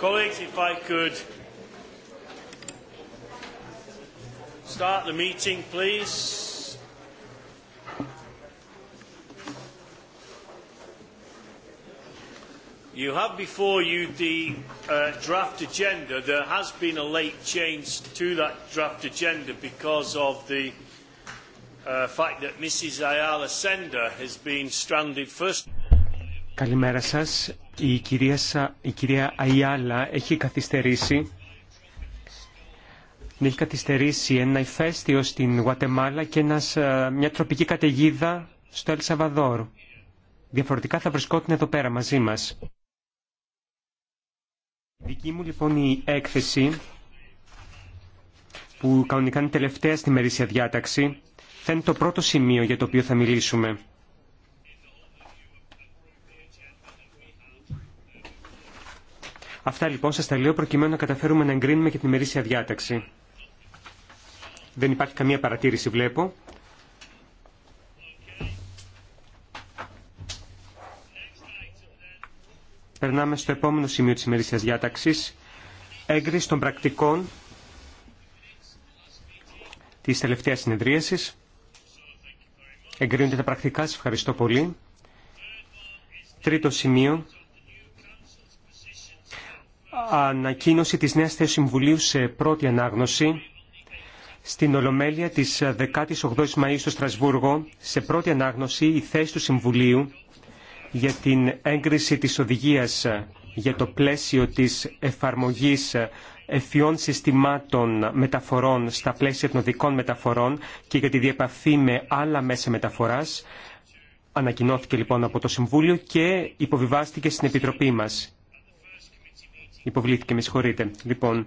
Colleagues, if I could start the meeting, please. You have before you the draft agenda. There has been a late change to that draft agenda because of the fact that Mrs. Ayala Sender has been stranded first. Καλημέρα σας. Η κυρία, Αϊάλα έχει καθυστερήσει έχει καθυστερήσει ένα ηφαίστειο στην Γουατεμάλα και ένας, ε, μια τροπική καταιγίδα στο Ελσαβαδόρ. Διαφορετικά θα βρισκόταν εδώ πέρα μαζί μας. Η δική μου λοιπόν η έκθεση που κανονικά είναι τελευταία στη μερίσια διάταξη θα είναι το πρώτο σημείο για το οποίο θα μιλήσουμε. Αυτά λοιπόν σας τα λέω προκειμένου να καταφέρουμε να εγκρίνουμε και την ημερήσια διάταξη. Δεν υπάρχει καμία παρατήρηση βλέπω. Περνάμε στο επόμενο σημείο της ημερήσιας διάταξης. Έγκριση των πρακτικών της τελευταίας συνεδρίασης. Εγκρίνονται τα πρακτικά. Σας ευχαριστώ πολύ. Τρίτο σημείο ανακοίνωση της νέας θέσης Συμβουλίου σε πρώτη ανάγνωση στην Ολομέλεια της 18ης ε, Μαΐου στο Στρασβούργο σε πρώτη ανάγνωση η θέση του Συμβουλίου για την έγκριση της οδηγίας ε, για το πλαίσιο της εφαρμογής ευφυών συστημάτων μεταφορών στα πλαίσια των οδικών μεταφορών και για τη διεπαφή με άλλα μέσα μεταφοράς. Ανακοινώθηκε λοιπόν από το Συμβούλιο και υποβιβάστηκε στην Επιτροπή μας. Υποβλήθηκε, με συγχωρείτε. Λοιπόν,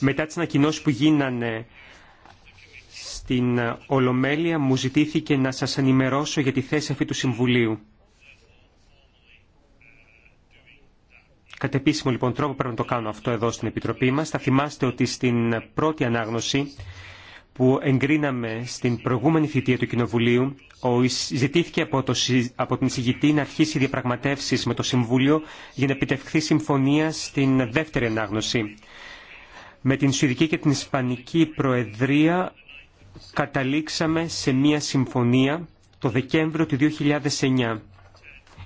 μετά τις ανακοινώσεις που γίνανε στην Ολομέλεια μου ζητήθηκε να σας ενημερώσω για τη θέση αυτή του Συμβουλίου. Κατ' επίσημο λοιπόν τρόπο πρέπει να το κάνω αυτό εδώ στην Επιτροπή μας. Θα θυμάστε ότι στην πρώτη ανάγνωση που εγκρίναμε στην προηγούμενη θητεία του Κοινοβουλίου, ζητήθηκε από, το, από την συγκητή να αρχίσει διαπραγματεύσεις με το Συμβούλιο για να επιτευχθεί συμφωνία στην δεύτερη ανάγνωση. Με την Σουηδική και την Ισπανική Προεδρία καταλήξαμε σε μία συμφωνία το Δεκέμβριο του 2009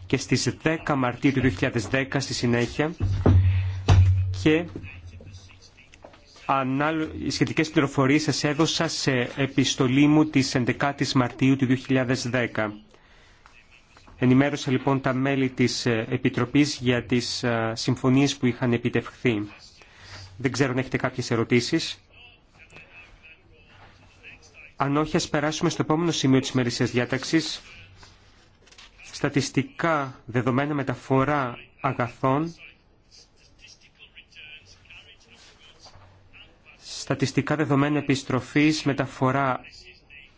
και στις 10 Μαρτίου του 2010 στη συνέχεια και οι σχετικές πληροφορίες σας έδωσα σε επιστολή μου της 11ης Μαρτίου του 2010. Ενημέρωσα λοιπόν τα μέλη της ε, Επιτροπής για τις ε, συμφωνίες που είχαν επιτευχθεί. Δεν ξέρω αν έχετε κάποιες ερωτήσεις. Αν όχι, ας περάσουμε στο επόμενο σημείο της μερισσίας διάταξης. Στατιστικά δεδομένα μεταφορά αγαθών στατιστικά δεδομένα επιστροφής, μεταφορά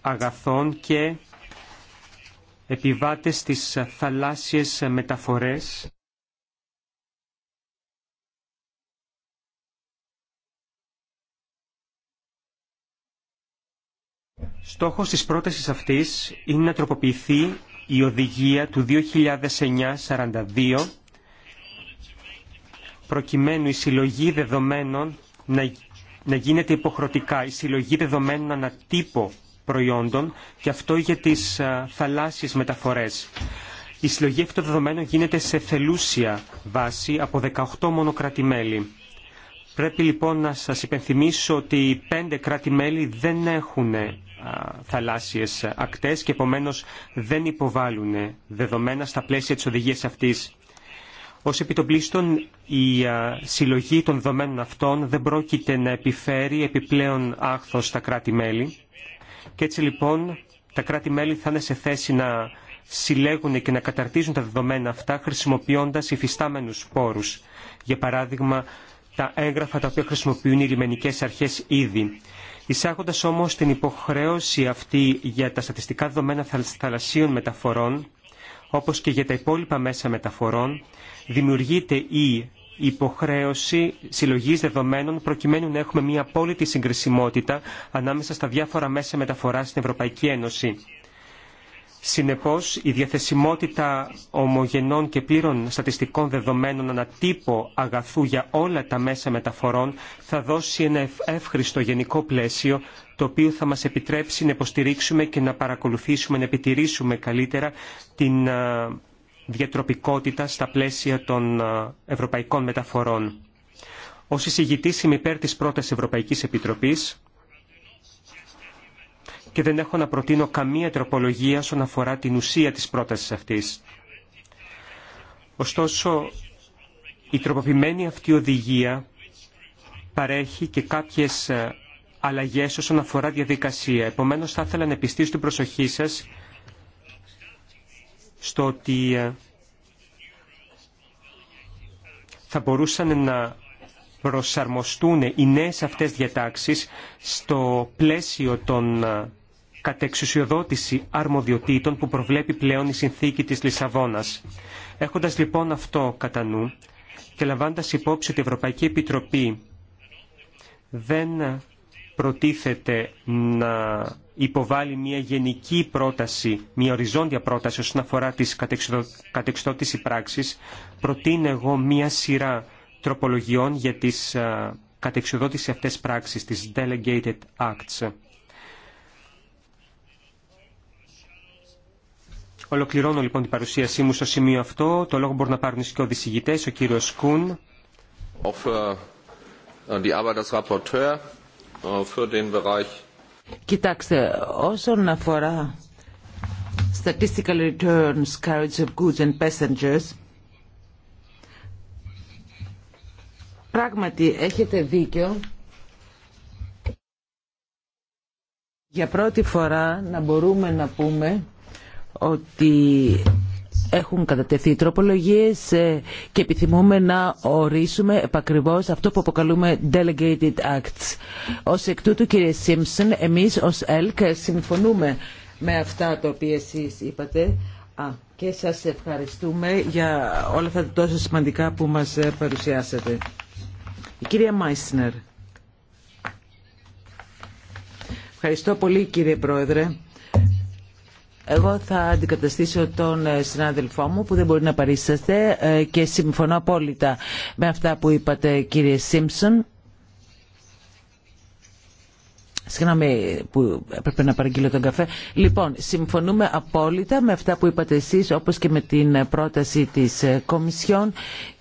αγαθών και επιβάτες στις θαλάσσιες μεταφορές. Στόχος της πρότασης αυτής είναι να τροποποιηθεί η οδηγία του 2009-42 προκειμένου η συλλογή δεδομένων να να γίνεται υποχρεωτικά η συλλογή δεδομένων ανατύπω προϊόντων και αυτό για τις θαλάσσιες μεταφορές. Η συλλογή αυτών δεδομένων γίνεται σε θελούσια βάση από 18 μόνο κράτη-μέλη. Πρέπει λοιπόν να σας υπενθυμίσω ότι πέντε κράτη-μέλη δεν έχουν θαλάσσιες ακτές και επομένως δεν υποβάλλουν δεδομένα στα πλαίσια της οδηγίας αυτής. Ως επιτοπλίστων η συλλογή των δεδομένων αυτών δεν πρόκειται να επιφέρει επιπλέον άχθο στα κράτη-μέλη και έτσι λοιπόν τα κράτη-μέλη θα είναι σε θέση να συλλέγουν και να καταρτίζουν τα δεδομένα αυτά χρησιμοποιώντας υφιστάμενους πόρους. Για παράδειγμα, τα έγγραφα τα οποία χρησιμοποιούν οι λιμενικές αρχές ήδη. εισάγοντα όμως την υποχρέωση αυτή για τα στατιστικά δεδομένα θαλασσίων μεταφορών, όπως και για τα υπόλοιπα μέσα μεταφορών, δημιουργείται η υποχρέωση συλλογής δεδομένων προκειμένου να έχουμε μια απόλυτη συγκρισιμότητα ανάμεσα στα διάφορα μέσα μεταφοράς στην Ευρωπαϊκή Ένωση. Συνεπώς, η διαθεσιμότητα ομογενών και πλήρων στατιστικών δεδομένων ανατύπω αγαθού για όλα τα μέσα μεταφορών θα δώσει ένα εύχριστο γενικό πλαίσιο το οποίο θα μας επιτρέψει να υποστηρίξουμε και να παρακολουθήσουμε, να επιτηρήσουμε καλύτερα την διατροπικότητα στα πλαίσια των ε, ευρωπαϊκών μεταφορών. Ως εισηγητής είμαι υπέρ της πρότασης Ευρωπαϊκής Επιτροπής και δεν έχω να προτείνω καμία τροπολογία όσον αφορά την ουσία της πρότασης αυτής. Ωστόσο, η τροποποιημένη αυτή οδηγία παρέχει και κάποιες ε, αλλαγές όσον αφορά διαδικασία. Επομένως, θα ήθελα να επιστήσω την προσοχή σας στο ότι ε, θα μπορούσαν να προσαρμοστούν οι νέες αυτές διατάξεις στο πλαίσιο των ε, κατεξουσιοδότηση αρμοδιοτήτων που προβλέπει πλέον η συνθήκη της Λισαβόνας. Έχοντας λοιπόν αυτό κατά νου και λαμβάνοντας υπόψη ότι η Ευρωπαϊκή Επιτροπή δεν προτίθεται να υποβάλει μια γενική πρόταση, μια οριζόντια πρόταση όσον αφορά τις κατεξοδότηση πράξης, προτείνω εγώ μια σειρά τροπολογιών για τις ε, κατεξοδότηση αυτές πράξεις, τις Delegated Acts. Ολοκληρώνω λοιπόν την παρουσίασή μου στο σημείο αυτό. Το λόγο μπορεί να πάρουν οι ο δισηγητές, ο κύριος Κούν. Ευχαριστώ Κοιτάξτε, όσον αφορά statistical returns, carriage of goods and passengers, πράγματι έχετε δίκιο για πρώτη φορά να μπορούμε να πούμε ότι έχουν κατατεθεί τροπολογίες ε, και επιθυμούμε να ορίσουμε επακριβώς αυτό που αποκαλούμε delegated acts. Ως εκ τούτου κύριε Σίμψον, εμείς ως ΕΛΚ συμφωνούμε με αυτά τα οποία εσείς είπατε. και σας ευχαριστούμε για όλα αυτά τα τόσο σημαντικά που μας ε, παρουσιάσατε. Η κυρία Μάισνερ. Ευχαριστώ πολύ κύριε Πρόεδρε. Εγώ θα αντικαταστήσω τον ε, συνάδελφό μου που δεν μπορεί να παρήσταστε και συμφωνώ απόλυτα με αυτά που είπατε κύριε Σίμψον. Συγγνώμη που έπρεπε να παραγγείλω τον καφέ. Λοιπόν, συμφωνούμε απόλυτα με αυτά που είπατε εσείς όπως και με την ε, πρόταση της ε, Κομισιόν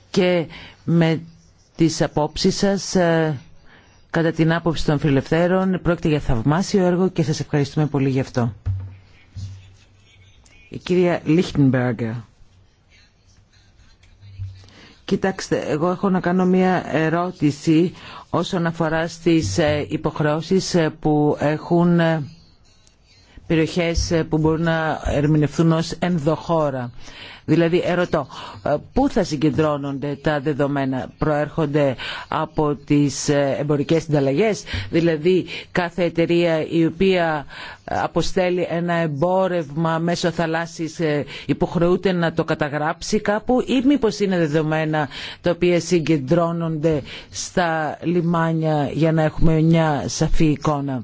και με τις απόψεις σας κατά την άποψη των φιλελευθέρων. Πρόκειται για θαυμάσιο έργο και σας ευχαριστούμε πολύ γι' αυτό. Η κυρία Κοιτάξτε, εγώ έχω να κάνω μία ερώτηση όσον αφορά στις ε, υποχρεώσεις ε, που έχουν ε, περιοχές που μπορούν να ερμηνευτούν ως ενδοχώρα. Δηλαδή, ερωτώ, ε, πού θα συγκεντρώνονται τα δεδομένα, προέρχονται από τις ε, εμπορικές συνταλλαγές, δηλαδή κάθε εταιρεία η οποία ε, αποστέλει ένα εμπόρευμα μέσω θαλάσσης υποχρεούται να το καταγράψει κάπου ή μήπω είναι δεδομένα τα οποία συγκεντρώνονται στα λιμάνια για να έχουμε μια σαφή εικόνα.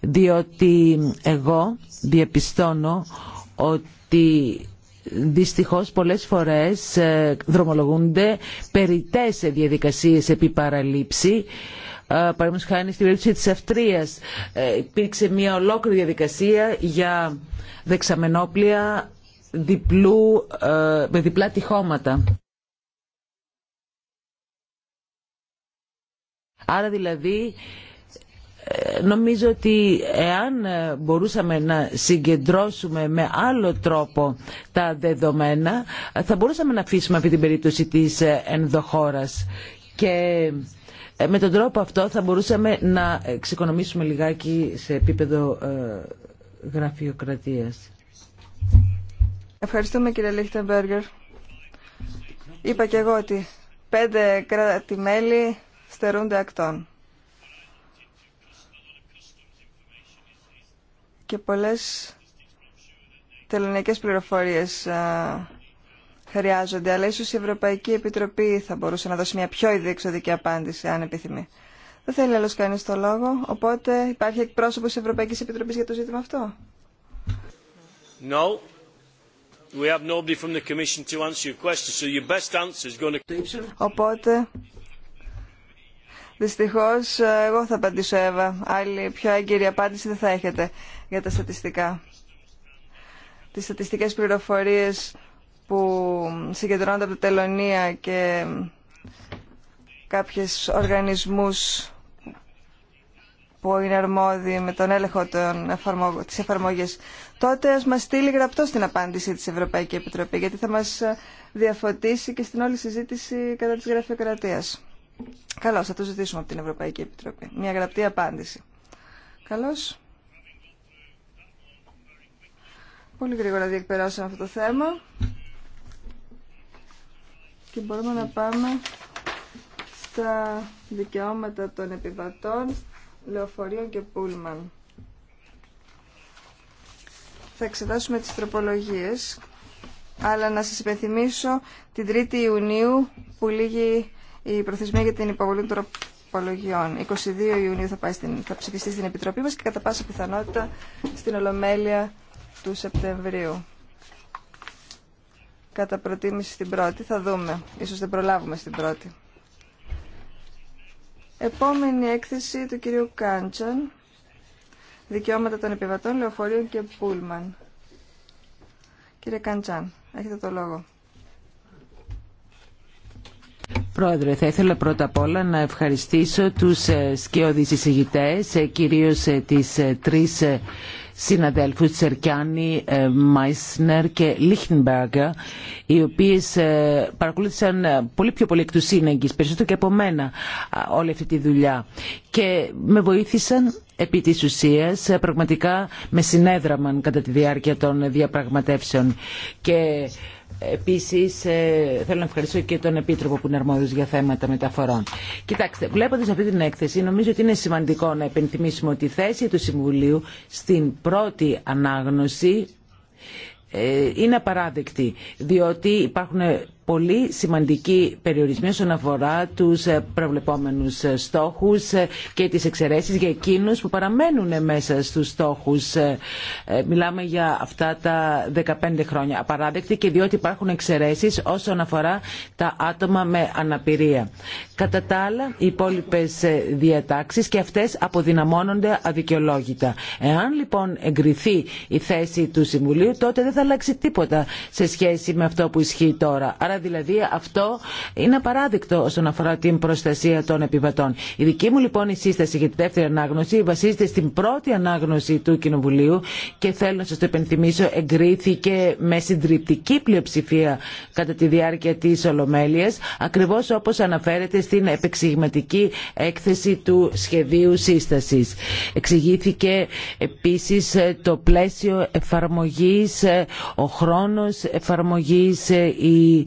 Διότι εγώ διαπιστώνω ότι δυστυχώς πολλές φορές ε, δρομολογούνται περιττές διαδικασίες επί παραλήψη ε, παραδείγματος χάνει στην περίπτωση της Αυστρίας ε, υπήρξε μια ολόκληρη διαδικασία για δεξαμενόπλια διπλού, με διπλά τυχώματα. Άρα δηλαδή Νομίζω ότι εάν μπορούσαμε να συγκεντρώσουμε με άλλο τρόπο τα δεδομένα, θα μπορούσαμε να αφήσουμε αυτή την περίπτωση της ενδοχώρας. Και ε, με τον τρόπο αυτό θα μπορούσαμε να εξοικονομήσουμε λιγάκι σε επίπεδο ε, γραφειοκρατίας. Ευχαριστούμε κύριε Λίχτεμπεργκερ. Είπα και εγώ ότι πέντε κράτη-μέλη στερούνται ακτών. και πολλές τελωνιακές πληροφορίες χρειάζονται, αλλά ίσως η Ευρωπαϊκή Επιτροπή θα μπορούσε να δώσει μια πιο ιδιεξοδική απάντηση, αν επιθυμεί. Δεν θέλει άλλος κανείς το λόγο, οπότε υπάρχει εκπρόσωπος της Ευρωπαϊκής Επιτροπής για το ζήτημα αυτό. No. We have nobody from the Commission to answer your question, so your best answer is going to... Οπότε, δυστυχώς, εγώ θα απαντήσω, Εύα. Άλλη πιο έγκυρη απάντηση δεν θα έχετε για τα στατιστικά. Τις στατιστικές πληροφορίες που συγκεντρώνονται από τα τελωνία και κάποιες οργανισμούς που είναι αρμόδιοι με τον έλεγχο των εφαρμογ... της εφαρμογής, τότε ας μας στείλει γραπτό στην απάντηση της Ευρωπαϊκή Επιτροπής γιατί θα μας διαφωτίσει και στην όλη συζήτηση κατά της γραφειοκρατίας. Καλώς, θα το ζητήσουμε από την Ευρωπαϊκή Επιτροπή. Μια γραπτή απάντηση. Καλώς. Πολύ γρήγορα διεκπεράσαμε αυτό το θέμα και μπορούμε να πάμε στα δικαιώματα των επιβατών, λεωφορείων και πούλμαν. Θα εξετάσουμε τις τροπολογίες, αλλά να σας υπενθυμίσω την 3η Ιουνίου που λύγει η προθεσμία για την υποβολή των τροπολογιών. 22 Ιουνίου θα, πάει στην, θα ψηφιστεί στην Επιτροπή μας και κατά πάσα πιθανότητα στην Ολομέλεια του Σεπτεμβρίου. Κατά προτίμηση στην πρώτη, θα δούμε. Ίσως δεν προλάβουμε στην πρώτη. Επόμενη έκθεση του κυρίου Κάντσαν. Δικαιώματα των επιβατών, λεωφορείων και πούλμαν. Κύριε Καντσάν, έχετε το λόγο. Πρόεδρε, θα ήθελα πρώτα απ' όλα να ευχαριστήσω τους ε, σκιώδεις εισηγητές, ε, κυρίως ε, τις τρεις συναδέλφου, Τσερκιάνη, ε, Μάισνερ και Λίχνμπεργκερ οι οποίε ε, παρακολούθησαν ε, πολύ πιο πολύ εκ του περισσότερο και από μένα όλη αυτή τη δουλειά και με βοήθησαν επί της ουσίας πραγματικά με συνέδραμαν κατά τη διάρκεια των διαπραγματεύσεων και Επίσης ε, θέλω να ευχαριστήσω και τον Επίτροπο που είναι αρμόδιος για θέματα μεταφορών. Κοιτάξτε, βλέποντας αυτή την έκθεση νομίζω ότι είναι σημαντικό να επενθυμίσουμε ότι η θέση του Συμβουλίου στην πρώτη ανάγνωση ε, είναι απαράδεκτη, διότι υπάρχουν πολύ σημαντικοί περιορισμοί όσον αφορά τους ε, προβλεπόμενους ε, στόχους ε, και τις εξαιρέσει για εκείνου που παραμένουν μέσα στους στόχους. Μιλάμε για αυτά τα 15 χρόνια απαράδεκτη και διότι υπάρχουν εξαιρέσει όσον αφορά τα άτομα με αναπηρία. Κατά τα άλλα, οι υπόλοιπε διατάξεις και αυτές αποδυναμώνονται αδικαιολόγητα. Εάν λοιπόν εγκριθεί η θέση του Συμβουλίου, τότε δεν θα αλλάξει τίποτα σε σχέση με αυτό που ισχύει τώρα δηλαδή αυτό είναι απαράδεκτο όσον αφορά την προστασία των επιβατών. Η δική μου λοιπόν η σύσταση για τη δεύτερη ανάγνωση βασίζεται στην πρώτη ανάγνωση του Κοινοβουλίου και θέλω να σα το επενθυμίσω εγκρίθηκε με συντριπτική πλειοψηφία κατά τη διάρκεια τη ολομέλεια, ακριβώς όπως αναφέρεται στην επεξηγηματική έκθεση του σχεδίου σύσταση. Εξηγήθηκε επίση ε, το πλαίσιο εφαρμογή ε, ο χρόνο εφαρμογή, ε, η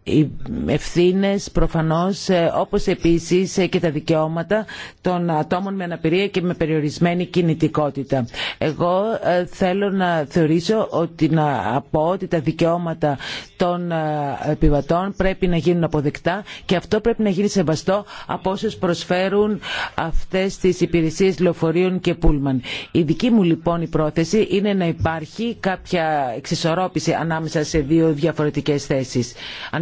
οι ευθύνε προφανώς ε, όπως επίσης ε, και τα δικαιώματα των ατόμων με αναπηρία και με περιορισμένη κινητικότητα. Εγώ ε, θέλω να θεωρήσω ότι να πω ότι τα δικαιώματα των επιβατών πρέπει να γίνουν αποδεκτά και αυτό πρέπει να γίνει σεβαστό από όσους προσφέρουν αυτές τις υπηρεσίες λεωφορείων και πούλμαν. Η δική μου λοιπόν η πρόθεση είναι να υπάρχει κάποια εξισορρόπηση ανάμεσα σε δύο διαφορετικές θέσεις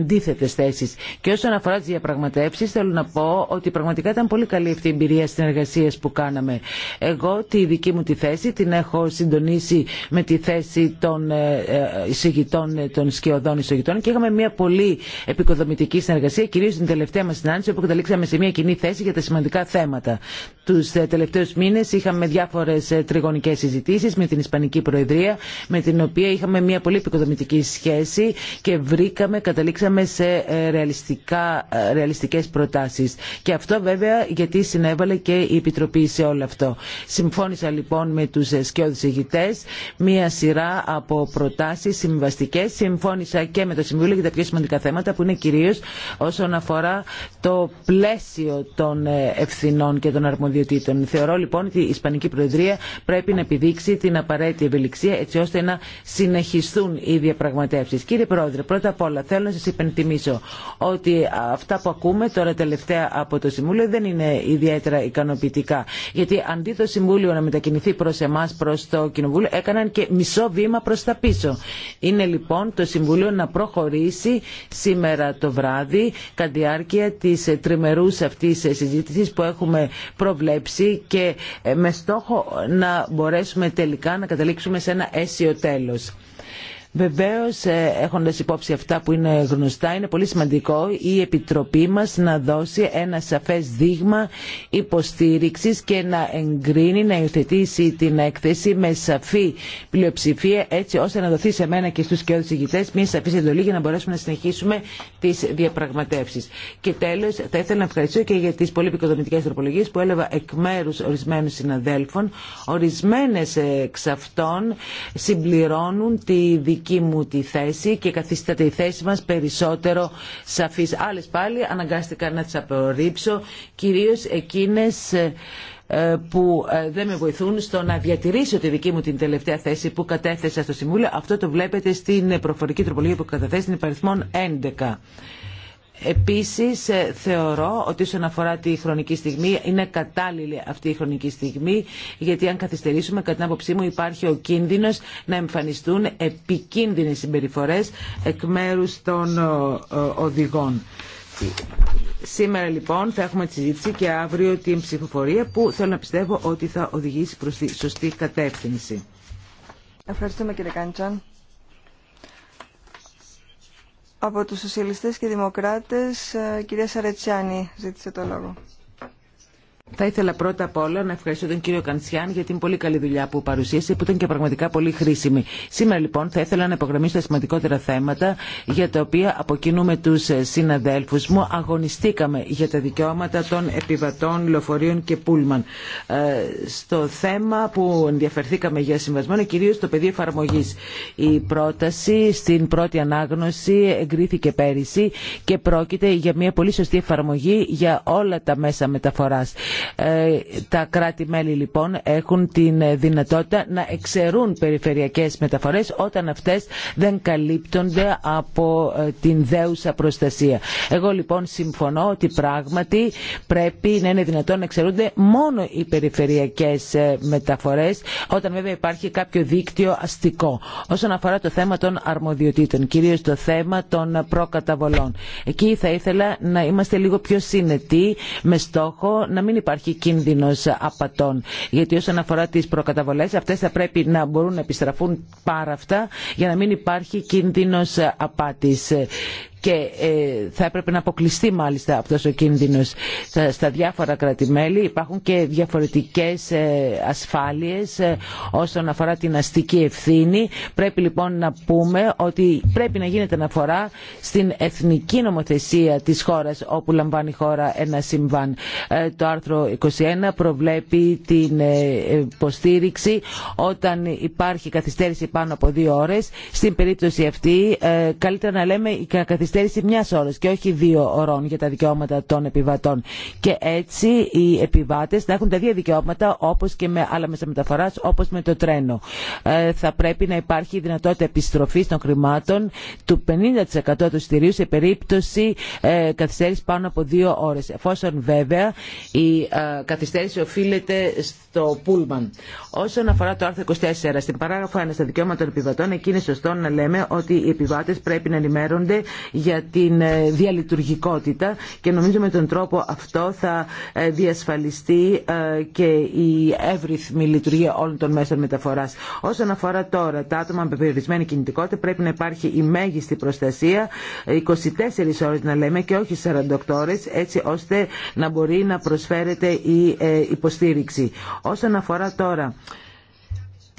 αντίθετες θέσεις. Και όσον αφορά τι διαπραγματεύσει, θέλω να πω ότι πραγματικά ήταν πολύ καλή αυτή η εμπειρία συνεργασία που κάναμε. Εγώ τη δική μου τη θέση την έχω συντονίσει με τη θέση των ε, ε, εισηγητών, ε, των σκιωδών εισηγητών και είχαμε μια πολύ επικοδομητική συνεργασία, κυρίω την τελευταία μας συνάντηση όπου καταλήξαμε σε μια κοινή θέση για τα σημαντικά θέματα. Του τελευταίου μήνε είχαμε διάφορες τριγωνικέ συζητήσει με την Ισπανική Προεδρία με την οποία είχαμε μια πολύ επικοδομητική σχέση και βρήκαμε, καταλήξαμε σε ε, ρεαλιστικά, ε, ρεαλιστικές προτάσεις. Και αυτό βέβαια γιατί συνέβαλε και η Επιτροπή σε όλο αυτό. Συμφώνησα λοιπόν με τους σκιώδη ηγητές μία σειρά από προτάσεις συμβαστικές. Συμφώνησα και με το Συμβούλιο για τα πιο σημαντικά θέματα που είναι κυρίως όσον αφορά το πλαίσιο των ε, ευθυνών και των αρμοδιοτήτων. Θεωρώ λοιπόν ότι η Ισπανική Προεδρία πρέπει να επιδείξει την απαραίτητη ευελιξία έτσι ώστε να συνεχιστούν οι διαπραγματεύσει. Κύριε Πρόεδρε, πρώτα απ' όλα θέλω να σας υπενθυμίσω ότι αυτά που ακούμε τώρα τελευταία από το Συμβούλιο δεν είναι ιδιαίτερα ικανοποιητικά. Γιατί αντί το Συμβούλιο να μετακινηθεί προ εμά, προ το Κοινοβούλιο, έκαναν και μισό βήμα προ τα πίσω. Είναι λοιπόν το Συμβούλιο να προχωρήσει σήμερα το βράδυ, κατά τη διάρκεια τη τριμερού αυτή συζήτηση που έχουμε προβλέψει και ε, με στόχο να μπορέσουμε τελικά να καταλήξουμε σε ένα αίσιο τέλος. Βεβαίω, ε, έχοντα υπόψη αυτά που είναι γνωστά, είναι πολύ σημαντικό η Επιτροπή μα να δώσει ένα σαφέ δείγμα υποστηρίξη και να εγκρίνει, να υιοθετήσει την έκθεση με σαφή πλειοψηφία, έτσι ώστε να δοθεί σε μένα και στου και ηγητές μια σαφή εντολή για να μπορέσουμε να συνεχίσουμε τι διαπραγματεύσει. Και τέλο, θα ήθελα να ευχαριστήσω και για τι πολύ επικοδομητικέ τροπολογίες που έλαβα εκ μέρου ορισμένων συναδέλφων. ορισμένε ε, εξ αυτών συμπληρώνουν τη δικαιοσύνη δική μου τη θέση και καθίσταται η θέση μας περισσότερο σαφής. Άλλες πάλι αναγκάστηκα να τις απορρίψω, κυρίως εκείνες ε, ε, που ε, δεν με βοηθούν στο να διατηρήσω τη δική μου την τελευταία θέση που κατέθεσα στο Συμβούλιο. Αυτό το βλέπετε στην προφορική τροπολογία που καταθέσει την υπαριθμών 11. Επίσης ε, θεωρώ ότι όσον αφορά τη χρονική στιγμή είναι κατάλληλη αυτή η χρονική στιγμή γιατί αν καθυστερήσουμε κατά την άποψή μου υπάρχει ο κίνδυνος να εμφανιστούν επικίνδυνες συμπεριφορές εκ μέρους των ε, ε, οδηγών. Σήμερα λοιπόν θα έχουμε τη συζήτηση και αύριο την ψηφοφορία που θέλω να πιστεύω ότι θα οδηγήσει προς τη σωστή κατεύθυνση. Ευχαριστούμε κύριε Κάντσαν. Από τους Σοσιαλιστές και Δημοκράτες, ε, κυρία Σαρετσιάνη ζήτησε το λόγο. Θα ήθελα πρώτα απ' όλα να ευχαριστώ τον κύριο Κανσιάν για την πολύ καλή δουλειά που παρουσίασε, που ήταν και πραγματικά πολύ χρήσιμη. Σήμερα λοιπόν θα ήθελα να υπογραμμίσω τα σημαντικότερα θέματα για τα οποία από με του ε, συναδέλφου μου αγωνιστήκαμε για τα δικαιώματα των επιβατών, λεωφορείων και πούλμαν. Ε, στο θέμα που ενδιαφερθήκαμε για συμβασμό είναι κυρίω το πεδίο εφαρμογή. Η πρόταση στην πρώτη ανάγνωση εγκρίθηκε πέρυσι και πρόκειται για μια πολύ σωστή εφαρμογή για όλα τα μέσα μεταφορά ε, τα κράτη-μέλη λοιπόν έχουν την ε, δυνατότητα να εξαιρούν περιφερειακές μεταφορές όταν αυτές δεν καλύπτονται από ε, την δέουσα προστασία. Εγώ λοιπόν συμφωνώ ότι πράγματι πρέπει να είναι δυνατόν να εξαιρούνται μόνο οι περιφερειακές μεταφορές όταν βέβαια υπάρχει κάποιο δίκτυο αστικό. Όσον αφορά το θέμα των αρμοδιοτήτων, κυρίως το θέμα των προκαταβολών. Εκεί θα ήθελα να είμαστε λίγο πιο συνετοί με στόχο να μην υπάρχει κίνδυνος απατών. Γιατί όσον αφορά τις προκαταβολές αυτές θα πρέπει να μπορούν να επιστραφούν πάρα αυτά για να μην υπάρχει κίνδυνος απάτης και ε, θα έπρεπε να αποκλειστεί μάλιστα αυτό ο κίνδυνο στα διάφορα κρατημέλη. Υπάρχουν και διαφορετικές ε, ασφάλειες ε, όσον αφορά την αστική ευθύνη. Πρέπει λοιπόν να πούμε ότι πρέπει να γίνεται αναφορά στην εθνική νομοθεσία της χώρας όπου λαμβάνει η χώρα ένα συμβάν. Το άρθρο 21 προβλέπει την υποστήριξη όταν υπάρχει καθυστέρηση πάνω από δύο ώρε. Στην περίπτωση αυτή καλύτερα να λέμε η καθυστέρηση καθυστέρηση μια ώρα και όχι δύο ώρων για τα δικαιώματα των επιβατών. Και έτσι οι επιβάτε να έχουν τα ίδια δικαιώματα όπω και με άλλα μέσα μεταφορά, όπω με το τρένο. Ε, θα πρέπει να υπάρχει η δυνατότητα επιστροφή των χρημάτων του 50% του στηρίου σε περίπτωση ε, καθυστέρηση πάνω από δύο ώρε, Εφόσον βέβαια η ε, καθυστέρηση οφείλεται στο πούλμαν. Όσον αφορά το άρθρο 24, στην παράγραφο 1 στα δικαιώματα των επιβατών, εκεί είναι σωστό να λέμε ότι οι επιβάτε πρέπει να ενημέρονται για την ε, διαλειτουργικότητα και νομίζω με τον τρόπο αυτό θα ε, διασφαλιστεί ε, και η εύρυθμη λειτουργία όλων των μέσων μεταφοράς. Όσον αφορά τώρα τα άτομα με περιορισμένη κινητικότητα πρέπει να υπάρχει η μέγιστη προστασία 24 ώρες να λέμε και όχι 48 ώρες έτσι ώστε να μπορεί να προσφέρεται η υποστήριξη. Όσον αφορά τώρα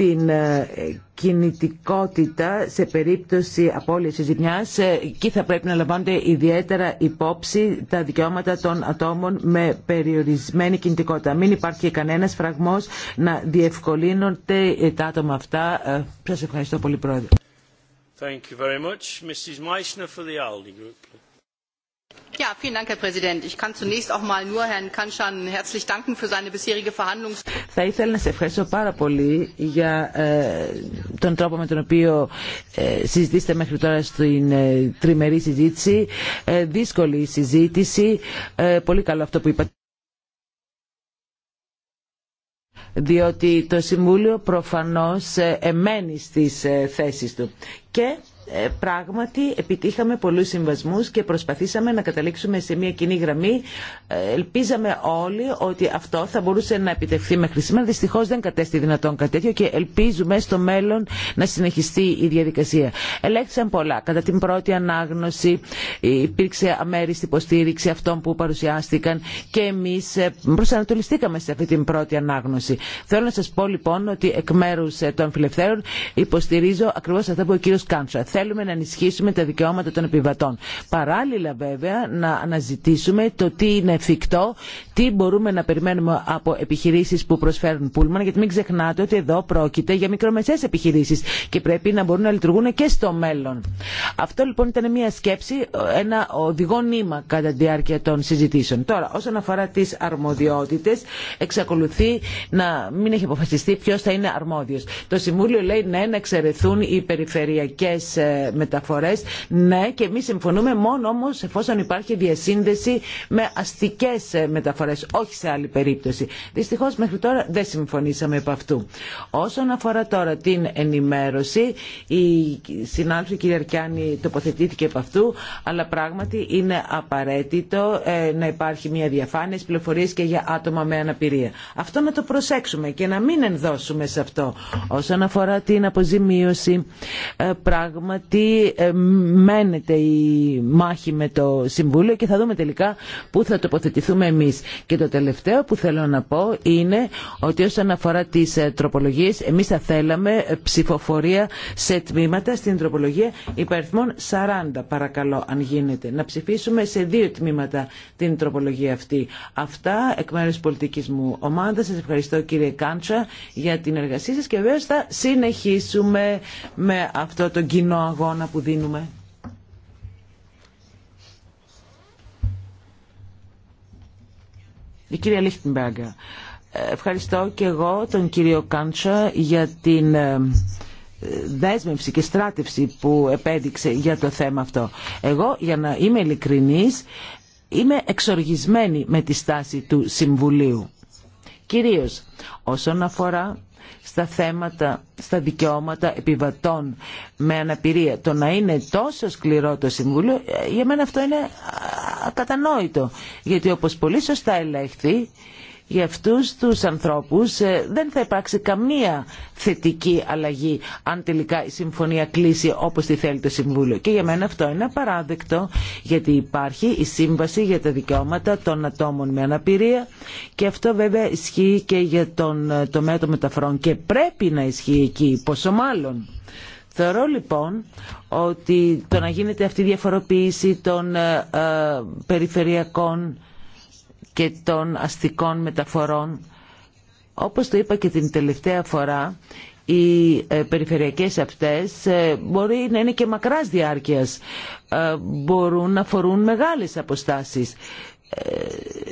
την ε, κινητικότητα σε περίπτωση απώλειας ζημιάς. Ε, εκεί θα πρέπει να λαμβάνονται ιδιαίτερα υπόψη τα δικαιώματα των ατόμων με περιορισμένη κινητικότητα. Μην υπάρχει κανένας φραγμός να διευκολύνονται τα άτομα αυτά. Ε, σας ευχαριστώ πολύ, Πρόεδρε. Thank θα ήθελα να σε ευχαριστώ πάρα πολύ για ε, τον τρόπο με τον οποίο ε, συζητήσατε μέχρι τώρα στην ε, τριμερή συζήτηση. Δύσκολη συζήτηση. Πολύ καλό αυτό που είπατε διότι το Συμβούλιο προφανώς εμένει στις θέσεις του. Και ε, πράγματι επιτύχαμε πολλούς συμβασμούς και προσπαθήσαμε να καταλήξουμε σε μια κοινή γραμμή. Ε, ελπίζαμε όλοι ότι αυτό θα μπορούσε να επιτευχθεί μέχρι σήμερα. Δυστυχώς δεν κατέστη δυνατόν κάτι τέτοιο και ελπίζουμε στο μέλλον να συνεχιστεί η διαδικασία. Ελέγχθησαν πολλά. Κατά την πρώτη ανάγνωση υπήρξε αμέριστη υποστήριξη αυτών που παρουσιάστηκαν και εμείς ε, προσανατολιστήκαμε σε αυτή την πρώτη ανάγνωση. Θέλω να σας πω λοιπόν ότι εκ μέρους των φιλελευθέρων υποστηρίζω ακριβώς αυτά που ο κύριος Κάντσα θέλουμε να ενισχύσουμε τα δικαιώματα των επιβατών. Παράλληλα βέβαια να αναζητήσουμε το τι είναι εφικτό, τι μπορούμε να περιμένουμε από επιχειρήσεις που προσφέρουν πούλμαν, γιατί μην ξεχνάτε ότι εδώ πρόκειται για μικρομεσαίες επιχειρήσεις και πρέπει να μπορούν να λειτουργούν και στο μέλλον. Αυτό λοιπόν ήταν μια σκέψη, ένα οδηγό νήμα κατά τη διάρκεια των συζητήσεων. Τώρα, όσον αφορά τις αρμοδιότητες, εξακολουθεί να μην έχει αποφασιστεί ποιο θα είναι αρμόδιο. Το Συμβούλιο λέει ναι, να εξαιρεθούν οι περιφερειακές ε, μεταφορές. Ναι, και εμείς συμφωνούμε μόνο όμως εφόσον υπάρχει διασύνδεση με αστικές ε, μεταφορές, όχι σε άλλη περίπτωση. Δυστυχώς μέχρι τώρα δεν συμφωνήσαμε επ' αυτού. Όσον αφορά τώρα την ενημέρωση, η συνάδελφη κυρία Αρκιάνη τοποθετήθηκε επ' αυτού, αλλά πράγματι είναι απαραίτητο ε, να υπάρχει μια διαφάνεια στις πληροφορίες και για άτομα με αναπηρία. Αυτό να το προσέξουμε και να μην ενδώσουμε σε αυτό. Όσον αφορά την αποζημίωση, ε, πράγματι τι ε, μένεται η μάχη με το Συμβούλιο και θα δούμε τελικά πού θα τοποθετηθούμε εμείς. Και το τελευταίο που θέλω να πω είναι ότι όσον αφορά τις ε, τροπολογίες εμείς θα θέλαμε ε, ψηφοφορία σε τμήματα στην τροπολογία υπαριθμών 40 παρακαλώ αν γίνεται. Να ψηφίσουμε σε δύο τμήματα την τροπολογία αυτή. Αυτά εκ μέρους πολιτικής μου ομάδας. Σας ευχαριστώ κύριε Κάντσα για την εργασία σας και βέβαια θα συνεχίσουμε με αυτό το αγώνα που δίνουμε. Η κυρία Λίχτιμπεργκα. Ε, ευχαριστώ και εγώ τον κύριο Κάντσα για την ε, δέσμευση και στράτευση που επέδειξε για το θέμα αυτό. Εγώ, για να είμαι ειλικρινής, είμαι εξοργισμένη με τη στάση του Συμβουλίου. Κυρίως όσον αφορά στα θέματα, στα δικαιώματα επιβατών με αναπηρία. Το να είναι τόσο σκληρό το Συμβούλιο, ε, για μένα αυτό είναι ακατανόητο. Γιατί όπως πολύ σωστά ελέγχθη, για αυτούς τους ανθρώπους ε, δεν θα υπάρξει καμία θετική αλλαγή αν τελικά η συμφωνία κλείσει όπως τη θέλει το Συμβούλιο. Και για μένα αυτό είναι απαράδεκτο γιατί υπάρχει η Σύμβαση για τα Δικαιώματα των Ατόμων με Αναπηρία και αυτό βέβαια ισχύει και για τον ε, τομέα των μεταφορών και πρέπει να ισχύει εκεί, πόσο μάλλον. Θεωρώ λοιπόν ότι το να γίνεται αυτή η διαφοροποίηση των ε, περιφερειακών και των αστικών μεταφορών. Όπως το είπα και την τελευταία φορά, οι ε, περιφερειακές αυτές ε, μπορεί να είναι και μακράς διάρκειας. Ε, μπορούν να φορούν μεγάλες αποστάσεις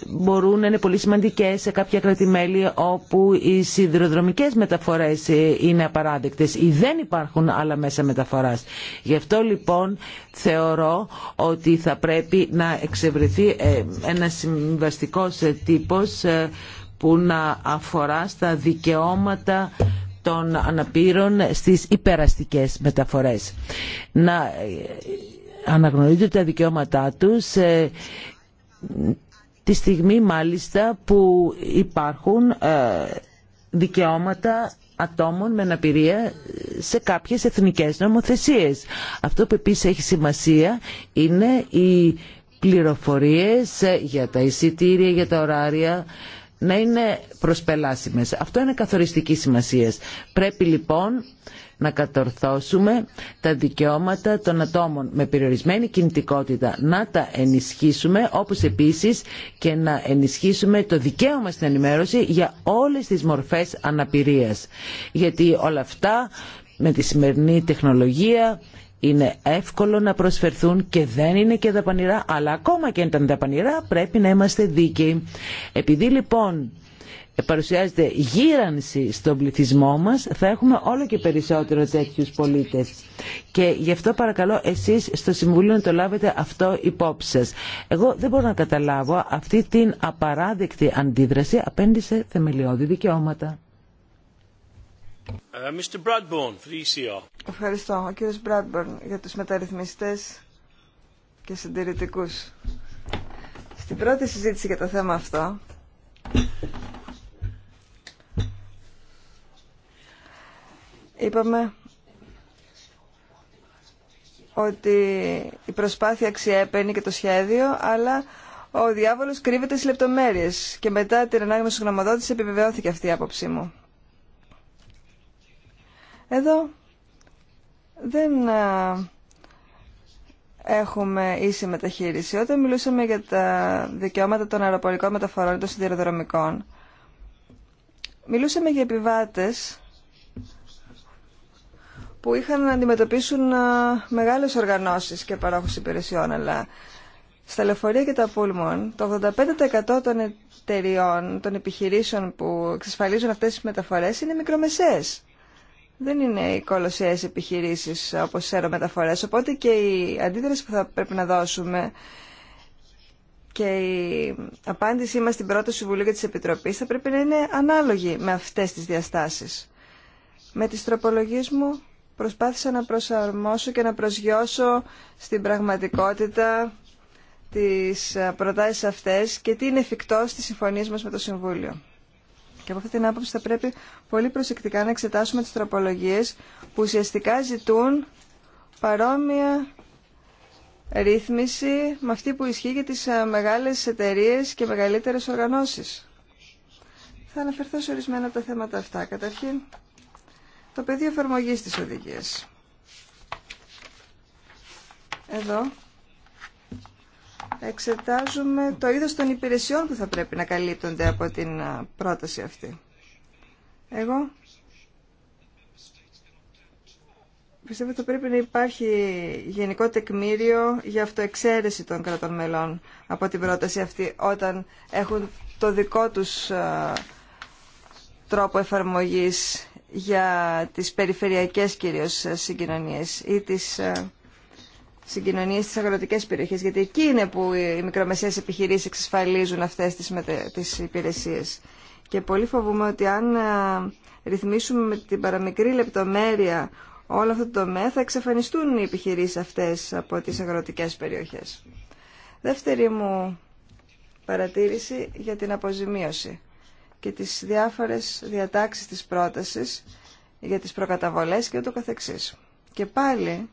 μπορούν να είναι πολύ σημαντικές σε κάποια κρατημέλη όπου οι σιδηροδρομικές μεταφορές είναι απαράδεκτες ή δεν υπάρχουν άλλα μέσα μεταφοράς. Γι' αυτό λοιπόν θεωρώ ότι θα πρέπει να εξευρεθεί ε, ένα συμβαστικός τύπος ε, που να αφορά στα δικαιώματα των αναπήρων στις υπεραστικές μεταφορές. Να ε, αναγνωρίζονται τα δικαιώματά τους τη στιγμή μάλιστα που υπάρχουν ε, δικαιώματα ατόμων με αναπηρία σε κάποιες εθνικές νομοθεσίες. Αυτό που επίσης έχει σημασία είναι οι πληροφορίες ε, για τα εισιτήρια, για τα ωράρια, να είναι προσπελάσιμες. Αυτό είναι καθοριστική σημασία. Πρέπει λοιπόν να κατορθώσουμε τα δικαιώματα των ατόμων με περιορισμένη κινητικότητα να τα ενισχύσουμε όπως επίσης και να ενισχύσουμε το δικαίωμα στην ενημέρωση για όλες τις μορφές αναπηρίας. Γιατί όλα αυτά με τη σημερινή τεχνολογία είναι εύκολο να προσφερθούν και δεν είναι και δαπανηρά, αλλά ακόμα και αν ήταν δαπανηρά πρέπει να είμαστε δίκαιοι. Επειδή λοιπόν παρουσιάζεται γύρανση στον πληθυσμό μας, θα έχουμε όλο και περισσότερο τέτοιους πολίτες. Και γι' αυτό παρακαλώ εσείς στο Συμβουλίο να το λάβετε αυτό υπόψη σας. Εγώ δεν μπορώ να καταλάβω αυτή την απαράδεκτη αντίδραση απέντησε θεμελιώδη δικαιώματα. Ε, Mr. E Ευχαριστώ. Ο κύριος Μπράντμπορν για τους μεταρρυθμιστές και συντηρητικούς. Στην πρώτη συζήτηση για το θέμα αυτό είπαμε ότι η προσπάθεια αξιέπαινει και το σχέδιο, αλλά ο διάβολος κρύβεται στις λεπτομέρειες και μετά την ανάγνωση γνωμοδότηση επιβεβαιώθηκε αυτή η άποψή μου. Εδώ δεν έχουμε ίση μεταχείριση. Όταν μιλούσαμε για τα δικαιώματα των αεροπορικών μεταφορών των σιδηροδρομικών, μιλούσαμε για επιβάτες που είχαν να αντιμετωπίσουν μεγάλες οργανώσεις και παρόχους υπηρεσιών, αλλά στα λεωφορεία και τα πούλμον, το 85% των εταιριών, των επιχειρήσεων που εξασφαλίζουν αυτές τις μεταφορές είναι μικρομεσαίες. Δεν είναι οι κολοσσιαίες επιχειρήσεις όπως σε αερομεταφορές, οπότε και η αντίδραση που θα πρέπει να δώσουμε και η απάντησή μας στην πρώτη Συμβουλή και της Επιτροπής θα πρέπει να είναι ανάλογη με αυτές τις διαστάσεις. Με τις τροπολογίες μου προσπάθησα να προσαρμόσω και να προσγειώσω στην πραγματικότητα τις ε, προτάσεις αυτές και τι είναι εφικτό στις συμφωνίες μας με το Συμβούλιο. Και από αυτή την άποψη θα πρέπει πολύ προσεκτικά να εξετάσουμε τις τροπολογίες που ουσιαστικά ζητούν παρόμοια ρύθμιση με αυτή που ισχύει για τις ε, μεγάλες εταιρείες και μεγαλύτερες οργανώσεις. Θα αναφερθώ σε ορισμένα τα θέματα αυτά. Καταρχήν, το πεδίο εφαρμογή της οδηγίας. Εδώ εξετάζουμε το είδος των υπηρεσιών που θα πρέπει να καλύπτονται από την πρόταση αυτή. Εγώ πιστεύω ότι πρέπει να υπάρχει γενικό τεκμήριο για αυτοεξαίρεση των κρατών μελών από την πρόταση αυτή όταν έχουν το δικό τους τρόπο εφαρμογής για τις περιφερειακές κυρίως συγκοινωνίες ή τις ε, συγκοινωνίες στις αγροτικές περιοχές, γιατί εκεί είναι που οι μικρομεσαίες επιχειρήσεις εξασφαλίζουν αυτές τις, μετε... τις υπηρεσίες. Και πολύ φοβούμαι ότι αν ε, ρυθμίσουμε με την παραμικρή λεπτομέρεια όλο αυτό το τομέα, θα εξαφανιστούν οι επιχειρήσεις αυτές από τις αγροτικές περιοχές. Δεύτερη μου παρατήρηση για την αποζημίωση και τις διάφορες διατάξεις της πρότασης για τις προκαταβολές και ούτω καθεξής. Και πάλι,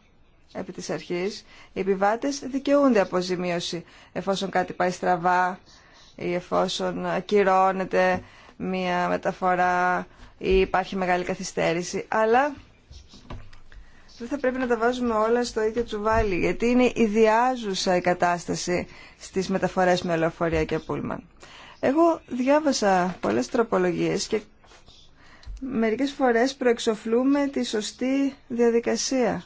επί της αρχής, οι επιβάτες δικαιούνται αποζημίωση εφόσον κάτι πάει στραβά ή εφόσον ακυρώνεται μία μεταφορά ή υπάρχει μεγάλη καθυστέρηση. Αλλά δεν θα πρέπει να τα βάζουμε όλα στο ίδιο τσουβάλι, γιατί είναι ιδιάζουσα η κατάσταση στις μεταφορές με ολοφορία και πούλμαν. Εγώ διάβασα πολλές τροπολογίες και μερικές φορές προεξοφλούμε τη σωστή διαδικασία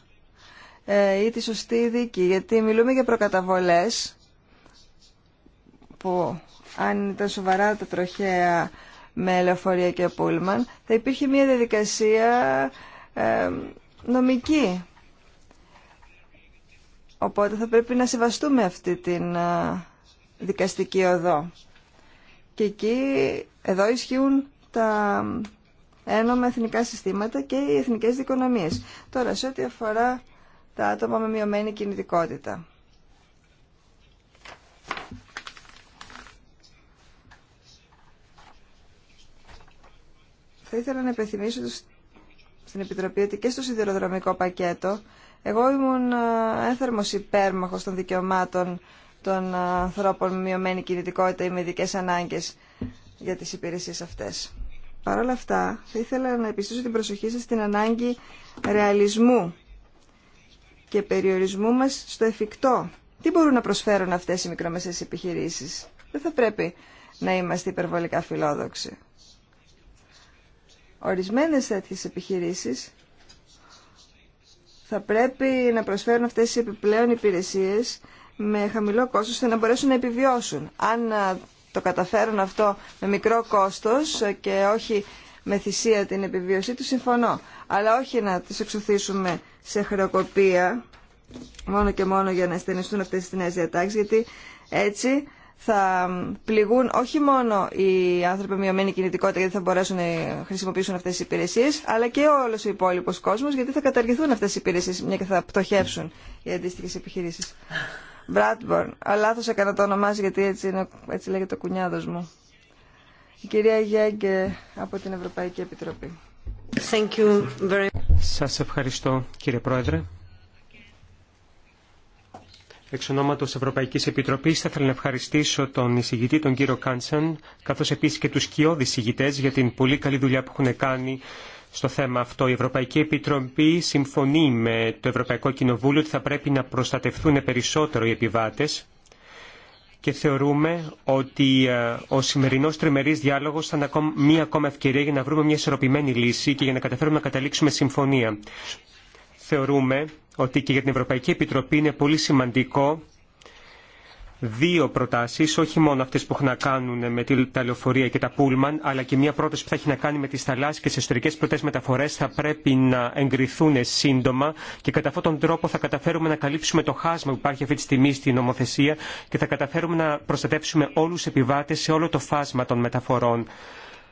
ε, ή τη σωστή δίκη, γιατί μιλούμε για προκαταβολές που αν ήταν σοβαρά τα τροχέα με λεωφορεία και πούλμαν, θα υπήρχε μια διαδικασία ε, νομική. Οπότε θα πρέπει να σεβαστούμε αυτή την ε, δικαστική οδό. Και εκεί, εδώ ισχύουν τα ένομα εθνικά συστήματα και οι εθνικές δικονομίες. Τώρα, σε ό,τι αφορά τα άτομα με μειωμένη κινητικότητα. Θα ήθελα να επιθυμήσω στην Επιτροπή ότι και στο σιδηροδρομικό πακέτο εγώ ήμουν ε, ένθερμος υπέρμαχος των δικαιωμάτων των ανθρώπων με μειωμένη κινητικότητα ή με ειδικέ ανάγκες για τις υπηρεσίες αυτές. Παρ' όλα αυτά, θα ήθελα να επιστήσω την προσοχή σας στην ανάγκη ρεαλισμού και περιορισμού μας στο εφικτό. Τι μπορούν να προσφέρουν αυτές οι μικρομεσαίες επιχειρήσεις. Δεν θα πρέπει να είμαστε υπερβολικά φιλόδοξοι. Ορισμένες τέτοιες επιχειρήσεις θα πρέπει να προσφέρουν αυτές οι επιπλέον υπηρεσίες με χαμηλό κόστος ώστε να μπορέσουν να επιβιώσουν. Αν το καταφέρουν αυτό με μικρό κόστος και όχι με θυσία την επιβίωσή του, συμφωνώ. Αλλά όχι να τις εξωθήσουμε σε χρεοκοπία μόνο και μόνο για να στενιστούν αυτές τις νέες διατάξεις, γιατί έτσι θα πληγούν όχι μόνο οι άνθρωποι με μειωμένη κινητικότητα γιατί θα μπορέσουν να χρησιμοποιήσουν αυτές τις υπηρεσίες, αλλά και όλος ο υπόλοιπος κόσμος γιατί θα καταργηθούν αυτές οι υπηρεσίες, μια και θα πτωχεύσουν οι αντίστοιχε επιχειρήσεις. Μπράτμπορν. αλλά λάθος έκανα το όνομά γιατί έτσι, είναι, έτσι λέγεται ο κουνιάδος μου. Η κυρία Γιέγκε από την Ευρωπαϊκή Επιτροπή. Thank you very... Σας ευχαριστώ κύριε Πρόεδρε. Εξ ονόματος Ευρωπαϊκής Επιτροπής θα ήθελα να ευχαριστήσω τον εισηγητή τον κύριο Κάντσαν καθώς επίσης και τους κοιόδης εισηγητές για την πολύ καλή δουλειά που έχουν κάνει στο θέμα αυτό. Η Ευρωπαϊκή Επιτροπή συμφωνεί με το Ευρωπαϊκό Κοινοβούλιο ότι θα πρέπει να προστατευτούν περισσότερο οι επιβάτες και θεωρούμε ότι ε, ο σημερινός τριμερής διάλογος θα είναι μία ακόμα ευκαιρία για να βρούμε μια ισορροπημένη λύση και για να καταφέρουμε να καταλήξουμε συμφωνία. Θεωρούμε ότι και για την Ευρωπαϊκή Επιτροπή είναι πολύ σημαντικό δύο προτάσεις, όχι μόνο αυτές που έχουν να κάνουν με τα λεωφορεία και τα πούλμαν, αλλά και μια πρόταση που θα έχει να κάνει με τις θαλάσσιε και τις εσωτερικέ πρωτές μεταφορές θα πρέπει να εγκριθούν σύντομα και κατά αυτόν τον τρόπο θα καταφέρουμε να καλύψουμε το χάσμα που υπάρχει αυτή τη στιγμή στην νομοθεσία και θα καταφέρουμε να προστατεύσουμε όλου του επιβάτε σε όλο το φάσμα των μεταφορών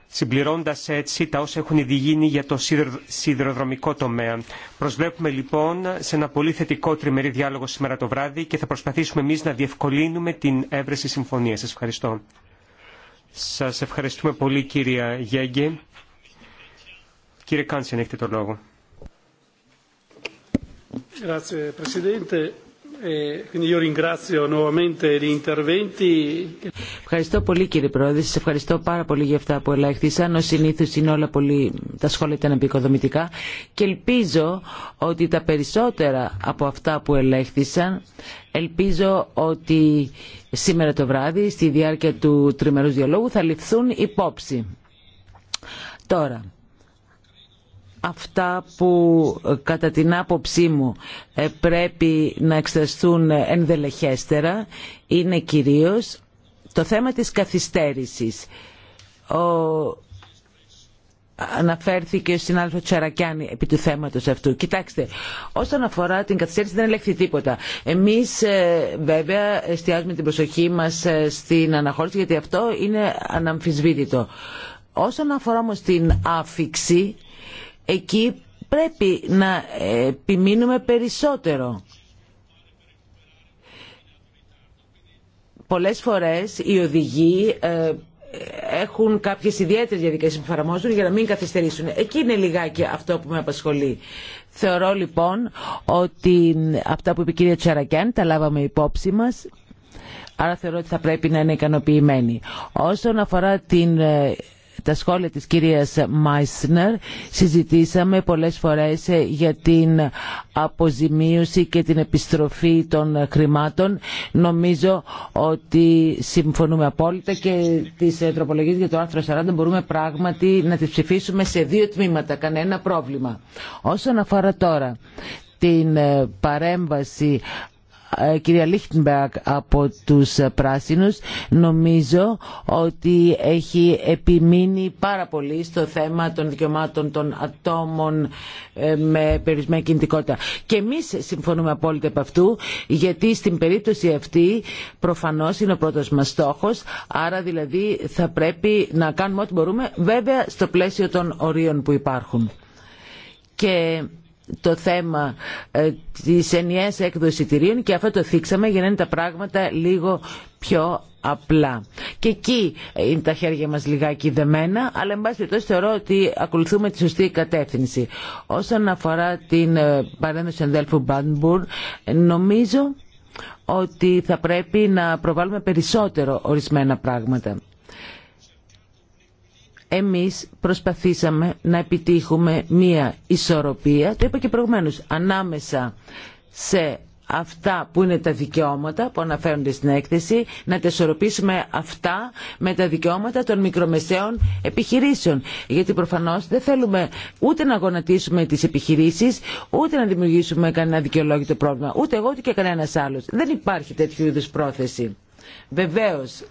συμπληρώνοντας έτσι τα όσα έχουν ήδη γίνει για το σιδηροδρομικό τομέα. Προσβλέπουμε λοιπόν σε ένα πολύ θετικό τριμερή διάλογο σήμερα το βράδυ και θα προσπαθήσουμε εμεί να διευκολύνουμε την έβρεση συμφωνίας. Σα ευχαριστώ. Σας ευχαριστούμε πολύ κυρία Γέγκε. Κύριε Κάνσεν, έχετε το λόγο. Grazie, ε, ευχαριστώ πολύ κύριε Πρόεδρε, σα ευχαριστώ πάρα πολύ για αυτά που ελέγχθησαν. Ο συνήθω είναι όλα πολύ, τα σχόλια ήταν επικοδομητικά και ελπίζω ότι τα περισσότερα από αυτά που ελέγχθησαν ελπίζω ότι σήμερα το βράδυ στη διάρκεια του τριμερούς διαλόγου θα ληφθούν υπόψη. Τώρα, αυτά που ε, κατά την άποψή μου ε, πρέπει να εξεταστούν ενδελεχέστερα είναι κυρίως το θέμα της καθυστέρησης. Ο... Αναφέρθηκε ο συνάδελφος Τσαρακιάνη επί του θέματος αυτού. Κοιτάξτε, όσον αφορά την καθυστέρηση δεν ελέγχθη τίποτα. Εμείς ε, βέβαια εστιάζουμε την προσοχή μας στην αναχώρηση γιατί αυτό είναι αναμφισβήτητο. Όσον αφορά όμως την άφηξη Εκεί πρέπει να επιμείνουμε περισσότερο. Πολλές φορές οι οδηγοί ε, έχουν κάποιες ιδιαίτερες διαδικασίες που εφαρμόζουν για να μην καθυστερήσουν. Εκεί είναι λιγάκι αυτό που με απασχολεί. Θεωρώ λοιπόν ότι αυτά που είπε η κυρία Τσαρακιάν τα λάβαμε υπόψη μας. Άρα θεωρώ ότι θα πρέπει να είναι ικανοποιημένοι. Όσον αφορά την ε, τα σχόλια της κυρίας Μάισνερ συζητήσαμε πολλές φορές ε, για την αποζημίωση και την επιστροφή των χρημάτων. Νομίζω ότι συμφωνούμε απόλυτα και τις ε, τροπολογίες για το άρθρο 40 μπορούμε πράγματι να τις ψηφίσουμε σε δύο τμήματα, κανένα πρόβλημα. Όσον αφορά τώρα την ε, παρέμβαση ε, κυρία Λίχτενμπεργκ από τους ε, Πράσινους νομίζω ότι έχει επιμείνει πάρα πολύ στο θέμα των δικαιωμάτων των ατόμων ε, με περιορισμένη κινητικότητα. Και εμείς συμφωνούμε απόλυτα από αυτού γιατί στην περίπτωση αυτή προφανώς είναι ο πρώτος μας στόχος άρα δηλαδή θα πρέπει να κάνουμε ό,τι μπορούμε βέβαια στο πλαίσιο των ορίων που υπάρχουν. Και το θέμα ε, της ενιαίας έκδοση και αυτό το θίξαμε για να είναι τα πράγματα λίγο πιο απλά. Και εκεί είναι τα χέρια μας λιγάκι δεμένα, αλλά εν πάση περιπτώσει θεωρώ ότι ακολουθούμε τη σωστή κατεύθυνση. Όσον αφορά την του ε, αδέλφου Μπάντμπουρ, νομίζω ότι θα πρέπει να προβάλλουμε περισσότερο ορισμένα πράγματα. Εμείς προσπαθήσαμε να επιτύχουμε μία ισορροπία, το είπα και προηγουμένως, ανάμεσα σε αυτά που είναι τα δικαιώματα που αναφέρονται στην έκθεση, να τα ισορροπήσουμε αυτά με τα δικαιώματα των μικρομεσαίων επιχειρήσεων. Γιατί προφανώς δεν θέλουμε ούτε να γονατίσουμε τις επιχειρήσεις, ούτε να δημιουργήσουμε κανένα δικαιολόγητο πρόβλημα. Ούτε εγώ, ούτε και κανένας άλλος. Δεν υπάρχει τέτοιου είδους πρόθεση. Βεβαίως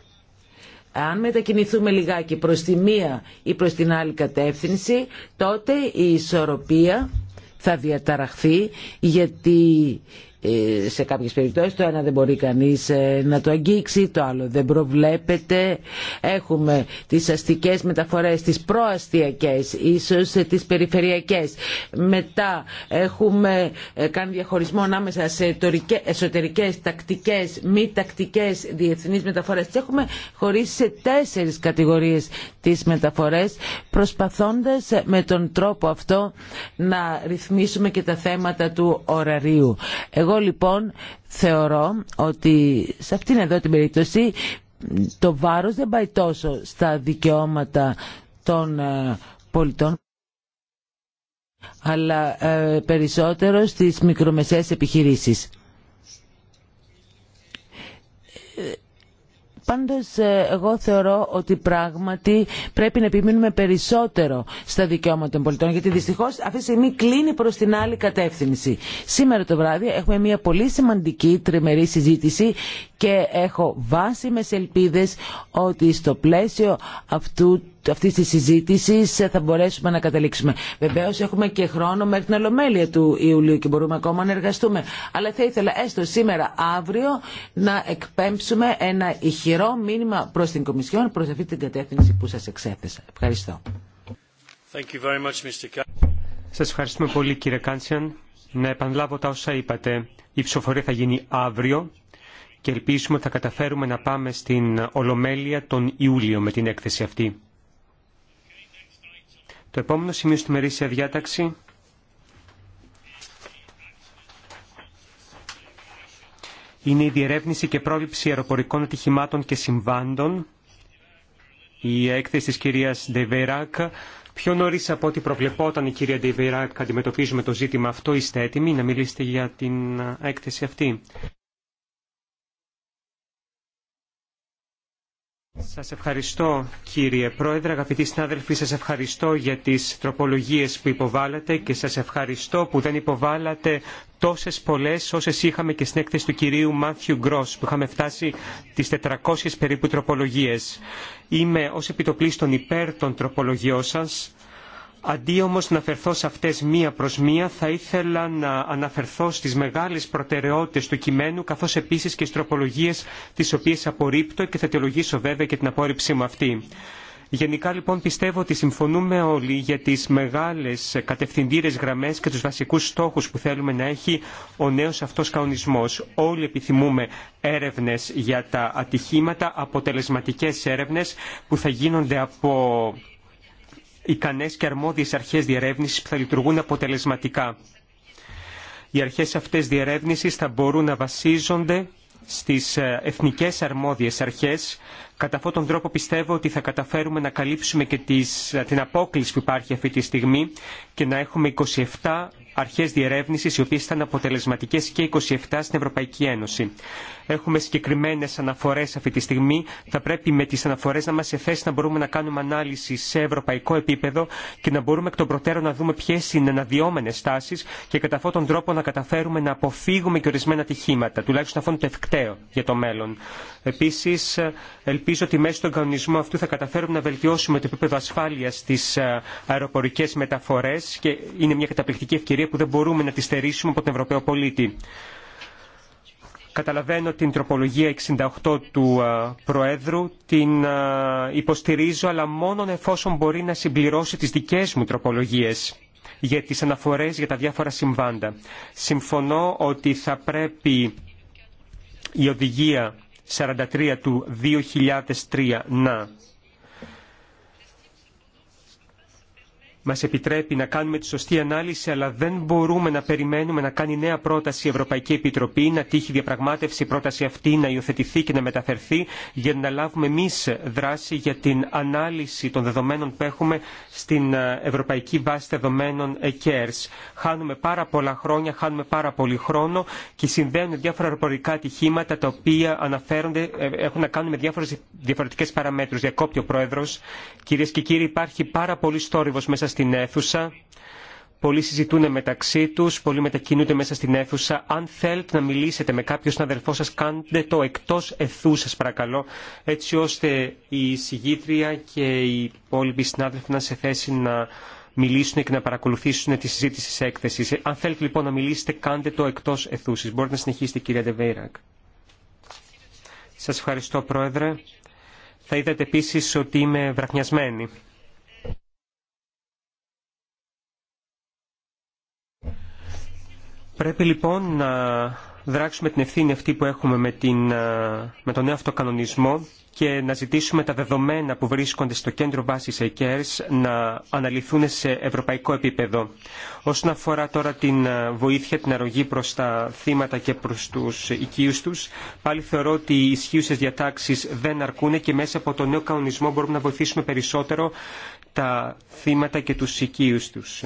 αν μετακινηθούμε λιγάκι προς τη μία ή προς την άλλη κατεύθυνση, τότε η ισορροπία θα διαταραχθεί γιατί ε, σε κάποιες περιπτώσεις το ένα δεν μπορεί κανείς ε, να το αγγίξει, το άλλο δεν προβλέπεται. Έχουμε τις αστικές μεταφορές, τις προαστιακές, ίσως ε, τις περιφερειακές. Μετά έχουμε κάνει διαχωρισμό ανάμεσα σε εσωτερικές, τακτικές, μη τακτικές διεθνείς μεταφορές. Τι έχουμε χωρίσει σε τέσσερις κατηγορίες τις μεταφορές, προσπαθώντας με τον τρόπο αυτό να ρυθμίσουμε και τα θέματα του ωραρίου. Εγώ λοιπόν θεωρώ ότι σε αυτήν εδώ την περίπτωση το βάρος δεν πάει τόσο στα δικαιώματα των ε, πολιτών αλλά ε, περισσότερο στις μικρομεσαίες επιχειρήσεις ε, Πάντως ε, εγώ θεωρώ ότι πράγματι πρέπει να επιμείνουμε περισσότερο στα δικαιώματα των πολιτών γιατί δυστυχώς αυτή τη στιγμή κλείνει προς την άλλη κατεύθυνση. Σήμερα το βράδυ έχουμε μια πολύ σημαντική τριμερή συζήτηση και έχω βάσιμες ελπίδες ότι στο πλαίσιο αυτού αυτής της συζήτησης θα μπορέσουμε να καταλήξουμε. Βεβαίω έχουμε και χρόνο μέχρι την ολομέλεια του Ιουλίου και μπορούμε ακόμα να εργαστούμε. Αλλά θα ήθελα έστω σήμερα, αύριο, να εκπέμψουμε ένα ηχηρό μήνυμα προ την Κομισιόν, προ αυτή την κατεύθυνση που σα εξέθεσα. Ευχαριστώ. Σα ευχαριστούμε πολύ κύριε Κάντσιαν. Να επαναλάβω τα όσα είπατε. Η ψηφοφορία θα γίνει αύριο και ελπίζουμε ότι θα καταφέρουμε να πάμε στην Ολομέλεια τον Ιούλιο με την έκθεση αυτή. Το επόμενο σημείο στη μερίσια διάταξη είναι η διερεύνηση και πρόληψη αεροπορικών ατυχημάτων και συμβάντων. Η έκθεση της κυρίας Ντεβεράκ. Πιο νωρί από ό,τι προβλεπόταν η κυρία Ντεβεράκ αντιμετωπίζουμε το ζήτημα αυτό. Είστε έτοιμοι να μιλήσετε για την έκθεση αυτή. Σας ευχαριστώ κύριε Πρόεδρε, αγαπητοί συνάδελφοι, σας ευχαριστώ για τις τροπολογίες που υποβάλατε και σας ευχαριστώ που δεν υποβάλατε τόσες πολλές όσες είχαμε και στην έκθεση του κυρίου Μάθιου Γκρός που είχαμε φτάσει τις 400 περίπου τροπολογίες. Είμαι ως επιτοπλίστων υπέρ των τροπολογιών σας Αντί όμως να αφαιρθώ σε αυτές μία προς μία, θα ήθελα να αναφερθώ στις μεγάλες προτεραιότητες του κειμένου, καθώς επίσης και στις τροπολογίες τις οποίες απορρίπτω και θα τελογίσω βέβαια και την απόρριψή μου αυτή. Γενικά λοιπόν πιστεύω ότι συμφωνούμε όλοι για τις μεγάλες κατευθυντήρες γραμμές και τους βασικούς στόχους που θέλουμε να έχει ο νέος αυτός καονισμός. Όλοι επιθυμούμε έρευνες για τα ατυχήματα, αποτελεσματικές έρευνες που θα γίνονται από ικανές και αρμόδιες αρχές διερεύνησης που θα λειτουργούν αποτελεσματικά. Οι αρχές αυτές διερεύνησης θα μπορούν να βασίζονται στις ε, εθνικές αρμόδιες αρχές. Κατά αυτόν τον τρόπο πιστεύω ότι θα καταφέρουμε να καλύψουμε και τις, ε, την απόκληση που υπάρχει αυτή τη στιγμή και να έχουμε 27 αρχές διερεύνησης οι οποίες είναι αποτελεσματικές και 27 στην Ευρωπαϊκή Ένωση. Έχουμε συγκεκριμένε αναφορέ αυτή τη στιγμή. Θα πρέπει με τι αναφορέ να είμαστε σε θέση να μπορούμε να κάνουμε ανάλυση σε ευρωπαϊκό επίπεδο και να μπορούμε εκ των προτέρων να δούμε ποιε είναι αναδυόμενε τάσει και κατά αυτόν τον τρόπο να καταφέρουμε να αποφύγουμε και ορισμένα ατυχήματα. Τουλάχιστον αυτό είναι το ευκταίο για το μέλλον. Επίση, ελπίζω ότι μέσω του κανονισμού αυτού θα καταφέρουμε να βελτιώσουμε το επίπεδο ασφάλεια στι ε, αεροπορικέ μεταφορέ και είναι μια καταπληκτική ευκαιρία που δεν μπορούμε να τη στερήσουμε από τον Ευρωπαίο πολίτη. Καταλαβαίνω την τροπολογία 68 του ε, Προέδρου, την ε, υποστηρίζω, αλλά μόνο εφόσον μπορεί να συμπληρώσει τις δικές μου τροπολογίες για τις αναφορές για τα διάφορα συμβάντα. Συμφωνώ ότι θα πρέπει η οδηγία 43 του 2003 να μας επιτρέπει να κάνουμε τη σωστή ανάλυση, αλλά δεν μπορούμε να περιμένουμε να κάνει νέα πρόταση η Ευρωπαϊκή Επιτροπή, να τύχει διαπραγμάτευση η πρόταση αυτή, να υιοθετηθεί και να μεταφερθεί, για να λάβουμε εμεί δράση για την ανάλυση των δεδομένων που έχουμε στην ε, Ευρωπαϊκή Βάση Δεδομένων ΕΚΕΡΣ. Χάνουμε πάρα πολλά χρόνια, χάνουμε πάρα πολύ χρόνο και συνδέουν διάφορα αεροπορικά ατυχήματα τα οποία αναφέρονται, ε, έχουν να κάνουν με διάφορε διαφορετικέ παραμέτρου. Διακόπτει ο Πρόεδρο. Κυρίε και κύριοι, υπάρχει πάρα πολύ στόρυβο μέσα στην αίθουσα. Πολλοί συζητούν μεταξύ του, πολλοί μετακινούνται μέσα στην αίθουσα. Αν θέλετε να μιλήσετε με κάποιον συναδελφό σα, κάντε το εκτό αιθού σα, παρακαλώ, έτσι ώστε η συγγήτρια και οι υπόλοιποι συνάδελφοι να σε θέση να μιλήσουν και να παρακολουθήσουν τη συζήτηση τη έκθεση. Ε, αν θέλετε λοιπόν να μιλήσετε, κάντε το εκτό σα. Μπορείτε να συνεχίσετε, κυρία Ντεβέιρακ. Σα ευχαριστώ, Πρόεδρε. Θα είδατε επίση ότι είμαι βραχνιασμένη. Πρέπει λοιπόν να δράξουμε την ευθύνη αυτή που έχουμε με, την, με τον νέο αυτοκανονισμό και να ζητήσουμε τα δεδομένα που βρίσκονται στο κέντρο βάσης ΕΚΕΡΣ να αναλυθούν σε ευρωπαϊκό επίπεδο. Όσον αφορά τώρα την βοήθεια, την αρρωγή προς τα θύματα και προς τους οικείους τους, πάλι θεωρώ ότι οι ισχύουσες διατάξεις δεν αρκούν και μέσα από τον νέο κανονισμό μπορούμε να βοηθήσουμε περισσότερο τα θύματα και τους οικείους τους.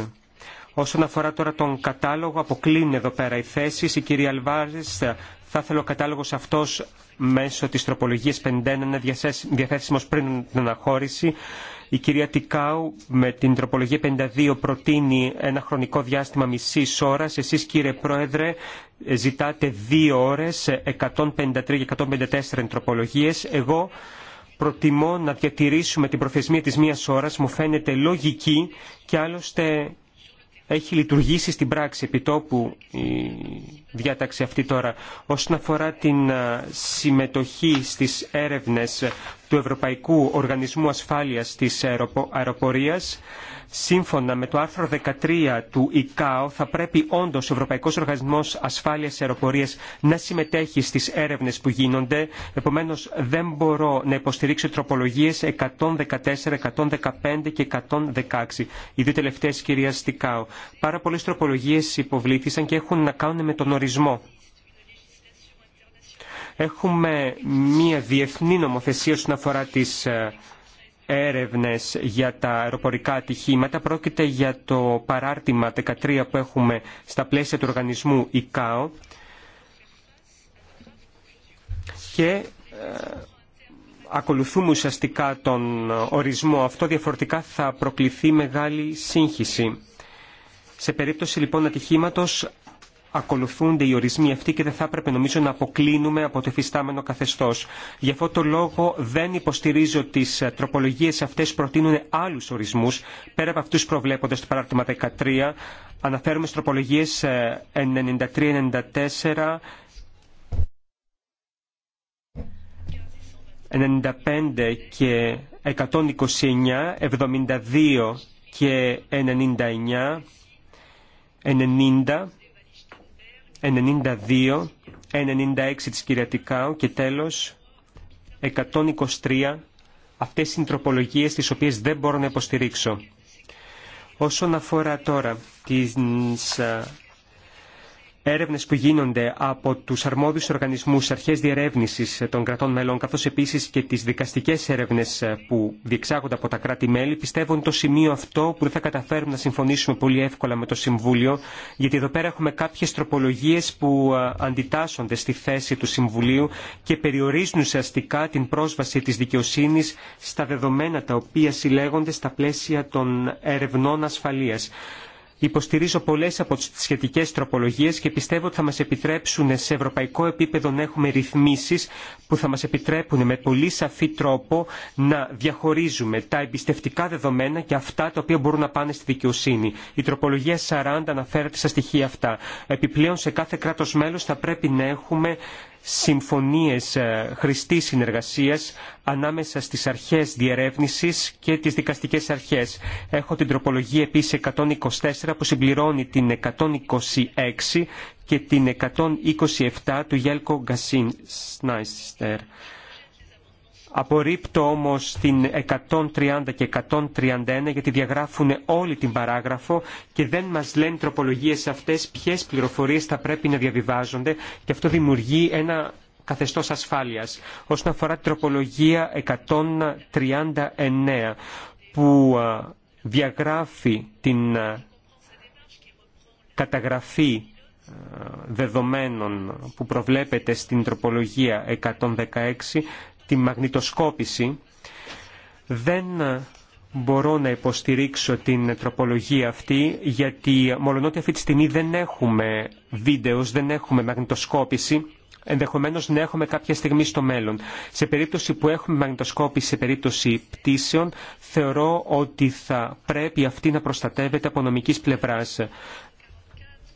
Όσον αφορά τώρα τον κατάλογο, αποκλίνει εδώ πέρα οι θέσει. Η κυρία Αλβάρη ε, θα θέλω ο κατάλογο αυτό μέσω τη τροπολογία 51 να είναι διαθέσιμο πριν την αναχώρηση. Η κυρία Τικάου με την τροπολογία 52 προτείνει ένα χρονικό διάστημα μισή ώρα. Εσεί κύριε Πρόεδρε ζητάτε δύο ώρε, 153 και 154 τροπολογίε. Εγώ προτιμώ να διατηρήσουμε την προθεσμία της μίας ώρας, μου φαίνεται λογική και άλλωστε έχει λειτουργήσει στην πράξη τόπου η διάταξη αυτή τώρα όσον αφορά την ε, συμμετοχή στις έρευνες του Ευρωπαϊκού Οργανισμού Ασφάλειας της Αεροπορίας. Σύμφωνα με το άρθρο 13 του ΙΚΑΟ θα πρέπει όντως ο Ευρωπαϊκός Οργανισμός Ασφάλειας Αεροπορίας να συμμετέχει στις έρευνες που γίνονται. Επομένως δεν μπορώ να υποστηρίξω τροπολογίες 114, 115 και 116. Οι δύο τελευταίες κυρία Πάρα πολλές τροπολογίες υποβλήθησαν και έχουν να κάνουν με τον ορισμό Έχουμε μία διεθνή νομοθεσία όσον αφορά τις ε, έρευνες για τα αεροπορικά ατυχήματα. Πρόκειται για το παράρτημα 13 που έχουμε στα πλαίσια του οργανισμού ΙΚΑΟ. Και ε, ακολουθούμε ουσιαστικά τον ορισμό αυτό, διαφορετικά θα προκληθεί μεγάλη σύγχυση. Σε περίπτωση λοιπόν ατυχήματος ακολουθούνται οι ορισμοί αυτοί και δεν θα έπρεπε νομίζω να αποκλίνουμε από το εφιστάμενο καθεστώς. Γι' αυτό το λόγο δεν υποστηρίζω τις ε, τροπολογίες αυτές προτείνουν άλλους ορισμούς πέρα από αυτούς προβλέποντας το παράρτημα 13 αναφέρουμε στις τροπολογίες 93-94 ε, 95 και 129, 72 και 99, 90, 92, 96 της κυριατικά, και τέλος 123. Αυτές είναι οι τροπολογίες τις οποίες δεν μπορώ να υποστηρίξω. Όσον αφορά τώρα τις έρευνες που γίνονται από τους αρμόδιους οργανισμούς αρχές διερεύνησης των κρατών μελών, καθώς επίσης και τις δικαστικές έρευνες που διεξάγονται από τα κράτη-μέλη, πιστεύουν το σημείο αυτό που δεν θα καταφέρουμε να συμφωνήσουμε πολύ εύκολα με το Συμβούλιο, γιατί εδώ πέρα έχουμε κάποιες τροπολογίες που ε, αντιτάσσονται στη θέση του Συμβουλίου και περιορίζουν ουσιαστικά την πρόσβαση της δικαιοσύνης στα δεδομένα τα οποία συλλέγονται στα πλαίσια των ερευνών ασφαλεία. Υποστηρίζω πολλέ από τις σχετικές τροπολογίες και πιστεύω ότι θα μας επιτρέψουν σε ευρωπαϊκό επίπεδο να έχουμε ρυθμίσεις που θα μας επιτρέπουν με πολύ σαφή τρόπο να διαχωρίζουμε τα εμπιστευτικά δεδομένα και αυτά τα οποία μπορούν να πάνε στη δικαιοσύνη. Η τροπολογία 40 αναφέρεται στα στοιχεία αυτά. Επιπλέον σε κάθε κράτο μέλο θα πρέπει να έχουμε συμφωνίες ε, χρηστής συνεργασίας ανάμεσα στις αρχές διερεύνησης και τις δικαστικές αρχές. Έχω την τροπολογία επίσης 124 που συμπληρώνει την 126 και την 127 του Γέλκο Γκασίν Σνάιστερ. Απορρίπτω όμως την 130 και 131 γιατί διαγράφουν όλη την παράγραφο και δεν μας λένε τροπολογίες αυτές ποιες πληροφορίες θα πρέπει να διαβιβάζονται και αυτό δημιουργεί ένα καθεστώς ασφάλειας. Όσον αφορά την τροπολογία 139 που διαγράφει την καταγραφή δεδομένων που προβλέπεται στην τροπολογία 116 τη μαγνητοσκόπηση, δεν μπορώ να υποστηρίξω την τροπολογία αυτή, γιατί μολονότι αυτή τη στιγμή δεν έχουμε βίντεο, δεν έχουμε μαγνητοσκόπηση, ενδεχομένως να έχουμε κάποια στιγμή στο μέλλον. Σε περίπτωση που έχουμε μαγνητοσκόπηση, σε περίπτωση πτήσεων, θεωρώ ότι θα πρέπει αυτή να προστατεύεται από νομικής πλευράς.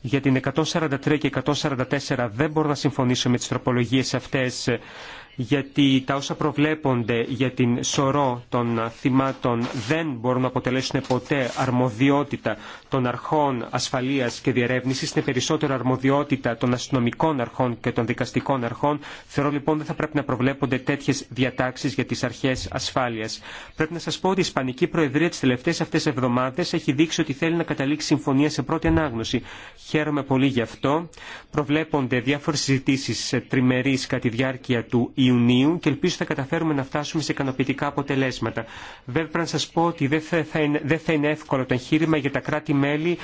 Για την 143 και 144 δεν μπορώ να συμφωνήσω με τις τροπολογίες αυτές γιατί τα όσα προβλέπονται για την σωρό των θυμάτων δεν μπορούν να αποτελέσουν ποτέ αρμοδιότητα των αρχών ασφαλείας και διερεύνησης, είναι περισσότερο αρμοδιότητα των αστυνομικών αρχών και των δικαστικών αρχών. Θεωρώ λοιπόν δεν θα πρέπει να προβλέπονται τέτοιες διατάξεις για τις αρχές ασφάλειας. Πρέπει να σας πω ότι η Ισπανική Προεδρία τις τελευταίες αυτές εβδομάδες έχει δείξει ότι θέλει να καταλήξει συμφωνία σε πρώτη ανάγνωση. Χαίρομαι πολύ γι' αυτό. Προβλέπονται διάφορες συζητήσεις τριμερείς κατά τη διάρκεια του Ιουνίου και ελπίζω θα καταφέρουμε να φτάσουμε σε ικανοποιητικά αποτελέσματα. Βέβαια να σας πω ότι δεν θα, είναι, εύκολο το εγχείρημα για τα κράτη-μέλη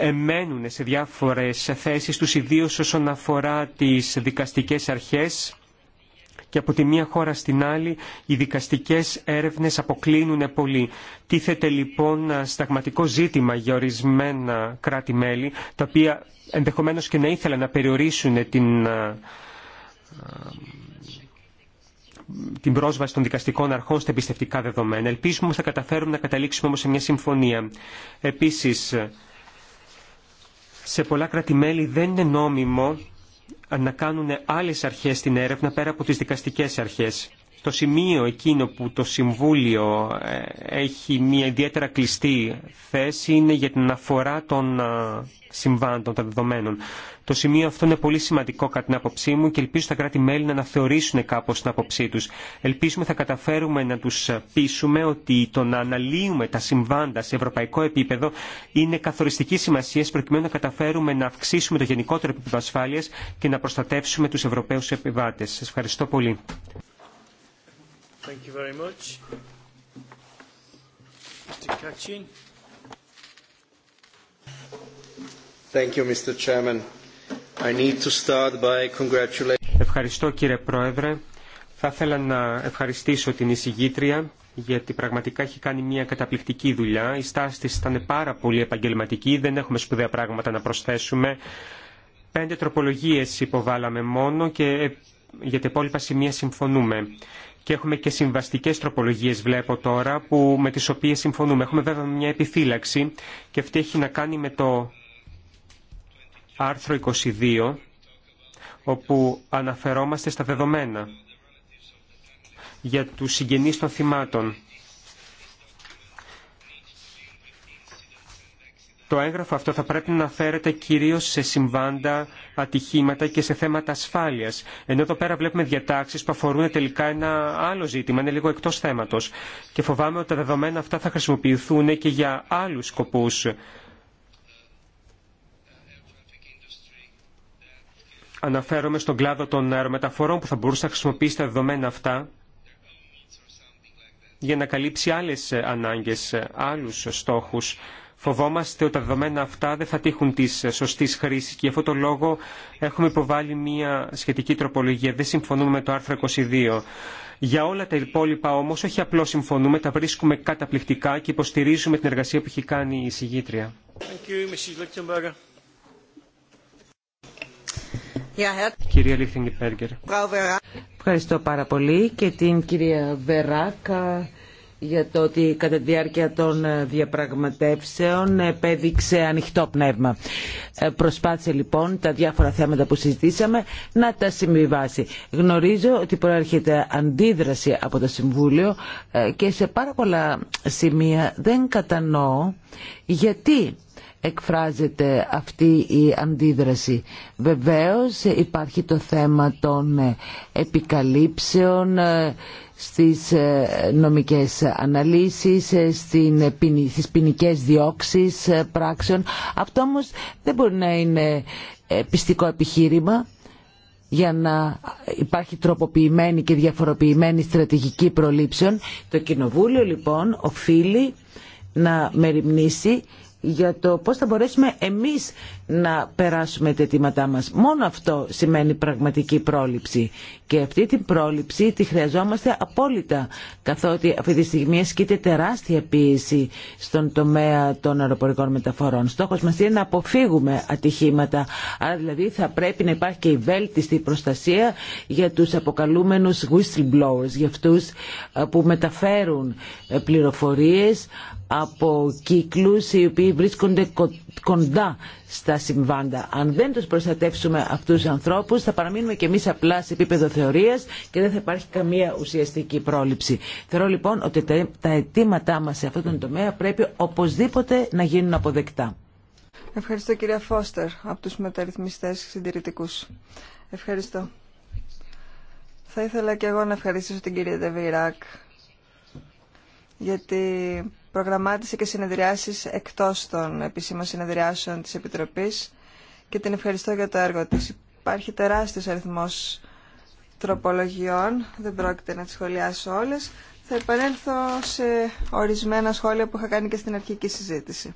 ε, μένουν σε διάφορες θέσεις τους ιδίω όσον αφορά τις δικαστικές αρχές και από τη μία χώρα στην άλλη οι δικαστικές έρευνες αποκλίνουν πολύ. Τίθεται λοιπόν σταγματικό ζήτημα για ορισμένα κράτη-μέλη, τα οποία ενδεχομένως και να ήθελαν να περιορίσουν την ε, την πρόσβαση των δικαστικών αρχών στα εμπιστευτικά δεδομένα. Ελπίζουμε ότι θα καταφέρουμε να καταλήξουμε όμως σε μια συμφωνία. Επίσης, σε πολλά κράτη-μέλη δεν είναι νόμιμο να κάνουν άλλες αρχές την έρευνα πέρα από τις δικαστικές αρχές το σημείο εκείνο που το Συμβούλιο ε, έχει μια ιδιαίτερα κλειστή θέση είναι για την αφορά των ε, συμβάντων, των δεδομένων. Το σημείο αυτό είναι πολύ σημαντικό κατά την άποψή μου και ελπίζω τα κράτη-μέλη να αναθεωρήσουν κάπως την άποψή τους. Ελπίζουμε θα καταφέρουμε να τους πείσουμε ότι το να αναλύουμε τα συμβάντα σε ευρωπαϊκό επίπεδο είναι καθοριστική σημασία προκειμένου να καταφέρουμε να αυξήσουμε το γενικότερο επίπεδο ασφάλειας και να προστατεύσουμε τους Ευρωπαίους επιβάτες. Σας ευχαριστώ πολύ. Thank you very much. Mr. Thank you, Mr. Chairman. I need to start by congratulating... Ευχαριστώ κύριε Πρόεδρε. Θα ήθελα να ευχαριστήσω την εισηγήτρια γιατί πραγματικά έχει κάνει μια καταπληκτική δουλειά. Η στάση της ήταν πάρα πολύ επαγγελματική, δεν έχουμε σπουδαία πράγματα να προσθέσουμε. Πέντε τροπολογίες υποβάλαμε μόνο και ε, για τα υπόλοιπα σημεία συμφωνούμε και έχουμε και συμβαστικέ τροπολογίες βλέπω τώρα που, με τις οποίες συμφωνούμε. Έχουμε βέβαια μια επιφύλαξη και αυτή έχει να κάνει με το άρθρο 22 όπου αναφερόμαστε στα δεδομένα για τους συγγενείς των θυμάτων. Το έγγραφο αυτό θα πρέπει να φέρεται κυρίως σε συμβάντα, ατυχήματα και σε θέματα ασφάλειας. Ενώ εδώ πέρα βλέπουμε διατάξεις που αφορούν τελικά ένα άλλο ζήτημα, είναι λίγο εκτό θέματος. Και φοβάμαι ότι τα δεδομένα αυτά θα χρησιμοποιηθούν και για άλλους σκοπούς. Αναφέρομαι στον κλάδο των αερομεταφορών που θα μπορούσε να χρησιμοποιήσει τα δεδομένα αυτά για να καλύψει άλλες ανάγκες, άλλους στόχους. Φοβόμαστε ότι τα δεδομένα αυτά δεν θα τύχουν τη σωστή χρήση και γι' αυτό το λόγο έχουμε υποβάλει μια σχετική τροπολογία. Δεν συμφωνούμε με το άρθρο 22. Για όλα τα υπόλοιπα όμως όχι απλώς συμφωνούμε, τα βρίσκουμε καταπληκτικά και υποστηρίζουμε την εργασία που έχει κάνει η συγγήτρια. Κυρία Λίχτινγκ Ευχαριστώ πάρα πολύ και την κυρία Βεράκα για το ότι κατά τη διάρκεια των ε, διαπραγματεύσεων επέδειξε ανοιχτό πνεύμα. Ε, προσπάθησε λοιπόν τα διάφορα θέματα που συζητήσαμε να τα συμβιβάσει. Γνωρίζω ότι προέρχεται αντίδραση από το Συμβούλιο ε, και σε πάρα πολλά σημεία δεν κατανοώ γιατί εκφράζεται αυτή η αντίδραση. Βεβαίως υπάρχει το θέμα των ε, επικαλύψεων ε, στις ε, νομικές αναλύσεις, στις ποινικέ διώξεις πράξεων. Αυτό όμως δεν μπορεί να είναι πιστικό επιχείρημα για να υπάρχει τροποποιημένη και διαφοροποιημένη στρατηγική προλήψεων. Το Κοινοβούλιο λοιπόν οφείλει να μεριμνήσει για το πώς θα μπορέσουμε εμείς να περάσουμε τα αιτήματά μας. Μόνο αυτό σημαίνει πραγματική πρόληψη. Και αυτή την πρόληψη τη χρειαζόμαστε απόλυτα, καθότι αυτή τη στιγμή ασκείται τεράστια πίεση στον τομέα των αεροπορικών μεταφορών. Στόχος μας είναι να αποφύγουμε ατυχήματα, άρα δηλαδή θα πρέπει να υπάρχει και η βέλτιστη προστασία για τους αποκαλούμενους whistleblowers, για αυτούς ε, που μεταφέρουν ε, πληροφορίες από κύκλους οι οποίοι βρίσκονται κοντά κοντά στα συμβάντα. Αν δεν τους προστατεύσουμε αυτούς τους ανθρώπους θα παραμείνουμε και εμείς απλά σε επίπεδο θεωρίας και δεν θα υπάρχει καμία ουσιαστική πρόληψη. Θεωρώ λοιπόν ότι τα αιτήματά μας σε αυτόν τον τομέα πρέπει οπωσδήποτε να γίνουν αποδεκτά. Ευχαριστώ κυρία Φώστερ από τους μεταρρυθμιστές συντηρητικούς. Ευχαριστώ. Θα ήθελα και εγώ να ευχαριστήσω την κυρία Δεβιράκ γιατί προγραμμάτισε και συνεδριάσεις εκτός των επίσημων συνεδριάσεων της Επιτροπής και την ευχαριστώ για το έργο της. Υπάρχει τεράστιος αριθμός τροπολογιών, δεν πρόκειται να τις σχολιάσω όλες. Θα επανέλθω σε ορισμένα σχόλια που είχα κάνει και στην αρχική συζήτηση.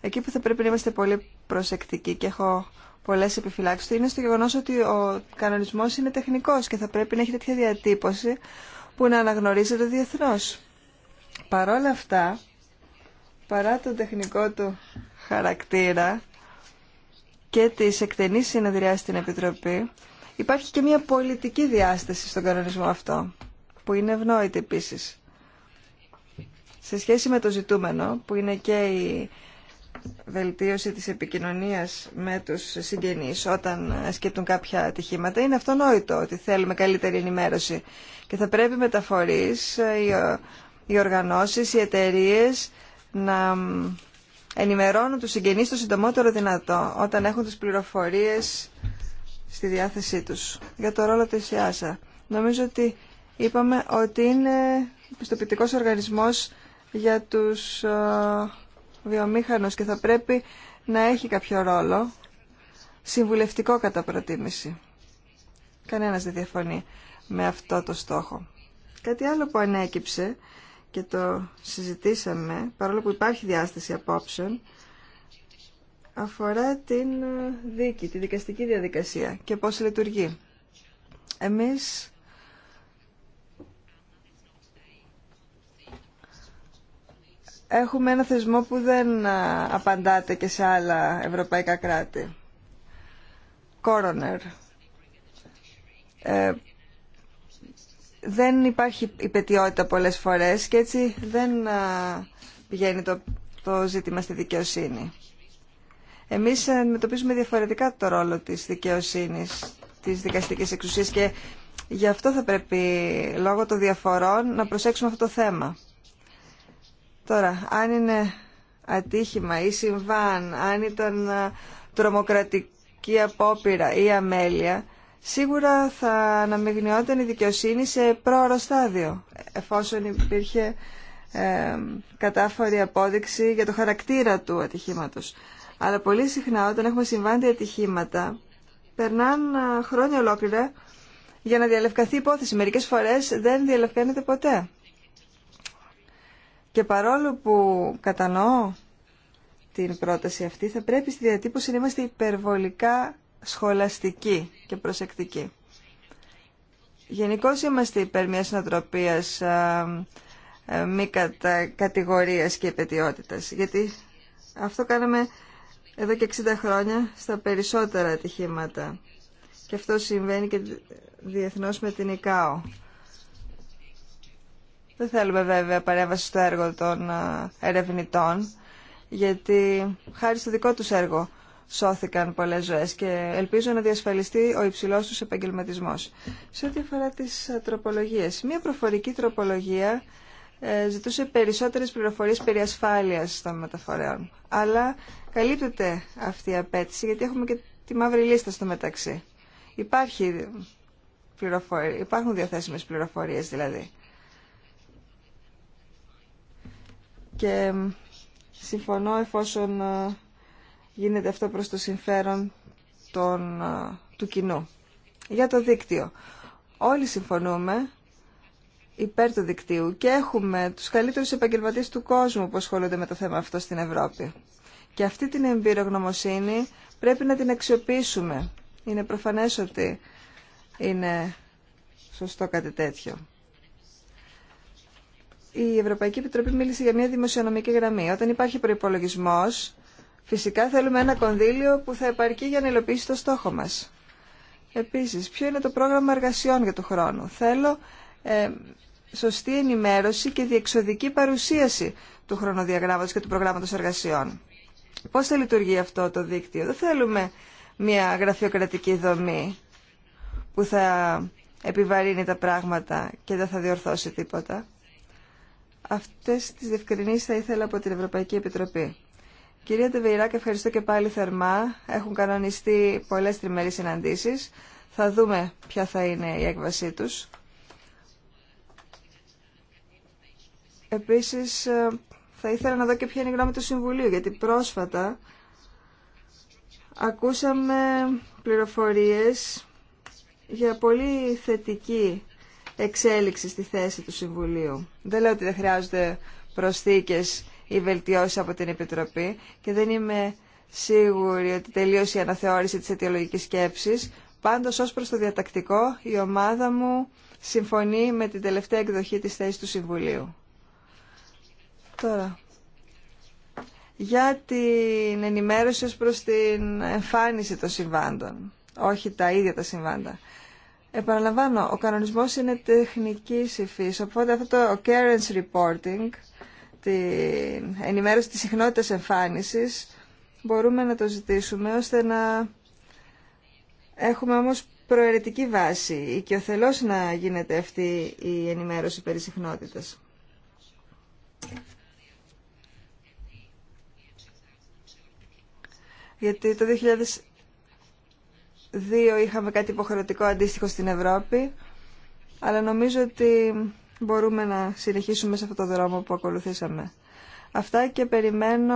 Εκεί που θα πρέπει να είμαστε πολύ προσεκτικοί και έχω πολλέ επιφυλάξει είναι στο γεγονό ότι ο κανονισμό είναι τεχνικό και θα πρέπει να έχει τέτοια διατύπωση που να αναγνωρίζεται διεθνώ παρόλα αυτά, παρά τον τεχνικό του χαρακτήρα και τις εκτενείς συνεδριάς στην Επιτροπή, υπάρχει και μια πολιτική διάσταση στον κανονισμό αυτό, που είναι ευνόητη επίσης. Σε σχέση με το ζητούμενο, που είναι και η βελτίωση της επικοινωνίας με τους συγγενείς όταν σκέπτουν κάποια ατυχήματα, είναι αυτονόητο ότι θέλουμε καλύτερη ενημέρωση και θα πρέπει μεταφορείς, ε, οι οργανώσεις, οι εταιρείε να ενημερώνουν τους συγγενείς το συντομότερο δυνατό όταν έχουν τις πληροφορίες στη διάθεσή τους. Για το ρόλο της ΙΑΣΑ. Νομίζω ότι είπαμε ότι είναι πιστοποιητικός οργανισμός για τους ε, βιομήχανους και θα πρέπει να έχει κάποιο ρόλο συμβουλευτικό κατά προτίμηση. Κανένας δεν διαφωνεί με αυτό το στόχο. Κάτι άλλο που ανέκυψε και το συζητήσαμε, παρόλο που υπάρχει διάσταση απόψεων, αφορά την ε, δίκη, τη δικαστική διαδικασία και πώς λειτουργεί. Εμείς έχουμε ένα θεσμό που δεν ε, απαντάται και σε άλλα ευρωπαϊκά κράτη. Κόρονερ, δεν υπάρχει υπετιότητα πολλές φορές και έτσι δεν πηγαίνει το, το ζήτημα στη δικαιοσύνη. Εμείς αντιμετωπίζουμε διαφορετικά το ρόλο της δικαιοσύνης, της δικαστικής εξουσίας και γι' αυτό θα πρέπει λόγω των διαφορών να προσέξουμε αυτό το θέμα. Τώρα, αν είναι ατύχημα ή συμβάν, αν ήταν τρομοκρατική απόπειρα ή αμέλεια, σίγουρα θα αναμειγνιόταν η δικαιοσύνη σε πρόωρο στάδιο, εφόσον υπήρχε ε, κατάφορη απόδειξη για το χαρακτήρα του ατυχήματος. Αλλά πολύ συχνά όταν έχουμε συμβάντη ατυχήματα, περνάνε χρόνια ολόκληρα για να διαλευκαθεί η υπόθεση. Μερικές φορές δεν διαλευκάνεται ποτέ. Και παρόλο που κατανοώ την πρόταση αυτή, θα πρέπει στη διατύπωση να είμαστε υπερβολικά σχολαστική και προσεκτική. Γενικώ είμαστε υπέρ μιας νοοτροπίας μη κατα, κατηγορίας και επαιτιότητας, γιατί αυτό κάναμε εδώ και 60 χρόνια στα περισσότερα ατυχήματα. Και αυτό συμβαίνει και διεθνώς με την ΙΚΑΟ. Δεν θέλουμε βέβαια παρέμβαση στο έργο των ερευνητών, γιατί χάρη στο δικό τους έργο σώθηκαν πολλέ ζωέ και ελπίζω να διασφαλιστεί ο υψηλό του επαγγελματισμό. Σε ό,τι αφορά τις ε, τροπολογίες, μια προφορική τροπολογία ε, ζητούσε περισσότερες πληροφορίες περί ασφάλειας των μεταφορέων. Αλλά καλύπτεται αυτή η απέτηση γιατί έχουμε και τη μαύρη λίστα στο μεταξύ. Υπάρχει υπάρχουν διαθέσιμε πληροφορίε δηλαδή. Και συμφωνώ εφόσον ε, γίνεται αυτό προς το συμφέρον των, του κοινού. Για το δίκτυο. Όλοι συμφωνούμε υπέρ του δικτύου και έχουμε τους καλύτερους επαγγελματίες του κόσμου που ασχολούνται με το θέμα αυτό στην Ευρώπη. Και αυτή την εμπειρογνωμοσύνη πρέπει να την αξιοποιήσουμε. Είναι προφανές ότι είναι σωστό κάτι τέτοιο. Η Ευρωπαϊκή Επιτροπή μίλησε για μια δημοσιονομική γραμμή. Όταν υπάρχει προϋπολογισμός, Φυσικά θέλουμε ένα κονδύλιο που θα επαρκεί για να υλοποιήσει το στόχο μας. Επίσης, ποιο είναι το πρόγραμμα εργασιών για το χρόνο. Θέλω ε, σωστή ενημέρωση και διεξοδική παρουσίαση του χρονοδιαγράμματος και του προγράμματος εργασιών. Πώς θα λειτουργεί αυτό το δίκτυο. Δεν θέλουμε μια γραφειοκρατική δομή που θα επιβαρύνει τα πράγματα και δεν θα διορθώσει τίποτα. Αυτές τις διευκρινήσεις θα ήθελα από την Ευρωπαϊκή Επιτροπή. Κυρία Τεβεϊράκ, ευχαριστώ και πάλι θερμά. Έχουν κανονιστεί πολλές τριμερείς συναντήσεις. Θα δούμε ποια θα είναι η έκβασή τους. Επίσης, ε, θα ήθελα να δω και ποια είναι η γνώμη του Συμβουλίου, γιατί πρόσφατα ακούσαμε πληροφορίες για πολύ θετική εξέλιξη στη θέση του Συμβουλίου. Δεν λέω ότι δεν χρειάζονται προσθήκες ή βελτιώσει από την Επιτροπή και δεν είμαι σίγουρη ότι τελείωσε η αναθεώρηση της αιτιολογικής σκέψης. Πάντως, ως προς το διατακτικό, η ομάδα μου συμφωνεί με την τελευταία εκδοχή της θέση του Συμβουλίου. Τώρα, για την ενημέρωση ως προς την εμφάνιση των συμβάντων, όχι τα ίδια τα συμβάντα. Επαναλαμβάνω, ο κανονισμός είναι τεχνικής υφής, οπότε αυτό το occurrence reporting την ενημέρωση της συχνότητας εμφάνισης μπορούμε να το ζητήσουμε ώστε να έχουμε όμως προαιρετική βάση και ο οικειοθελώς να γίνεται αυτή η ενημέρωση περί συχνότητας. Γιατί το 2002 είχαμε κάτι υποχρεωτικό αντίστοιχο στην Ευρώπη αλλά νομίζω ότι μπορούμε να συνεχίσουμε σε αυτό το δρόμο που ακολουθήσαμε. Αυτά και περιμένω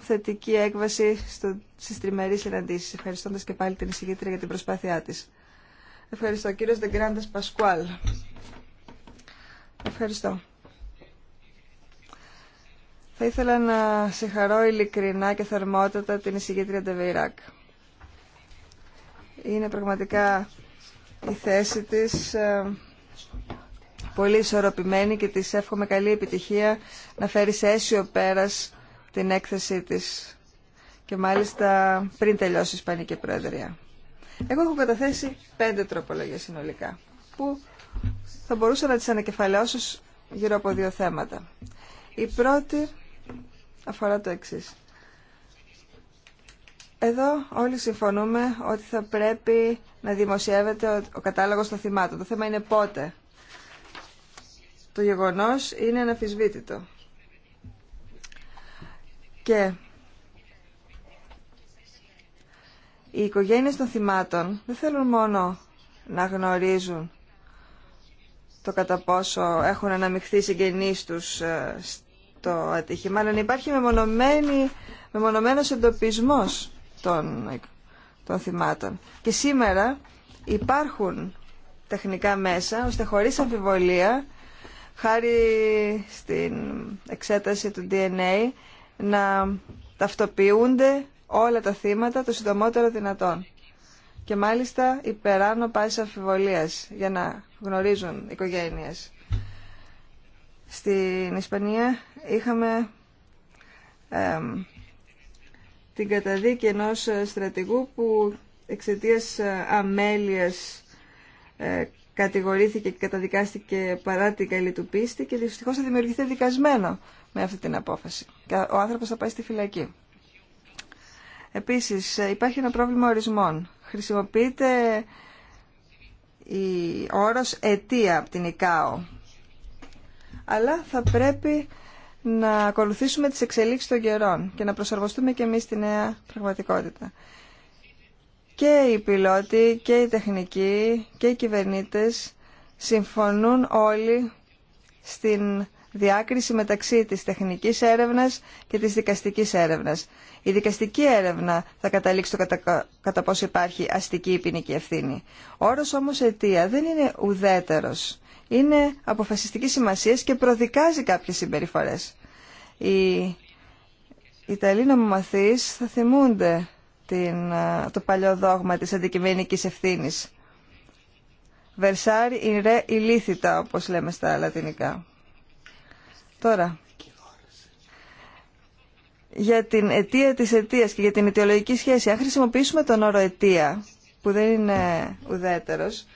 θετική έκβαση στο, στις τριμερείς συναντήσεις, ευχαριστώντας και πάλι την εισηγήτρια για την προσπάθειά της. Ευχαριστώ. Κύριος Δεγκράντες Πασκουάλ. Ευχαριστώ. Θα ήθελα να συγχαρώ ειλικρινά και θερμότατα την εισηγήτρια Ντεβεϊράκ. Είναι πραγματικά η θέση της ε, πολύ ισορροπημένη και της εύχομαι καλή επιτυχία να φέρει σε αίσιο πέρας την έκθεσή της και μάλιστα πριν τελειώσει η Ισπανική Προεδρία. Εγώ έχω καταθέσει πέντε τροπολογίες συνολικά που θα μπορούσα να τις ανακεφαλαιώσω γύρω από δύο θέματα. Η πρώτη αφορά το εξή. Εδώ όλοι συμφωνούμε ότι θα πρέπει να δημοσιεύεται ο κατάλογος των θυμάτων. Το θέμα είναι πότε το γεγονός είναι αναφυσβήτητο. Και οι οικογένειες των θυμάτων δεν θέλουν μόνο να γνωρίζουν το κατά πόσο έχουν αναμειχθεί συγγενείς τους ε, στο ατύχημα, αλλά να υπάρχει μεμονωμένος εντοπισμός των, των θυμάτων. Και σήμερα υπάρχουν τεχνικά μέσα, ώστε χωρίς αμφιβολία χάρη στην εξέταση του DNA να ταυτοποιούνται όλα τα θύματα το συντομότερο δυνατόν. Και μάλιστα υπεράνω πάση αμφιβολίας για να γνωρίζουν οικογένειες. Στην Ισπανία είχαμε την καταδίκη ενός στρατηγού που εξαιτίας ε, αμέλειας ε, κατηγορήθηκε και καταδικάστηκε παρά την καλή του πίστη και δυστυχώ θα δημιουργηθεί δικασμένο με αυτή την απόφαση. Ο άνθρωπο θα πάει στη φυλακή. Επίσης ε, υπάρχει ένα πρόβλημα ορισμών. Χρησιμοποιείται η όρος αιτία από την ΙΚΑΟ. Αλλά θα πρέπει να ακολουθήσουμε τις εξελίξεις των καιρών και να προσαρμοστούμε και εμείς στη νέα πραγματικότητα. Και οι πιλότοι και οι τεχνικοί και οι κυβερνήτες συμφωνούν όλοι στην διάκριση μεταξύ της τεχνικής έρευνας και της δικαστικής έρευνας. Η δικαστική έρευνα θα καταλήξει το κατά, κατά πόσο υπάρχει αστική ή ποινική ευθύνη. όρος όμως αιτία δεν είναι ουδέτερος. Είναι αποφασιστική σημασία και προδικάζει κάποιες συμπεριφορές. Οι Ιταλοί νομομαθείς θα θυμούνται την, ε, το παλιό δόγμα της αντικειμενικής ευθύνης. Βερσάρι είναι re όπως λέμε στα λατινικά. Τώρα, για την αιτία της αιτίας και για την αιτιολογική σχέση, αν χρησιμοποιήσουμε τον όρο αιτία, που δεν είναι ουδέτερος,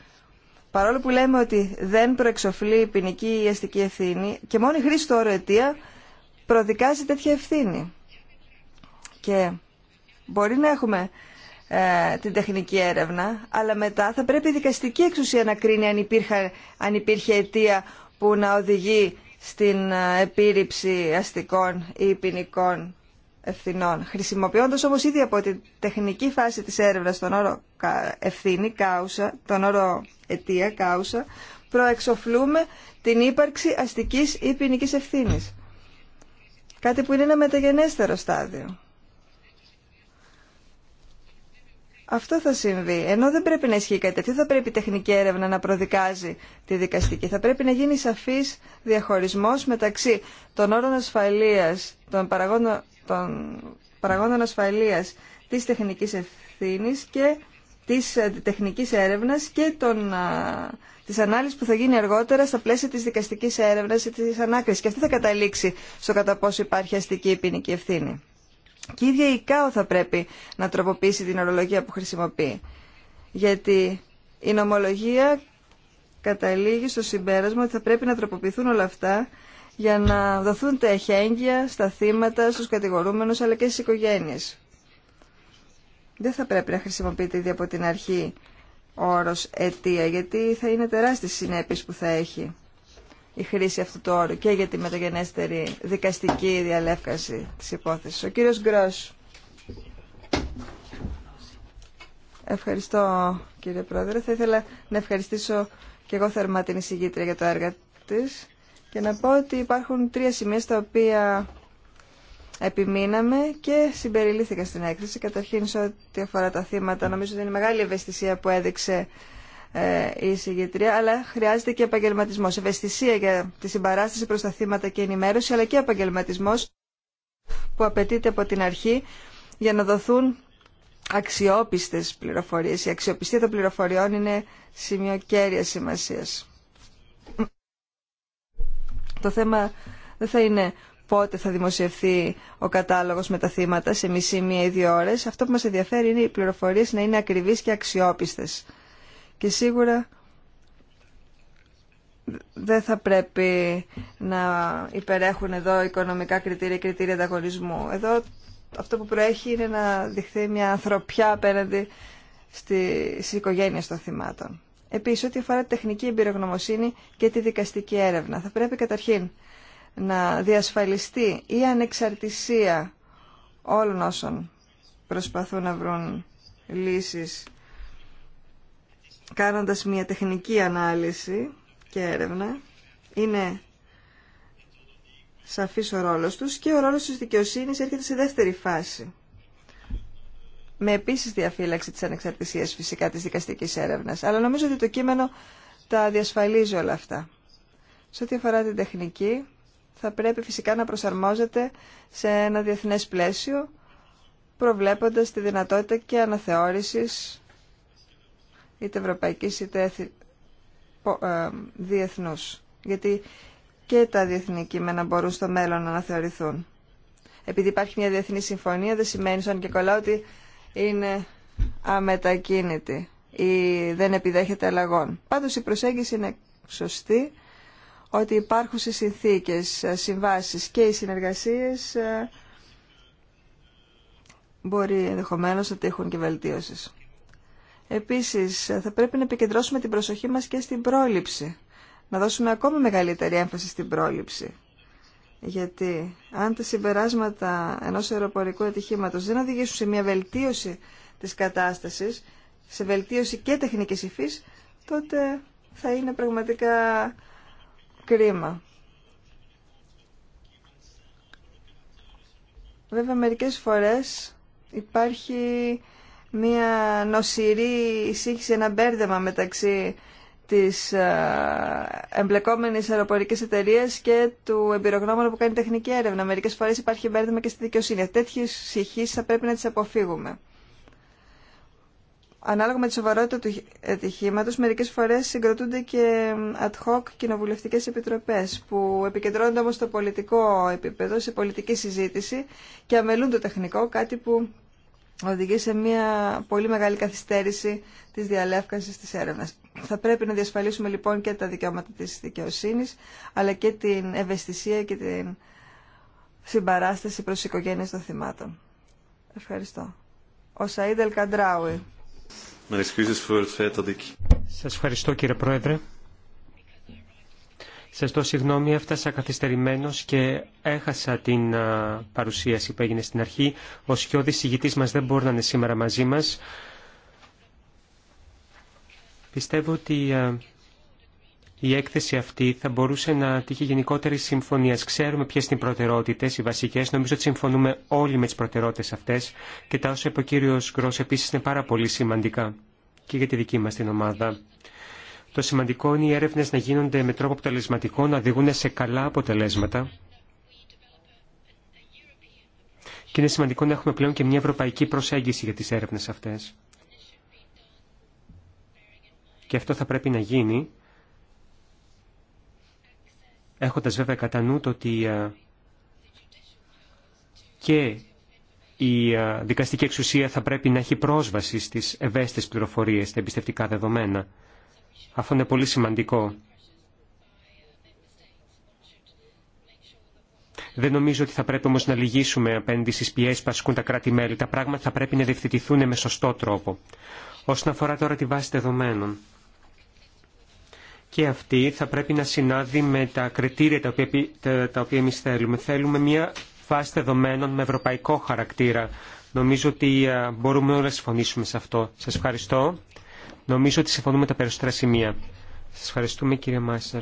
παρόλο που λέμε ότι δεν προεξοφλεί η ποινική ή αστική ευθύνη, και μόνο η χρήση του όρου αιτία προδικάζει τέτοια ευθύνη. Και Μπορεί να έχουμε ε, την τεχνική έρευνα, αλλά μετά θα πρέπει η δικαστική εξουσία να κρίνει αν, υπήρχε, αν αιτία που να οδηγεί στην ε, επίρρηψη αστικών ή ποινικών ευθυνών. Χρησιμοποιώντας όμως ήδη από την τεχνική φάση της έρευνας τον όρο ευθύνη, κάουσα, τον όρο αιτία, κάουσα, προεξοφλούμε την ύπαρξη αστικής ή ποινική ευθύνης. Κάτι που είναι ένα μεταγενέστερο στάδιο. Αυτό θα συμβεί. Ενώ δεν πρέπει να ισχύει κάτι τέτοιο, θα πρέπει η τεχνική έρευνα να προδικάζει τη δικαστική. Θα πρέπει να γίνει σαφή διαχωρισμό μεταξύ των όρων ασφαλεία, των παραγόντων, παραγόντων ασφαλεία, τη τεχνική ευθύνη και τη ε, τεχνική έρευνα και των, α, της ανάλυσης που θα γίνει αργότερα στα πλαίσια της δικαστικής έρευνας ή της ανάκρισης. Και αυτή θα καταλήξει στο κατά πόσο υπάρχει αστική ή ποινική ευθύνη. Και η ίδια η ΚΑΟ θα πρέπει να τροποποιήσει την ορολογία που χρησιμοποιεί. Γιατί η νομολογία καταλήγει στο συμπέρασμα ότι θα πρέπει να τροποποιηθούν όλα αυτά για να δοθούν τα εχέγγυα στα θύματα, στους κατηγορούμενους αλλά και στις οικογένειες. Δεν θα πρέπει να χρησιμοποιείται ήδη από την αρχή όρος αιτία γιατί θα είναι τεράστιες συνέπειες που θα έχει η χρήση αυτού του όρου και για τη μεταγενέστερη δικαστική διαλεύκαση της υπόθεσης. Ο κύριος Γκρός. Ευχαριστώ κύριε Πρόεδρε. Θα ήθελα να ευχαριστήσω και εγώ θερμά την εισηγήτρια για το έργο της και να πω ότι υπάρχουν τρία σημεία στα οποία επιμείναμε και συμπεριλήθηκα στην έκθεση. Καταρχήν σε ό,τι αφορά τα θύματα, νομίζω ότι είναι μεγάλη ευαισθησία που έδειξε ε, η συγγετρία, αλλά χρειάζεται και επαγγελματισμό. Ευαισθησία για τη συμπαράσταση προ τα θύματα και ενημέρωση, αλλά και επαγγελματισμό που απαιτείται από την αρχή για να δοθούν αξιόπιστες πληροφορίες. Η αξιοπιστία των πληροφοριών είναι σημείο κέρια σημασίας. Το θέμα δεν θα είναι πότε θα δημοσιευθεί ο κατάλογος με τα θύματα σε μισή, μία ή δύο ώρες. Αυτό που μας ενδιαφέρει είναι οι πληροφορίες να είναι ακριβείς και αξιόπιστες. Και σίγουρα δεν θα πρέπει να υπερέχουν εδώ οικονομικά κριτήρια, κριτήρια ανταγωνισμού. Εδώ αυτό που προέχει είναι να διχθεί μια ανθρωπιά απέναντι στις οικογένειες των θυμάτων. Επίσης, ό,τι αφορά τη τεχνική εμπειρογνωμοσύνη και τη δικαστική έρευνα, θα πρέπει καταρχήν να διασφαλιστεί η ανεξαρτησία όλων όσων προσπαθούν να βρουν λύσεις κάνοντας μια τεχνική ανάλυση και έρευνα. Είναι σαφής ο ρόλος τους και ο ρόλος της δικαιοσύνης έρχεται σε δεύτερη φάση. Με επίσης διαφύλαξη της ανεξαρτησίας φυσικά της δικαστικής έρευνας. Αλλά νομίζω ότι το κείμενο τα διασφαλίζει όλα αυτά. Σε ό,τι αφορά την τεχνική, θα πρέπει φυσικά να προσαρμόζεται σε ένα διεθνές πλαίσιο, προβλέποντας τη δυνατότητα και αναθεώρησης είτε ευρωπαϊκής είτε ε, διεθνούς. Γιατί και τα διεθνή κείμενα μπορούν στο μέλλον να αναθεωρηθούν. Επειδή υπάρχει μια διεθνή συμφωνία δεν σημαίνει σαν και κολλά ότι είναι αμετακίνητη ή δεν επιδέχεται αλλαγών. Πάντως η προσέγγιση είναι σωστή ότι υπάρχουσες σε συνθηκες συμβάσεις και οι συνεργασίες ε, μπορεί ενδεχομένως να τύχουν και Επίσης, θα πρέπει να επικεντρώσουμε την προσοχή μας και στην πρόληψη. Να δώσουμε ακόμη μεγαλύτερη έμφαση στην πρόληψη. Γιατί αν τα συμπεράσματα ενός αεροπορικού ατυχήματος δεν οδηγήσουν σε μια βελτίωση της κατάστασης, σε βελτίωση και τεχνικής υφής, τότε θα είναι πραγματικά κρίμα. Βέβαια, μερικές φορές υπάρχει μία νοσηρή εισήχηση, ένα μπέρδεμα μεταξύ της ε, εμπλεκόμενης αεροπορικής εταιρείας και του εμπειρογνώμονα που κάνει τεχνική έρευνα. Μερικές φορές υπάρχει μπέρδεμα και στη δικαιοσύνη. Τέτοιες συγχύσεις θα πρέπει να τις αποφύγουμε. Ανάλογα με τη σοβαρότητα του ατυχήματος, μερικές φορές συγκροτούνται και ad hoc κοινοβουλευτικές επιτροπές που επικεντρώνονται όμως στο πολιτικό επίπεδο, σε πολιτική συζήτηση και αμελούν το τεχνικό, κάτι που οδηγεί σε μια πολύ μεγάλη καθυστέρηση της διαλεύκανσης της έρευνας. Θα πρέπει να διασφαλίσουμε λοιπόν και τα δικαιώματα της δικαιοσύνης, αλλά και την ευαισθησία και την συμπαράσταση προς οικογένειες των θυμάτων. Ευχαριστώ. Ο Σαΐδελ Καντράουι. Σας ευχαριστώ κύριε Πρόεδρε. Σα το συγγνώμη, έφτασα καθυστερημένο και έχασα την παρουσίαση που έγινε στην αρχή. Ο Σιώδη ηγητή μα δεν μπορεί να είναι σήμερα μαζί μα. Πιστεύω ότι η έκθεση αυτή θα μπορούσε να τύχει γενικότερη συμφωνία. Ξέρουμε ποιε είναι οι προτεραιότητε, οι βασικέ. Νομίζω ότι συμφωνούμε όλοι με τι προτεραιότητε αυτέ και τα όσα είπε ο κύριο Γκρό επίση είναι πάρα πολύ σημαντικά και για τη δική μα την ομάδα. Το σημαντικό είναι οι έρευνες να γίνονται με τρόπο αποτελεσματικό, να οδηγούν σε καλά αποτελέσματα. Και είναι σημαντικό να έχουμε πλέον και μια ευρωπαϊκή προσέγγιση για τις έρευνες αυτές. Και αυτό θα πρέπει να γίνει, έχοντας βέβαια κατά νου το ότι ε, και η ε, δικαστική εξουσία θα πρέπει να έχει πρόσβαση στις ευαίσθητες πληροφορίες, στα εμπιστευτικά δεδομένα. Αυτό είναι πολύ σημαντικό. Δεν νομίζω ότι θα πρέπει όμως να λυγίσουμε απέναντι στις πιέσεις που ασκούν τα κράτη-μέλη. Τα πράγματα θα πρέπει να διευθετηθούν με σωστό τρόπο. Όσον αφορά τώρα τη βάση δεδομένων. Και αυτή θα πρέπει να συνάδει με τα κριτήρια τα οποία, τα οποία εμείς θέλουμε. Θέλουμε μια βάση δεδομένων με ευρωπαϊκό χαρακτήρα. Νομίζω ότι μπορούμε όλες να συμφωνήσουμε σε αυτό. Σας ευχαριστώ. Νομίζω ότι συμφωνούμε τα περισσότερα σημεία. Σας ευχαριστούμε κύριε Μάσερ.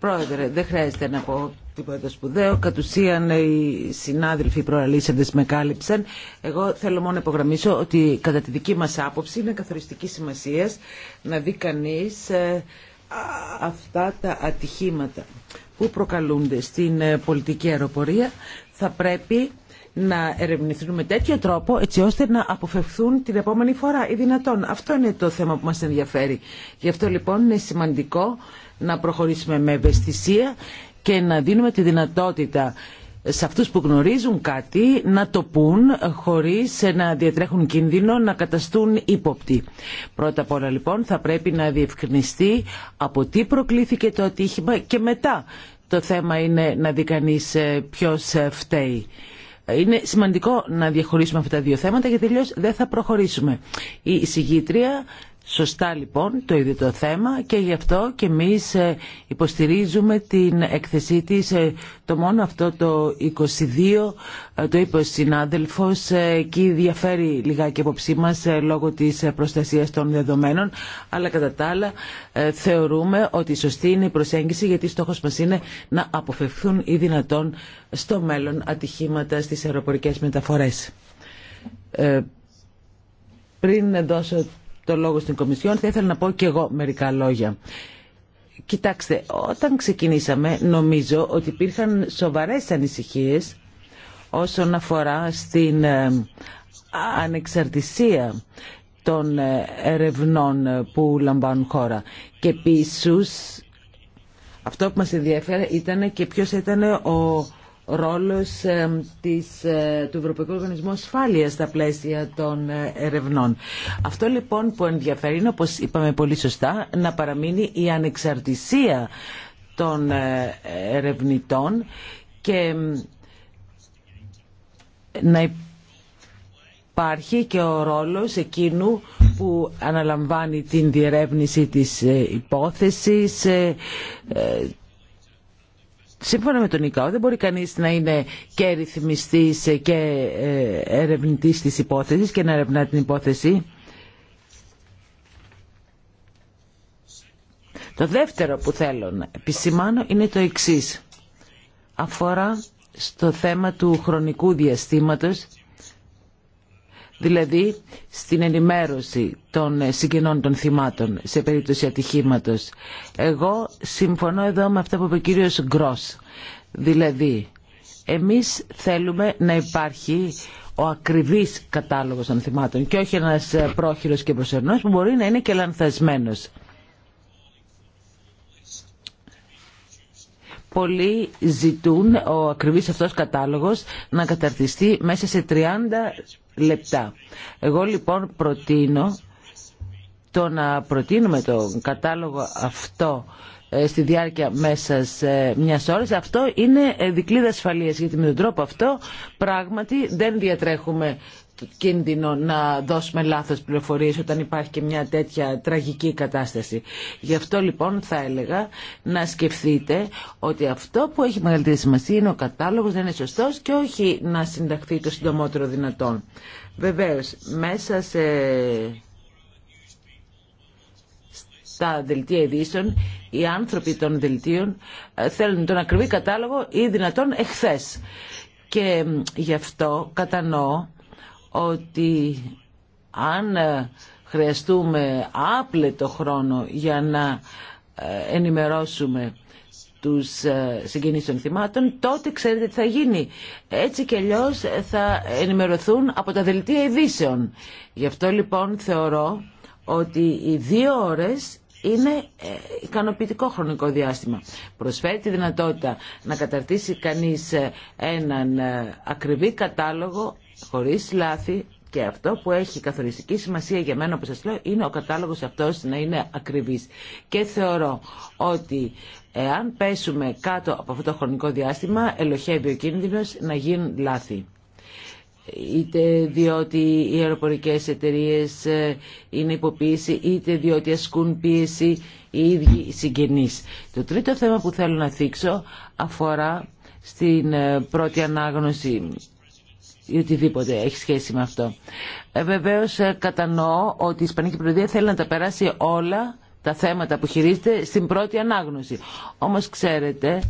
Πρόεδρε, δεν χρειάζεται να πω τίποτα σπουδαίο. Κατ' ουσίαν οι συνάδελφοι προαλήσαντες με κάλυψαν. Εγώ θέλω μόνο να υπογραμμίσω ότι κατά τη δική μας άποψη είναι καθοριστική σημασία να δει κανεί ε, αυτά τα ατυχήματα που προκαλούνται στην ε, πολιτική αεροπορία. Θα πρέπει να ερευνηθούν με τέτοιο τρόπο έτσι ώστε να αποφευθούν την επόμενη φορά ή δυνατόν. Αυτό είναι το θέμα που μας ενδιαφέρει. Γι' αυτό λοιπόν είναι σημαντικό να προχωρήσουμε με ευαισθησία και να δίνουμε τη δυνατότητα σε αυτούς που γνωρίζουν κάτι να το πούν χωρίς να διατρέχουν κίνδυνο να καταστούν ύποπτοι. Πρώτα απ' όλα λοιπόν θα πρέπει να διευκρινιστεί από τι προκλήθηκε το ατύχημα και μετά το θέμα είναι να δει κανεί ε, ποιος ε, φταίει. Είναι σημαντικό να διαχωρίσουμε αυτά τα δύο θέματα γιατί τελείως δεν θα προχωρήσουμε. Η εισηγήτρια Σωστά λοιπόν το ίδιο το θέμα και γι' αυτό και εμείς ε, υποστηρίζουμε την εκθεσή της. Ε, το μόνο αυτό το 22 ε, το είπε ο συνάδελφος και διαφέρει λιγάκι απόψή μας λόγω της προστασίας των δεδομένων αλλά κατά τα άλλα θεωρούμε ότι σωστή είναι η προσέγγιση γιατί στόχος μας είναι να αποφευθούν οι δυνατόν στο μέλλον ατυχήματα στις αεροπορικές μεταφορές. Πριν δώσω το λόγο στην Κομισιόν, θα ήθελα να πω και εγώ μερικά λόγια. Κοιτάξτε, όταν ξεκινήσαμε νομίζω ότι υπήρχαν σοβαρές ανησυχίες όσον αφορά στην ε, ανεξαρτησία των ε, ερευνών ε, που λαμβάνουν χώρα. Και επίσης αυτό που μας ενδιαφέρει ήταν και ποιος ήταν ο ρόλος της, ε, του Ευρωπαϊκού Οργανισμού Ασφάλειας στα πλαίσια των ε, ερευνών. Αυτό λοιπόν που ενδιαφέρει είναι, όπως είπαμε πολύ σωστά, να παραμείνει η ανεξαρτησία των ε, ερευνητών και να υπάρχει και ο ρόλος εκείνου που αναλαμβάνει την διερεύνηση της υπόθεσης Σύμφωνα με τον ΙΚΑΟ δεν μπορεί κανείς να είναι και ρυθμιστής και ε, ερευνητής της υπόθεσης και να ερευνά την υπόθεση. Το δεύτερο που θέλω να επισημάνω είναι το εξής. Αφορά στο θέμα του χρονικού διαστήματος δηλαδή στην ενημέρωση των συγγενών των θυμάτων σε περίπτωση ατυχήματος. Εγώ συμφωνώ εδώ με αυτά που είπε ο κύριος Γκρός. Δηλαδή, εμείς θέλουμε να υπάρχει ο ακριβής κατάλογος των θυμάτων και όχι ένας πρόχειρος και προσωρινός που μπορεί να είναι και λανθασμένος. πολλοί ζητούν ο ακριβής αυτός κατάλογος να καταρτιστεί μέσα σε 30 λεπτά. Εγώ λοιπόν προτείνω το να προτείνουμε το κατάλογο αυτό ε, στη διάρκεια μέσα σε μιας ώρας. Αυτό είναι ε, δικλείδα ασφαλείας γιατί με τον τρόπο αυτό πράγματι δεν διατρέχουμε κίνδυνο να δώσουμε λάθος πληροφορίες όταν υπάρχει και μια τέτοια τραγική κατάσταση. Γι' αυτό λοιπόν θα έλεγα να σκεφτείτε ότι αυτό που έχει μεγαλύτερη σημασία είναι ο κατάλογος δεν είναι σωστός και όχι να συνταχθεί το συντομότερο δυνατόν. Βεβαίως, μέσα σε... στα δελτία ειδήσεων, οι άνθρωποι των δελτίων ε, θέλουν τον ακριβή κατάλογο ή δυνατόν εχθές. Και γι' αυτό κατανοώ ότι αν ε, χρειαστούμε άπλετο χρόνο για να ε, ενημερώσουμε τους ε, συγκινήσεων των θυμάτων, τότε ξέρετε τι θα γίνει. Έτσι και αλλιώ θα ενημερωθούν από τα δελτία ειδήσεων. Γι' αυτό λοιπόν θεωρώ ότι οι δύο ώρες είναι ικανοποιητικό χρονικό διάστημα. Προσφέρει τη δυνατότητα να καταρτήσει κανείς έναν ακριβή κατάλογο χωρίς λάθη και αυτό που έχει καθοριστική σημασία για μένα, όπως σας λέω, είναι ο κατάλογος αυτός να είναι ακριβής. Και θεωρώ ότι εάν πέσουμε κάτω από αυτό το χρονικό διάστημα, ελοχεύει ο κίνδυνος να γίνουν λάθη είτε διότι οι αεροπορικές εταιρείε ε, είναι υποποίηση, είτε διότι ασκούν πίεση οι ίδιοι οι συγγενείς. Το τρίτο θέμα που θέλω να θίξω αφορά στην ε, πρώτη ανάγνωση ή οτιδήποτε έχει σχέση με αυτό. Ε, Βεβαίω ε, κατανοώ ότι η Ισπανική Προεδρία θέλει να τα περάσει όλα τα θέματα που χειρίζεται στην πρώτη ανάγνωση. Όμω, ξέρετε,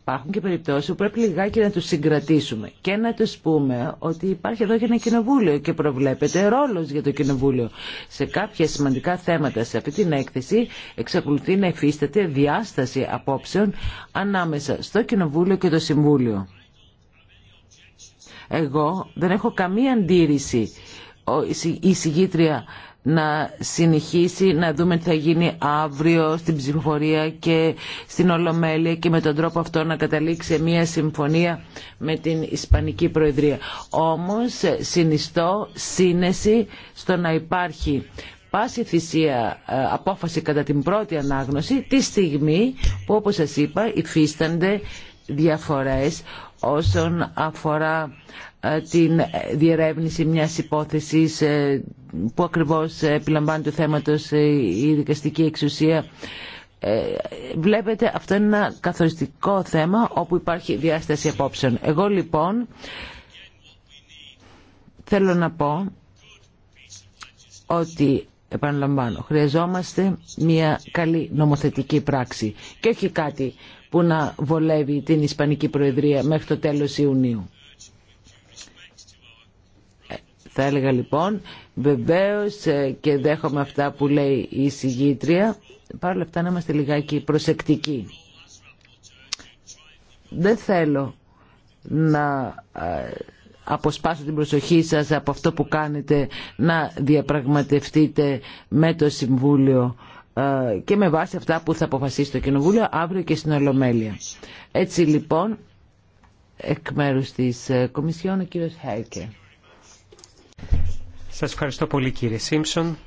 υπάρχουν και περιπτώσει που πρέπει λιγάκι να του συγκρατήσουμε και να του πούμε ότι υπάρχει εδώ και ένα κοινοβούλιο και προβλέπεται ρόλο για το κοινοβούλιο. Σε κάποια σημαντικά θέματα σε αυτή την έκθεση εξακολουθεί να υφίσταται διάσταση απόψεων ανάμεσα στο κοινοβούλιο και το συμβούλιο. Εγώ δεν έχω καμία αντίρρηση η συγγήτρια να συνεχίσει να δούμε τι θα γίνει αύριο στην ψηφοφορία και στην Ολομέλεια και με τον τρόπο αυτό να καταλήξει μια συμφωνία με την Ισπανική Προεδρία. Όμως συνιστώ σύνεση στο να υπάρχει πάση θυσία ε, απόφαση κατά την πρώτη ανάγνωση τη στιγμή που όπως σας είπα υφίστανται διαφορές όσον αφορά ε, την διερεύνηση μιας υπόθεσης ε, που ακριβώς επιλαμβάνει του θέματος ε, η δικαστική εξουσία. Βλέπετε αυτό είναι ένα καθοριστικό θέμα όπου υπάρχει διάσταση απόψεων. Εγώ λοιπόν θέλω να πω ότι επαναλαμβάνω, χρειαζόμαστε μια καλή νομοθετική πράξη και όχι κάτι που να βολεύει την Ισπανική Προεδρία μέχρι το τέλος Ιουνίου. Ε, θα έλεγα λοιπόν, βεβαίως ε, και δέχομαι αυτά που λέει η συγγήτρια, παρόλα αυτά να είμαστε λιγάκι προσεκτικοί. Δεν θέλω να ε, αποσπάσω την προσοχή σας από αυτό που κάνετε, να διαπραγματευτείτε με το Συμβούλιο ε, και με βάση αυτά που θα αποφασίσει το Κοινοβούλιο αύριο και στην Ολομέλεια. Έτσι λοιπόν, εκ μέρου τη ε, Κομισιόν, ο κύριο Χέρκε. Σα ευχαριστώ πολύ κύριε Σίμψον.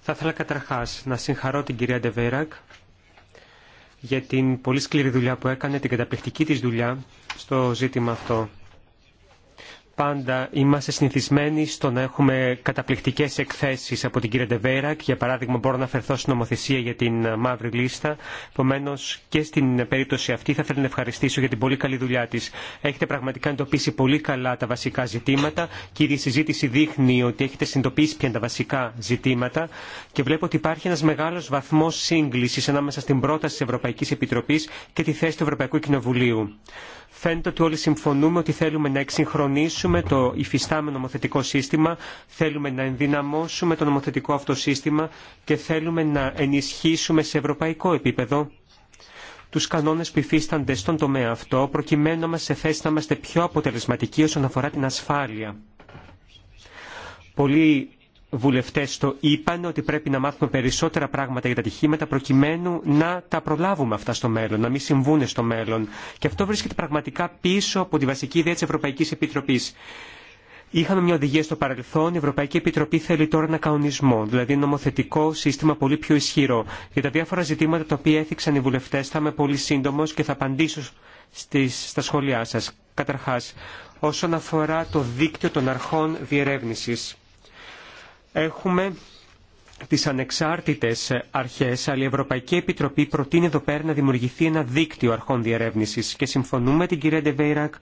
Θα ήθελα καταρχά να συγχαρώ την κυρία Ντεβέρακ για την πολύ σκληρή δουλειά που έκανε, την καταπληκτική της δουλειά στο ζήτημα αυτό πάντα είμαστε συνηθισμένοι στο να έχουμε καταπληκτικέ εκθέσει από την κυρία Ντεβέρα και για παράδειγμα μπορώ να αφαιρθώ στην νομοθεσία για την ε, μαύρη λίστα. Επομένω και στην περίπτωση αυτή θα θέλω να ευχαριστήσω για την πολύ καλή δουλειά τη. Έχετε πραγματικά εντοπίσει πολύ καλά τα βασικά ζητήματα και η συζήτηση δείχνει ότι έχετε συνειδητοποιήσει ποια είναι τα βασικά ζητήματα και βλέπω ότι υπάρχει ένα μεγάλο βαθμό σύγκληση ανάμεσα στην πρόταση της Ευρωπαϊκής Επιτροπής και τη θέση του Ευρωπαϊκού Κοινοβουλίου. Φαίνεται ότι όλοι συμφωνούμε ότι θέλουμε να εξυγχρονίσουμε το υφιστάμενο νομοθετικό σύστημα, θέλουμε να ενδυναμώσουμε το νομοθετικό αυτό σύστημα και θέλουμε να ενισχύσουμε σε ευρωπαϊκό επίπεδο τους κανόνες που υφίστανται στον τομέα αυτό, προκειμένου να μας σε θέση να είμαστε πιο αποτελεσματικοί όσον αφορά την ασφάλεια. Πολλοί Βουλευτέ, το είπαν ότι πρέπει να μάθουμε περισσότερα πράγματα για τα ατυχήματα προκειμένου να τα προλάβουμε αυτά στο μέλλον, να μην συμβούν στο μέλλον. Και αυτό βρίσκεται πραγματικά πίσω από τη βασική ιδέα τη Ευρωπαϊκή Επιτροπή. Είχαμε μια οδηγία στο παρελθόν, η Ευρωπαϊκή Επιτροπή θέλει τώρα ένα κανονισμό, δηλαδή ένα νομοθετικό σύστημα πολύ πιο ισχυρό. Για τα διάφορα ζητήματα τα οποία έθιξαν οι βουλευτέ θα είμαι πολύ σύντομο και θα απαντήσω στις, στα σχόλιά σα. Καταρχά, όσον αφορά το δίκτυο των αρχών διερεύνηση έχουμε τις ανεξάρτητες αρχές, αλλά η Ευρωπαϊκή Επιτροπή προτείνει εδώ πέρα να δημιουργηθεί ένα δίκτυο αρχών διερεύνησης και συμφωνούμε την κυρία Ντεβέιρακ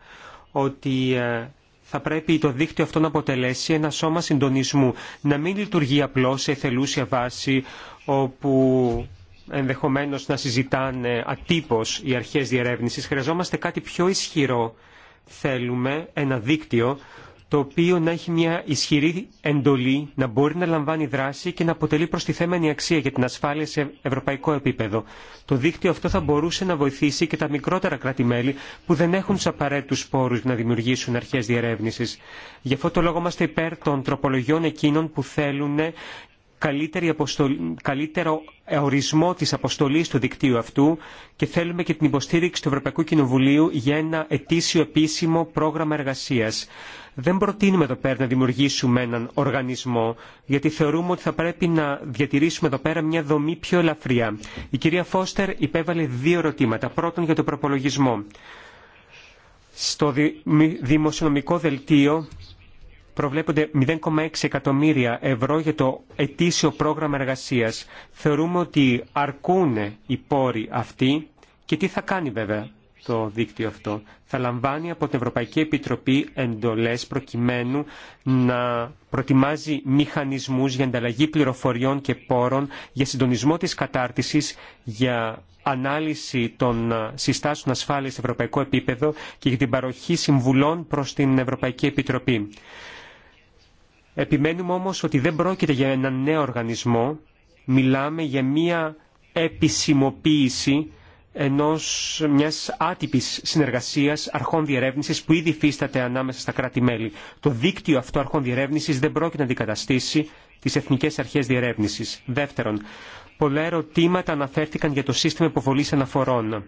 ότι ε, θα πρέπει το δίκτυο αυτό να αποτελέσει ένα σώμα συντονισμού, να μην λειτουργεί απλώς σε εθελούσια βάση όπου ενδεχομένως να συζητάνε ατύπως οι αρχές διερεύνησης. Χρειαζόμαστε κάτι πιο ισχυρό. Θέλουμε ένα δίκτυο το οποίο να έχει μια ισχυρή εντολή, να μπορεί να λαμβάνει δράση και να αποτελεί προστιθέμενη αξία για την ασφάλεια σε ευρωπαϊκό επίπεδο. Το δίκτυο αυτό θα μπορούσε να βοηθήσει και τα μικρότερα κράτη-μέλη που δεν έχουν του απαραίτητου πόρου να δημιουργήσουν αρχέ διερεύνηση. Γι' αυτό το λόγο είμαστε υπέρ των τροπολογιών εκείνων που θέλουν καλύτερο ορισμό της αποστολής του δικτύου αυτού και θέλουμε και την υποστήριξη του Ευρωπαϊκού Κοινοβουλίου για ένα ετήσιο επίσημο πρόγραμμα εργασίας. Δεν προτείνουμε εδώ πέρα να δημιουργήσουμε έναν οργανισμό, γιατί θεωρούμε ότι θα πρέπει να διατηρήσουμε εδώ πέρα μια δομή πιο ελαφριά. Η κυρία Φώστερ υπέβαλε δύο ερωτήματα. Πρώτον για τον προπολογισμό. Στο δημοσιονομικό δελτίο προβλέπονται 0,6 εκατομμύρια ευρώ για το ετήσιο πρόγραμμα εργασίας. Θεωρούμε ότι αρκούν οι πόροι αυτοί και τι θα κάνει βέβαια το δίκτυο αυτό. Θα λαμβάνει από την Ευρωπαϊκή Επιτροπή εντολές προκειμένου να προτιμάζει μηχανισμούς για ανταλλαγή πληροφοριών και πόρων, για συντονισμό της κατάρτισης, για ανάλυση των συστάσεων ασφάλειας σε ευρωπαϊκό επίπεδο και για την παροχή συμβουλών προς την Ευρωπαϊκή Επιτροπή. Επιμένουμε όμως ότι δεν πρόκειται για έναν νέο οργανισμό, μιλάμε για μία επισημοποίηση ενός μιας άτυπης συνεργασίας αρχών διερεύνησης που ήδη φίσταται ανάμεσα στα κράτη-μέλη. Το δίκτυο αυτό αρχών διερεύνησης δεν πρόκειται να αντικαταστήσει τις εθνικές αρχές διερεύνησης. Δεύτερον, πολλά ερωτήματα αναφέρθηκαν για το σύστημα υποβολής αναφορών.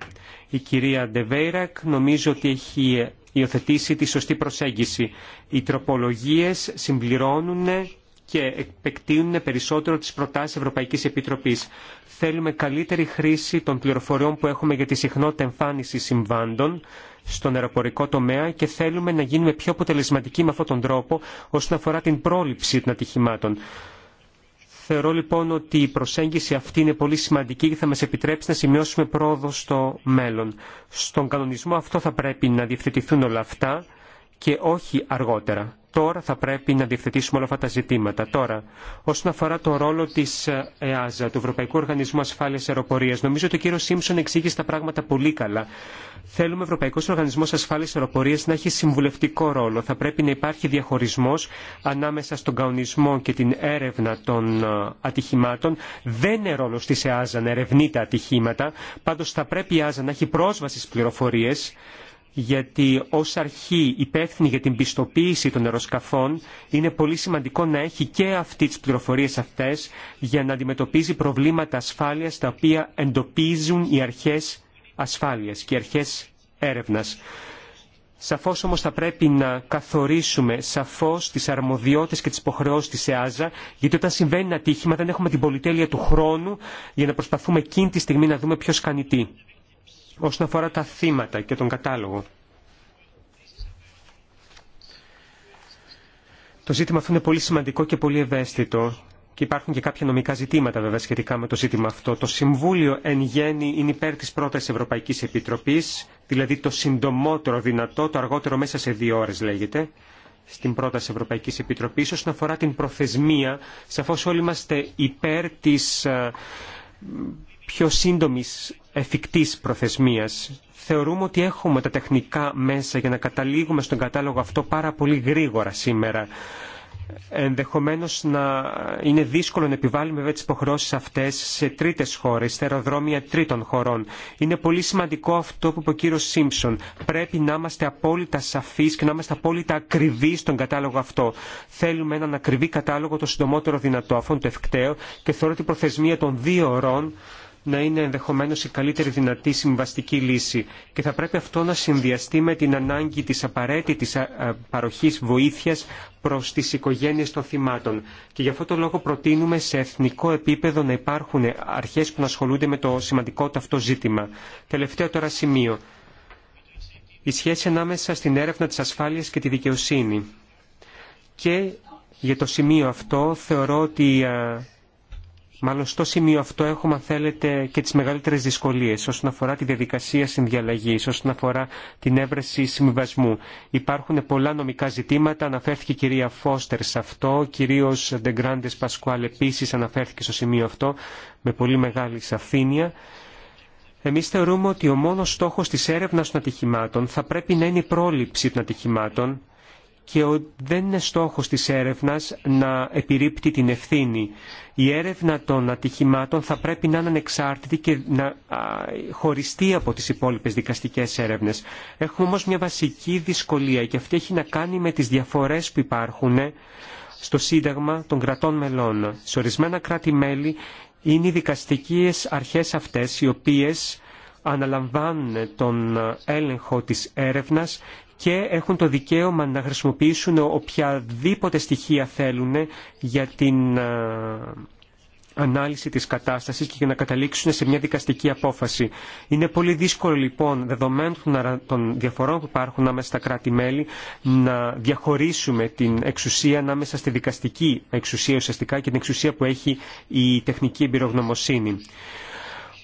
Η κυρία Ντεβέιρακ νομίζω ότι έχει υιοθετήσει τη σωστή προσέγγιση. Οι τροπολογίες συμπληρώνουν και επεκτείνουν περισσότερο τις προτάσεις Ευρωπαϊκής Επιτροπής. Θέλουμε καλύτερη χρήση των πληροφοριών που έχουμε για τη συχνότητα εμφάνιση συμβάντων στον αεροπορικό τομέα και θέλουμε να γίνουμε πιο αποτελεσματικοί με αυτόν τον τρόπο όσον αφορά την πρόληψη των ατυχημάτων. Θεωρώ λοιπόν ότι η προσέγγιση αυτή είναι πολύ σημαντική και θα μας επιτρέψει να σημειώσουμε πρόοδο στο μέλλον. Στον κανονισμό αυτό θα πρέπει να διευθετηθούν όλα αυτά και όχι αργότερα. Τώρα θα πρέπει να διευθετήσουμε όλα αυτά τα ζητήματα. Τώρα, όσον αφορά το ρόλο τη ε, ΕΑΖΑ, του Ευρωπαϊκού Οργανισμού Ασφάλεια Αεροπορία, νομίζω ότι ο κύριο Σίμψον εξήγησε τα πράγματα πολύ καλά. Θέλουμε ο Ευρωπαϊκό Οργανισμό Ασφάλεια Αεροπορία να έχει συμβουλευτικό ρόλο. Θα πρέπει να υπάρχει διαχωρισμό ανάμεσα στον καονισμό και την έρευνα των ε, ατυχημάτων. Δεν είναι ρόλο τη ΕΑΖΑ να ερευνεί τα ατυχήματα. Πάντω θα πρέπει η ΕΑΖΑ να έχει πρόσβαση στι πληροφορίε γιατί ως αρχή υπεύθυνη για την πιστοποίηση των αεροσκαφών είναι πολύ σημαντικό να έχει και αυτή τις πληροφορίες αυτές για να αντιμετωπίζει προβλήματα ασφάλειας τα οποία εντοπίζουν οι αρχές ασφάλειας και οι αρχές έρευνας. Σαφώς όμως θα πρέπει να καθορίσουμε σαφώς τις αρμοδιότητες και τις υποχρεώσεις της ΕΑΖΑ, γιατί όταν συμβαίνει ένα ατύχημα δεν έχουμε την πολυτέλεια του χρόνου για να προσπαθούμε εκείνη τη στιγμή να δούμε ποιος κάνει τι όσον αφορά τα θύματα και τον κατάλογο. Το ζήτημα αυτό είναι πολύ σημαντικό και πολύ ευαίσθητο και υπάρχουν και κάποια νομικά ζητήματα βέβαια σχετικά με το ζήτημα αυτό. Το Συμβούλιο εν γέννη είναι υπέρ της πρώτας Ευρωπαϊκής Επιτροπής, δηλαδή το συντομότερο δυνατό, το αργότερο μέσα σε δύο ώρες λέγεται, στην πρόταση Ευρωπαϊκής Επιτροπής όσον αφορά την προθεσμία. Σαφώς όλοι είμαστε υπέρ της ε, πιο σύντομης εφικτής προθεσμίας. Θεωρούμε ότι έχουμε τα τεχνικά μέσα για να καταλήγουμε στον κατάλογο αυτό πάρα πολύ γρήγορα σήμερα. Ενδεχομένως να είναι δύσκολο να επιβάλλουμε βέβαια τις υποχρεώσεις αυτές σε τρίτες χώρες, σε αεροδρόμια τρίτων χωρών. Είναι πολύ σημαντικό αυτό που είπε ο κύριος Σίμψον. Πρέπει να είμαστε απόλυτα σαφείς και να είμαστε απόλυτα ακριβείς στον κατάλογο αυτό. Θέλουμε έναν ακριβή κατάλογο το συντομότερο δυνατό, αφού είναι το ευκταίο και θεωρώ ότι η προθεσμία των δύο ώρων να είναι ενδεχομένως η καλύτερη δυνατή συμβαστική λύση και θα πρέπει αυτό να συνδυαστεί με την ανάγκη της απαραίτητης παροχής βοήθειας προς τις οικογένειες των θυμάτων. Και γι' αυτό τον λόγο προτείνουμε σε εθνικό επίπεδο να υπάρχουν αρχές που να ασχολούνται με το σημαντικό αυτό ζήτημα. Τελευταίο τώρα σημείο. Η σχέση ανάμεσα στην έρευνα τη ασφάλεια και τη δικαιοσύνη. Και για το σημείο αυτό θεωρώ ότι Μάλλον στο σημείο αυτό έχουμε, αν θέλετε, και τις μεγαλύτερες δυσκολίες όσον αφορά τη διαδικασία συνδιαλλαγής, όσον αφορά την έβρεση συμβιβασμού. Υπάρχουν πολλά νομικά ζητήματα, αναφέρθηκε η κυρία Φώστερ σε αυτό, ο κυρίος Ντεγκράντες Πασκουάλ επίσης αναφέρθηκε στο σημείο αυτό με πολύ μεγάλη σαφήνεια. Εμείς θεωρούμε ότι ο μόνος στόχος της έρευνας των ατυχημάτων θα πρέπει να είναι η πρόληψη των ατυχημάτων και δεν είναι στόχος της έρευνας να επιρρύπτει την ευθύνη. Η έρευνα των ατυχημάτων θα πρέπει να είναι ανεξάρτητη και να χωριστεί από τις υπόλοιπες δικαστικές έρευνες. Έχουμε όμως μια βασική δυσκολία και αυτή έχει να κάνει με τις διαφορές που υπάρχουν στο Σύνταγμα των κρατών μελών. Σε ορισμένα κράτη-μέλη είναι οι δικαστικές αρχές αυτές οι οποίες αναλαμβάνουν τον έλεγχο της έρευνας και έχουν το δικαίωμα να χρησιμοποιήσουν οποιαδήποτε στοιχεία θέλουν για την ε, ανάλυση της κατάστασης και για να καταλήξουν σε μια δικαστική απόφαση. Είναι πολύ δύσκολο λοιπόν, δεδομένου των διαφορών που υπάρχουν ανάμεσα στα κράτη-μέλη, να διαχωρίσουμε την εξουσία ανάμεσα στη δικαστική εξουσία ουσιαστικά και την εξουσία που έχει η τεχνική εμπειρογνωμοσύνη.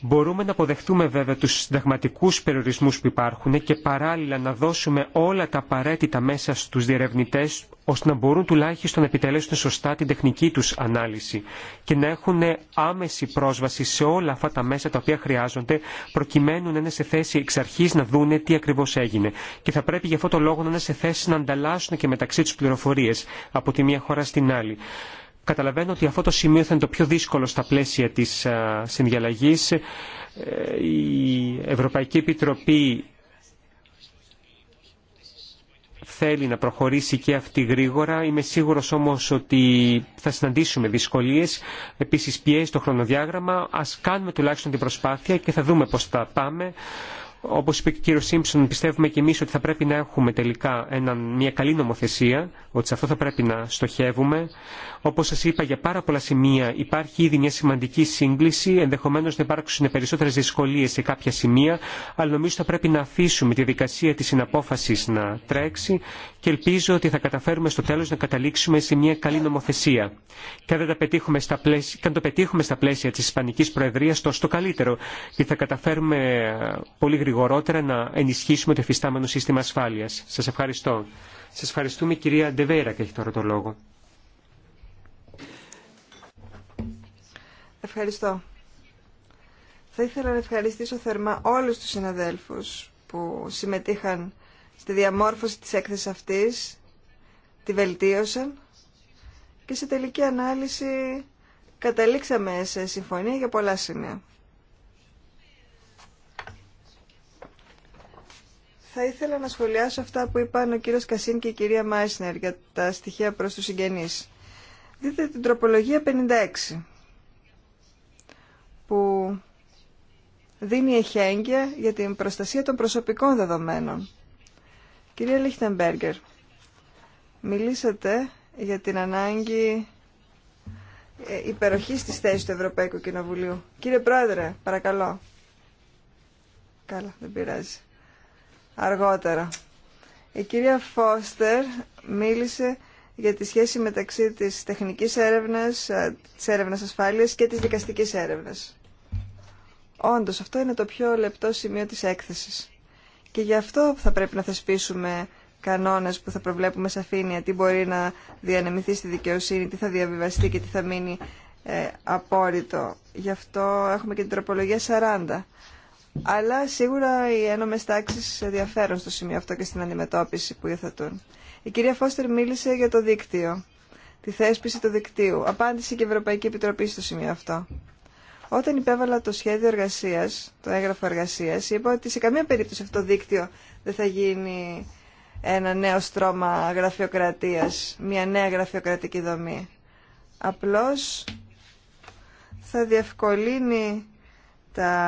Μπορούμε να αποδεχτούμε βέβαια τους συνταγματικούς περιορισμούς που υπάρχουν και παράλληλα να δώσουμε όλα τα απαραίτητα μέσα στους διερευνητές ώστε να μπορούν τουλάχιστον να επιτελέσουν σωστά την τεχνική τους ανάλυση και να έχουν άμεση πρόσβαση σε όλα αυτά τα μέσα τα οποία χρειάζονται προκειμένου να είναι σε θέση εξ αρχής να δούνε τι ακριβώς έγινε. Και θα πρέπει για αυτό το λόγο να είναι σε θέση να ανταλλάσσουν και μεταξύ τους πληροφορίες από τη μία χώρα στην άλλη. Καταλαβαίνω ότι αυτό το σημείο θα είναι το πιο δύσκολο στα πλαίσια της ε, συνδιαλλαγής. Ε, η Ευρωπαϊκή Επιτροπή θέλει να προχωρήσει και αυτή γρήγορα. Είμαι σίγουρος όμως ότι θα συναντήσουμε δυσκολίες. Επίσης πιέζει το χρονοδιάγραμμα. Ας κάνουμε τουλάχιστον την προσπάθεια και θα δούμε πώς θα πάμε. Όπως είπε και ο κύριος Σίμψον, πιστεύουμε και εμείς ότι θα πρέπει να έχουμε τελικά μια καλή νομοθεσία, ότι σε αυτό θα πρέπει να στοχεύουμε, όπως σας είπα, για πάρα πολλά σημεία υπάρχει ήδη μια σημαντική σύγκληση, ενδεχομένως να υπάρξουν περισσότερες δυσκολίες σε κάποια σημεία, αλλά νομίζω θα πρέπει να αφήσουμε τη δικασία της συναπόφασης να τρέξει και ελπίζω ότι θα καταφέρουμε στο τέλος να καταλήξουμε σε μια καλή νομοθεσία. Και αν, δεν τα πετύχουμε στα πλαίσια, αν το πετύχουμε στα πλαίσια της Ισπανικής Προεδρίας, τόσο το καλύτερο, γιατί θα καταφέρουμε ε, πολύ γρηγορότερα να ενισχύσουμε το εφιστάμενο σύστημα ασφάλεια. Σα ευχαριστώ. Σα ευχαριστούμε κυρία Ντεβέρα και έχει τώρα το λόγο. Ευχαριστώ. Θα ήθελα να ευχαριστήσω θερμά όλους τους συναδέλφους που συμμετείχαν στη διαμόρφωση της έκθεσης αυτής, τη βελτίωσαν και σε τελική ανάλυση καταλήξαμε σε συμφωνία για πολλά σημεία. Θα ήθελα να σχολιάσω αυτά που είπαν ο κύριος Κασίν και η κυρία Μάισνερ για τα στοιχεία προς τους συγγενείς. Δείτε την τροπολογία 56 που δίνει εχέγγυα για την προστασία των προσωπικών δεδομένων. Κυρία Λίχτεμπέργκερ, μιλήσατε για την ανάγκη ε, υπεροχής της θέσης του Ευρωπαϊκού Κοινοβουλίου. Κύριε Πρόεδρε, παρακαλώ. Καλά, δεν πειράζει. Αργότερα. Η κυρία Φώστερ μίλησε για τη σχέση μεταξύ της τεχνικής έρευνας, ε, της έρευνας ασφάλειας και της δικαστικής έρευνας. Όντω, αυτό είναι το πιο λεπτό σημείο τη έκθεση. Και γι' αυτό θα πρέπει να θεσπίσουμε κανόνε που θα προβλέπουμε σαφήνεια τι μπορεί να διανεμηθεί στη δικαιοσύνη, τι θα διαβιβαστεί και τι θα μείνει ε, απόρριτο. Γι' αυτό έχουμε και την τροπολογία 40. Αλλά σίγουρα οι ένομε τάξει ενδιαφέρουν στο σημείο αυτό και στην αντιμετώπιση που υιοθετούν. Η κυρία Φώστερ μίλησε για το δίκτυο, τη θέσπιση του δικτύου. Απάντησε και η Ευρωπαϊκή Επιτροπή στο σημείο αυτό. Όταν υπέβαλα το σχέδιο εργασία, το έγγραφο εργασία, είπα ότι σε καμία περίπτωση αυτό το δίκτυο δεν θα γίνει ένα νέο στρώμα γραφειοκρατία, μια νέα γραφειοκρατική δομή. Απλώ θα διευκολύνει τα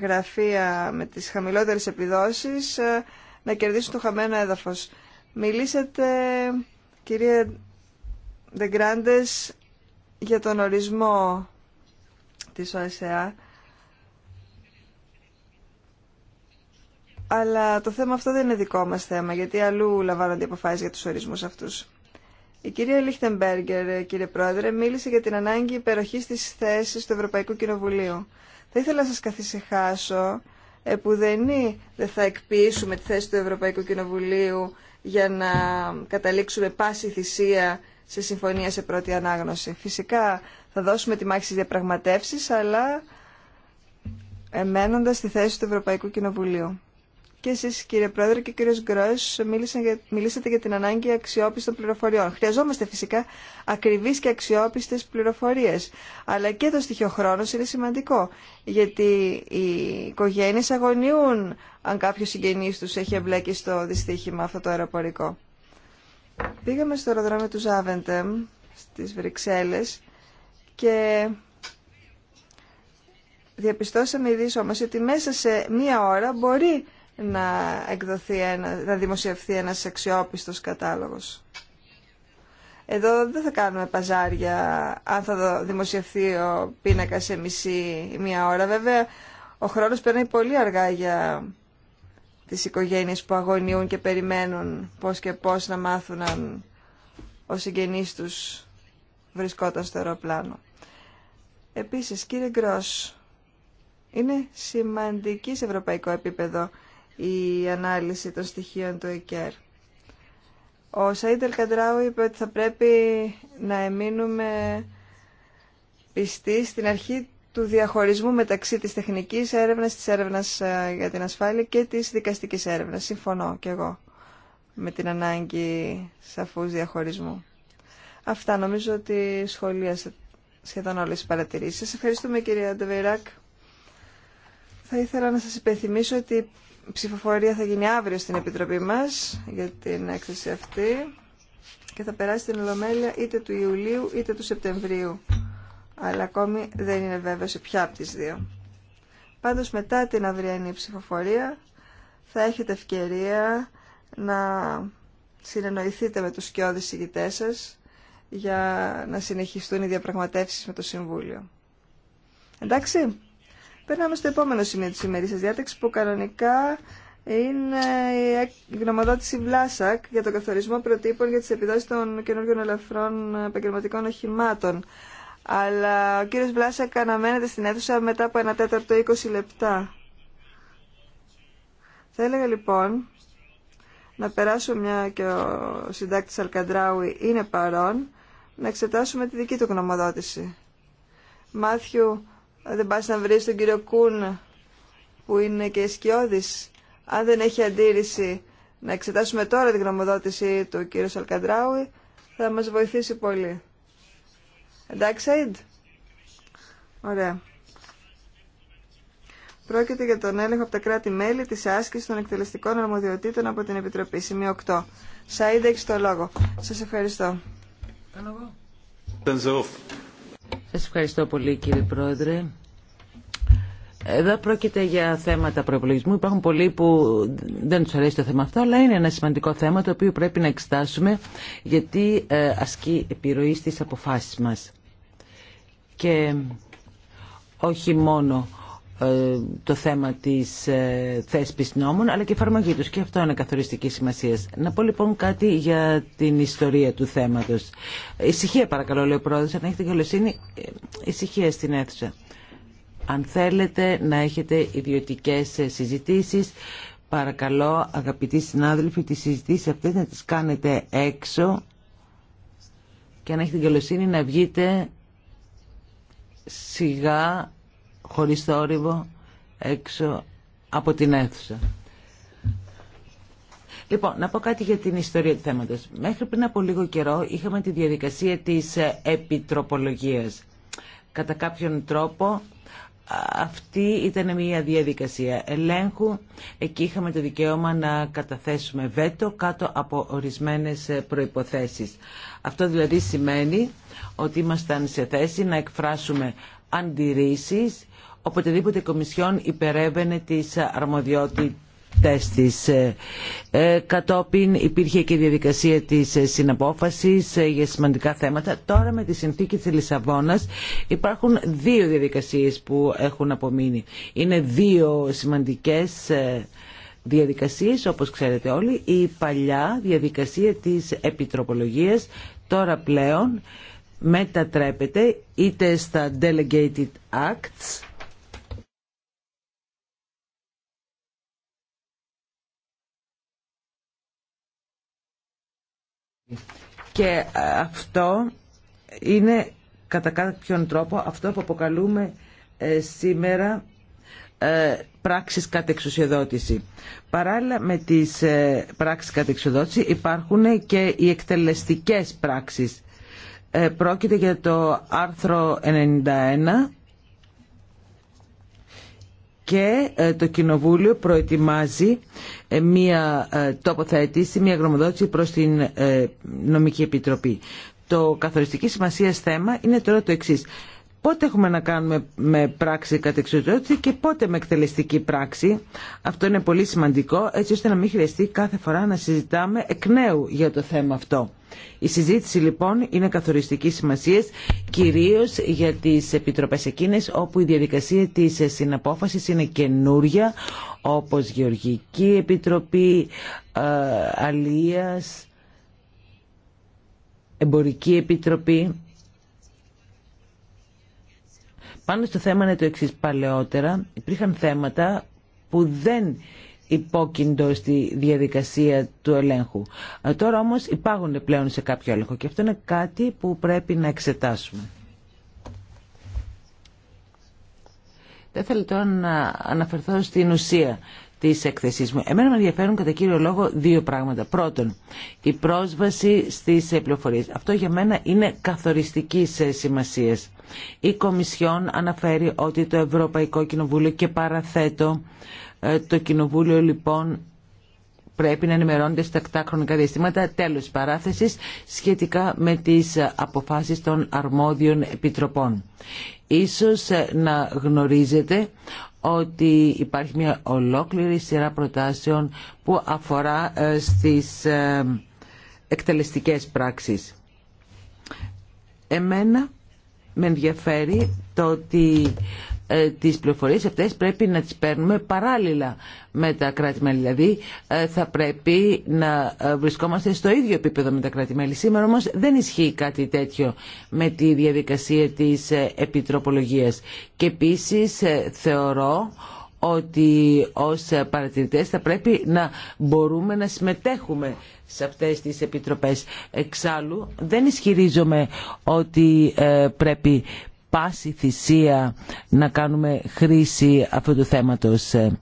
γραφεία με τις χαμηλότερες επιδόσεις ε, να κερδίσουν το χαμένο έδαφος. Μιλήσατε, κυρία Δεγκράντες, για τον ορισμό της ΟΑΣΕΑ. Αλλά το θέμα αυτό δεν είναι δικό μας θέμα, γιατί αλλού λαμβάνονται αποφάσεις για τους ορισμούς αυτούς. Η κυρία Λίχτεμπέργκερ, κύριε Πρόεδρε, μίλησε για την ανάγκη υπεροχή τη θέση του Ευρωπαϊκού Κοινοβουλίου. Θα ήθελα να σα καθησυχάσω, επουδενή δεν θα εκποιήσουμε τη θέση του Ευρωπαϊκού Κοινοβουλίου για να καταλήξουμε πάση θυσία σε συμφωνία σε πρώτη ανάγνωση. Φυσικά θα δώσουμε τη μάχη στις διαπραγματεύσεις, αλλά εμένοντας στη θέση του Ευρωπαϊκού Κοινοβουλίου. Και εσείς κύριε Πρόεδρε και κύριος Γκρός μιλήσατε για την ανάγκη αξιόπιστων πληροφοριών. Χρειαζόμαστε φυσικά ακριβείς και αξιόπιστες πληροφορίες. Αλλά και το στοιχείο χρόνος είναι σημαντικό. Γιατί οι οικογένειες αγωνιούν αν κάποιος συγγενής τους έχει εμπλέκει στο δυστύχημα αυτό το αεροπορικό. Πήγαμε στο αεροδρόμιο του Ζάβεντεμ στις Βρυξέλλες και διαπιστώσαμε ειδήσει όμως ότι μέσα σε μία ώρα μπορεί να, εκδοθεί ένα, να δημοσιευθεί ένας αξιόπιστος κατάλογος. Εδώ δεν θα κάνουμε παζάρια αν θα δημοσιευθεί ο πίνακα σε μισή μία ώρα. Βέβαια, ο χρόνος περνάει πολύ αργά για τις οικογένειες που αγωνιούν και περιμένουν πώς και πώς να μάθουν αν ο συγγενής τους βρισκόταν στο αεροπλάνο. Επίσης, κύριε Γκρός, είναι σημαντική σε ευρωπαϊκό επίπεδο η ανάλυση των στοιχείων του ΕΚΕΡ. Ο Σαΐντελ Καντράου είπε ότι θα πρέπει να εμείνουμε πιστοί στην αρχή του διαχωρισμού μεταξύ της τεχνικής έρευνας, της έρευνας ε, για την ασφάλεια και της δικαστικής έρευνας. Συμφωνώ και εγώ με την ανάγκη σαφούς διαχωρισμού. Αυτά νομίζω ότι σχολίασα σχεδόν όλες τις παρατηρήσεις. Σας ευχαριστούμε κυρία Ντεβεϊράκ. Θα ήθελα να σας υπενθυμίσω ότι η ψηφοφορία θα γίνει αύριο στην Επιτροπή μας για την έκθεση αυτή και θα περάσει την Ολομέλεια είτε του Ιουλίου είτε του Σεπτεμβρίου αλλά ακόμη δεν είναι βέβαιο σε ποια από τι δύο. Πάντως μετά την αυριανή ψηφοφορία θα έχετε ευκαιρία να συνεννοηθείτε με τους σκιώδεις συγκητές σα για να συνεχιστούν οι διαπραγματεύσεις με το Συμβούλιο. Εντάξει, περνάμε στο επόμενο σημείο της ημερήσιας διάταξης που κανονικά είναι η γνωμοδότηση Βλάσακ για τον καθορισμό προτύπων για τις επιδόσεις των καινούργιων ελαφρών επαγγελματικών οχημάτων αλλά ο κύριο Βλάσακα αναμένεται στην αίθουσα μετά από ένα τέταρτο 20 λεπτά. Θα έλεγα λοιπόν να περάσουμε μια και ο συντάκτης Αλκαντράουι είναι παρόν, να εξετάσουμε τη δική του γνωμοδότηση. Μάθιου, δεν πας να βρεις τον κύριο Κούν που είναι και σκιώδης. Αν δεν έχει αντίρρηση να εξετάσουμε τώρα τη γνωμοδότησή του κύριου Αλκαντράουι, θα μας βοηθήσει πολύ. Εντάξει, Σαΐντ. Ωραία. Πρόκειται για τον έλεγχο από τα κράτη-μέλη τη άσκηση των εκτελεστικών αρμοδιοτήτων από την Επιτροπή. Σημείο 8. Σαντ, έχει το λόγο. Σα ευχαριστώ. Σα ευχαριστώ πολύ, κύριε Πρόεδρε. Εδώ πρόκειται για θέματα προπολογισμού. Υπάρχουν πολλοί που δεν του αρέσει το θέμα αυτό, αλλά είναι ένα σημαντικό θέμα το οποίο πρέπει να εξετάσουμε γιατί ε, ασκεί επιρροή στι αποφάσει μα και όχι μόνο ε, το θέμα της ε, θέσπης νόμων αλλά και εφαρμογή τους και αυτό είναι καθοριστική σημασία. Να πω λοιπόν κάτι για την ιστορία του θέματος. Ησυχία παρακαλώ λέει ο πρόεδρος, αν έχετε καλοσύνη ε, ησυχία στην αίθουσα. Αν θέλετε να έχετε ιδιωτικές συζητήσεις παρακαλώ αγαπητοί συνάδελφοι τις συζητήσεις αυτές να τις κάνετε έξω και αν έχετε καλοσύνη να βγείτε σιγά, χωρίς θόρυβο, έξω από την αίθουσα. Λοιπόν, να πω κάτι για την ιστορία του θέματος. Μέχρι πριν από λίγο καιρό είχαμε τη διαδικασία της ε, επιτροπολογίας. Κατά κάποιον τρόπο αυτή ήταν μια διαδικασία ελέγχου. Εκεί είχαμε το δικαίωμα να καταθέσουμε βέτο κάτω από ορισμένες ε, προϋποθέσεις. Αυτό δηλαδή σημαίνει ότι ήμασταν σε θέση να εκφράσουμε αντιρρήσεις οποτεδήποτε η Κομισιόν υπερέβαινε τις αρμοδιότητες της. Ε, ε, κατόπιν υπήρχε και η διαδικασία της συναπόφασης ε, για σημαντικά θέματα. Τώρα με τη συνθήκη της Λισαβόνας υπάρχουν δύο διαδικασίες που έχουν απομείνει. Είναι δύο σημαντικές διαδικασίες, όπως ξέρετε όλοι, η παλιά διαδικασία της επιτροπολογίας τώρα πλέον μετατρέπεται είτε στα Delegated Acts, Και αυτό είναι κατά κάποιον τρόπο αυτό που αποκαλούμε ε, σήμερα ε, πράξεις κατεξουσιοδότηση. Παράλληλα με τις ε, πράξεις κατεξουσιοδότηση υπάρχουν και οι εκτελεστικές πράξεις. Ε, πρόκειται για το άρθρο 91 και ε, το Κοινοβούλιο προετοιμάζει μία τοποθέτηση, μία γνωμοδότηση προς την Νομική Επιτροπή. Το καθοριστική σημασία θέμα είναι τώρα το εξής πότε έχουμε να κάνουμε με πράξη κατεξοδότηση και πότε με εκτελεστική πράξη. Αυτό είναι πολύ σημαντικό έτσι ώστε να μην χρειαστεί κάθε φορά να συζητάμε εκ νέου για το θέμα αυτό. Η συζήτηση λοιπόν είναι καθοριστική σημασία κυρίως για τις επιτροπές εκείνες όπου η διαδικασία της συναπόφαση είναι καινούρια όπω Γεωργική Επιτροπή, ε, Εμπορική Επιτροπή πάνω στο θέμα είναι το εξή. Παλαιότερα υπήρχαν θέματα που δεν υπόκειντο στη διαδικασία του ελέγχου. Ε, τώρα όμως υπάρχουν πλέον σε κάποιο έλεγχο και αυτό είναι κάτι που πρέπει να εξετάσουμε. Δεν θέλω τώρα να αναφερθώ στην ουσία εκθεσή μου. Εμένα με ενδιαφέρουν κατά κύριο λόγο δύο πράγματα. Πρώτον, η πρόσβαση στις πληροφορίε. Αυτό για μένα είναι καθοριστική ε, σημασίας. Η Κομισιόν αναφέρει ότι το Ευρωπαϊκό Κοινοβούλιο και παραθέτω ε, το Κοινοβούλιο λοιπόν πρέπει να ενημερώνεται... στα τακτά χρονικά διαστήματα τέλος παράθεσης σχετικά με τις αποφάσεις των αρμόδιων επιτροπών. Ίσως ε, να γνωρίζετε ότι υπάρχει μια ολόκληρη σειρά προτάσεων που αφορά ε, στις ε, εκτελεστικές πράξεις. Εμένα με ενδιαφέρει το ότι ε, τις πληροφορίες αυτές πρέπει να τις παίρνουμε παράλληλα με τα κράτη-μέλη. Δηλαδή ε, θα πρέπει να ε, βρισκόμαστε στο ίδιο επίπεδο με τα κράτη-μέλη. Σήμερα όμως δεν ισχύει κάτι τέτοιο με τη διαδικασία της επιτροπολογίας. Και επίσης θεωρώ ότι ως παρατηρητές θα πρέπει να μπορούμε να συμμετέχουμε σε αυτές τις επιτροπές. Εξάλλου δεν ισχυρίζομαι ότι πρέπει πάση θυσία να κάνουμε χρήση αυτού του θέματος. Ε,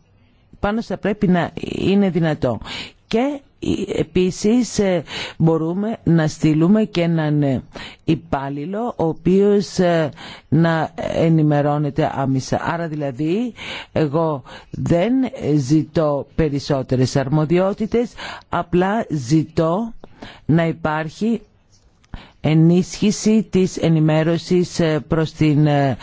Πάνω στα πρέπει να είναι δυνατό. Και ε, επίσης ε, μπορούμε να στείλουμε και έναν υπάλληλο ο οποίος να ενημερώνεται άμεσα. Άρα δηλαδή εγώ δεν ζητώ περισσότερες αρμοδιότητες, απλά ζητώ να υπάρχει ενίσχυση της ενημέρωσης ε, προς την ε,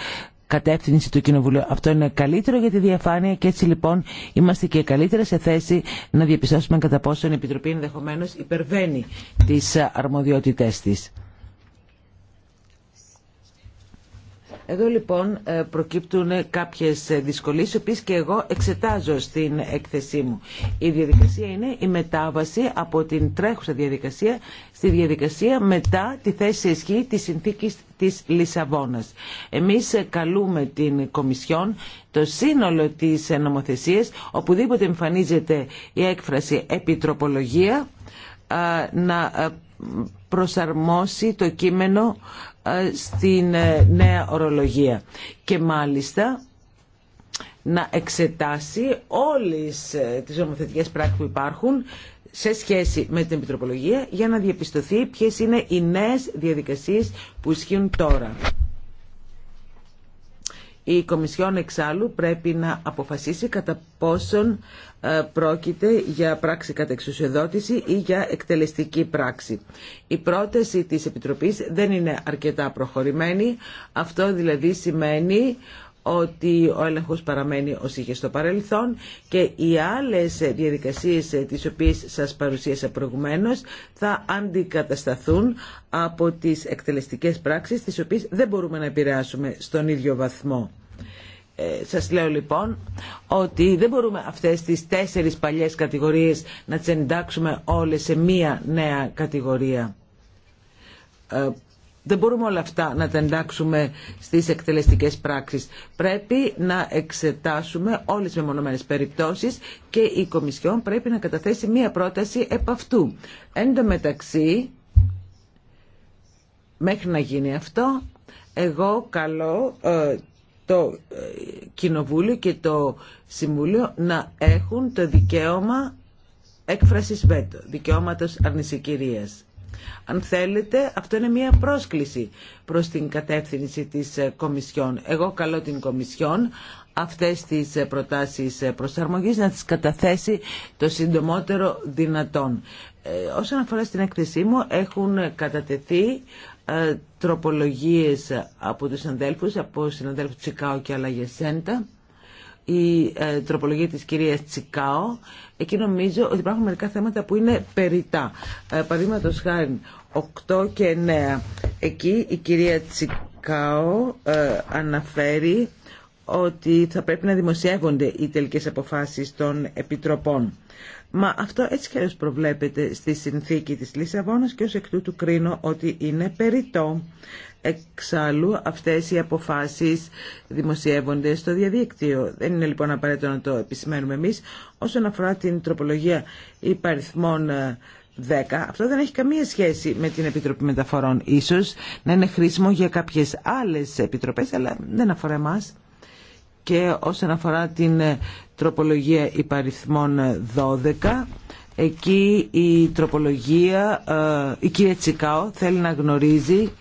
κατεύθυνση του Κοινοβουλίου. Αυτό είναι καλύτερο για τη διαφάνεια και έτσι λοιπόν είμαστε και καλύτερα σε θέση να διαπιστώσουμε κατά πόσο η Επιτροπή ενδεχομένω υπερβαίνει τις ε, αρμοδιότητές της. Εδώ λοιπόν ε, προκύπτουν κάποιες δυσκολίες, οι οποίες και εγώ εξετάζω στην έκθεσή μου. Η διαδικασία είναι η μετάβαση από την τρέχουσα διαδικασία στη διαδικασία μετά τη θέση ισχύ της συνθήκης της Λισαβόνας. Εμείς ε, καλούμε την Κομισιόν το σύνολο της ε, νομοθεσίας, οπουδήποτε εμφανίζεται η έκφραση επιτροπολογία, να προσαρμόσει το κείμενο ε, στην ε, νέα ορολογία και μάλιστα να εξετάσει όλες ε, τις ομοθετικές πράξεις που υπάρχουν σε σχέση με την Επιτροπολογία για να διαπιστωθεί ποιες είναι οι νέες διαδικασίες που ισχύουν τώρα. Η Κομισιόν εξάλλου πρέπει να αποφασίσει κατά πόσον ε, πρόκειται για πράξη κατά εξουσιοδότηση ή Η πρόταση της Επιτροπής δεν είναι αρκετά προχωρημένη. Αυτό δηλαδή σημαίνει ότι ο έλεγχος παραμένει ως είχε στο παρελθόν και οι άλλες διαδικασίες τις οποίες σας παρουσίασα προηγουμένως θα αντικατασταθούν από τις εκτελεστικές πράξεις τις οποίες δεν μπορούμε να επηρεάσουμε στον ίδιο βαθμό. Ε, σας λέω λοιπόν ότι δεν μπορούμε αυτές τις τέσσερις παλιές κατηγορίες να τις εντάξουμε όλες σε μία νέα κατηγορία ε, δεν μπορούμε όλα αυτά να τα εντάξουμε στις εκτελεστικές πράξεις. Πρέπει να εξετάσουμε όλες τις μεμονωμένες περιπτώσεις και η Κομισιόν πρέπει να καταθέσει μία πρόταση επ' αυτού. Εν τω μεταξύ, μέχρι να γίνει αυτό, εγώ καλώ ε, το ε, Κοινοβούλιο και το Συμβούλιο να έχουν το δικαίωμα έκφρασης βέτο, δικαιώματος αρνησικυρίας. Αν θέλετε, αυτό είναι μια πρόσκληση προς την κατεύθυνση της ε, Κομισιόν. Εγώ καλώ την Κομισιόν αυτές τις ε, προτάσεις ε, προσαρμογής να τις καταθέσει το συντομότερο δυνατόν. όσον αφορά στην έκθεσή μου, έχουν κατατεθεί τροπολογίες από τους συναδέλφους, από συναδέλφους Τσικάου και Αλαγεσέντα η ε, τροπολογία της κυρίας Τσικάο. Εκεί νομίζω ότι υπάρχουν μερικά θέματα που είναι περιτά. Ε, Παραδείγματο χάρη 8 και 9. Εκεί η κυρία Τσικάο ε, αναφέρει ότι θα πρέπει να δημοσιεύονται οι τελικές αποφάσεις των επιτροπών. Μα αυτό έτσι και προβλέπεται στη συνθήκη της Λισαβόνας και ως εκ τούτου κρίνω ότι είναι περιττό. Εξάλλου αυτές οι αποφάσεις δημοσιεύονται στο διαδίκτυο. Δεν είναι λοιπόν απαραίτητο να το επισημαίνουμε εμείς. Όσον αφορά την τροπολογία υπαριθμών 10. Ε, αυτό δεν έχει καμία σχέση με την Επιτροπή Μεταφορών. Ίσως να είναι χρήσιμο για κάποιες άλλες επιτροπές, αλλά δεν αφορά εμάς. Και όσον αφορά την ε, τροπολογία υπαριθμών 12, ε, εκεί η τροπολογία, η κυρία Τσικάο θέλει να γνωρίζει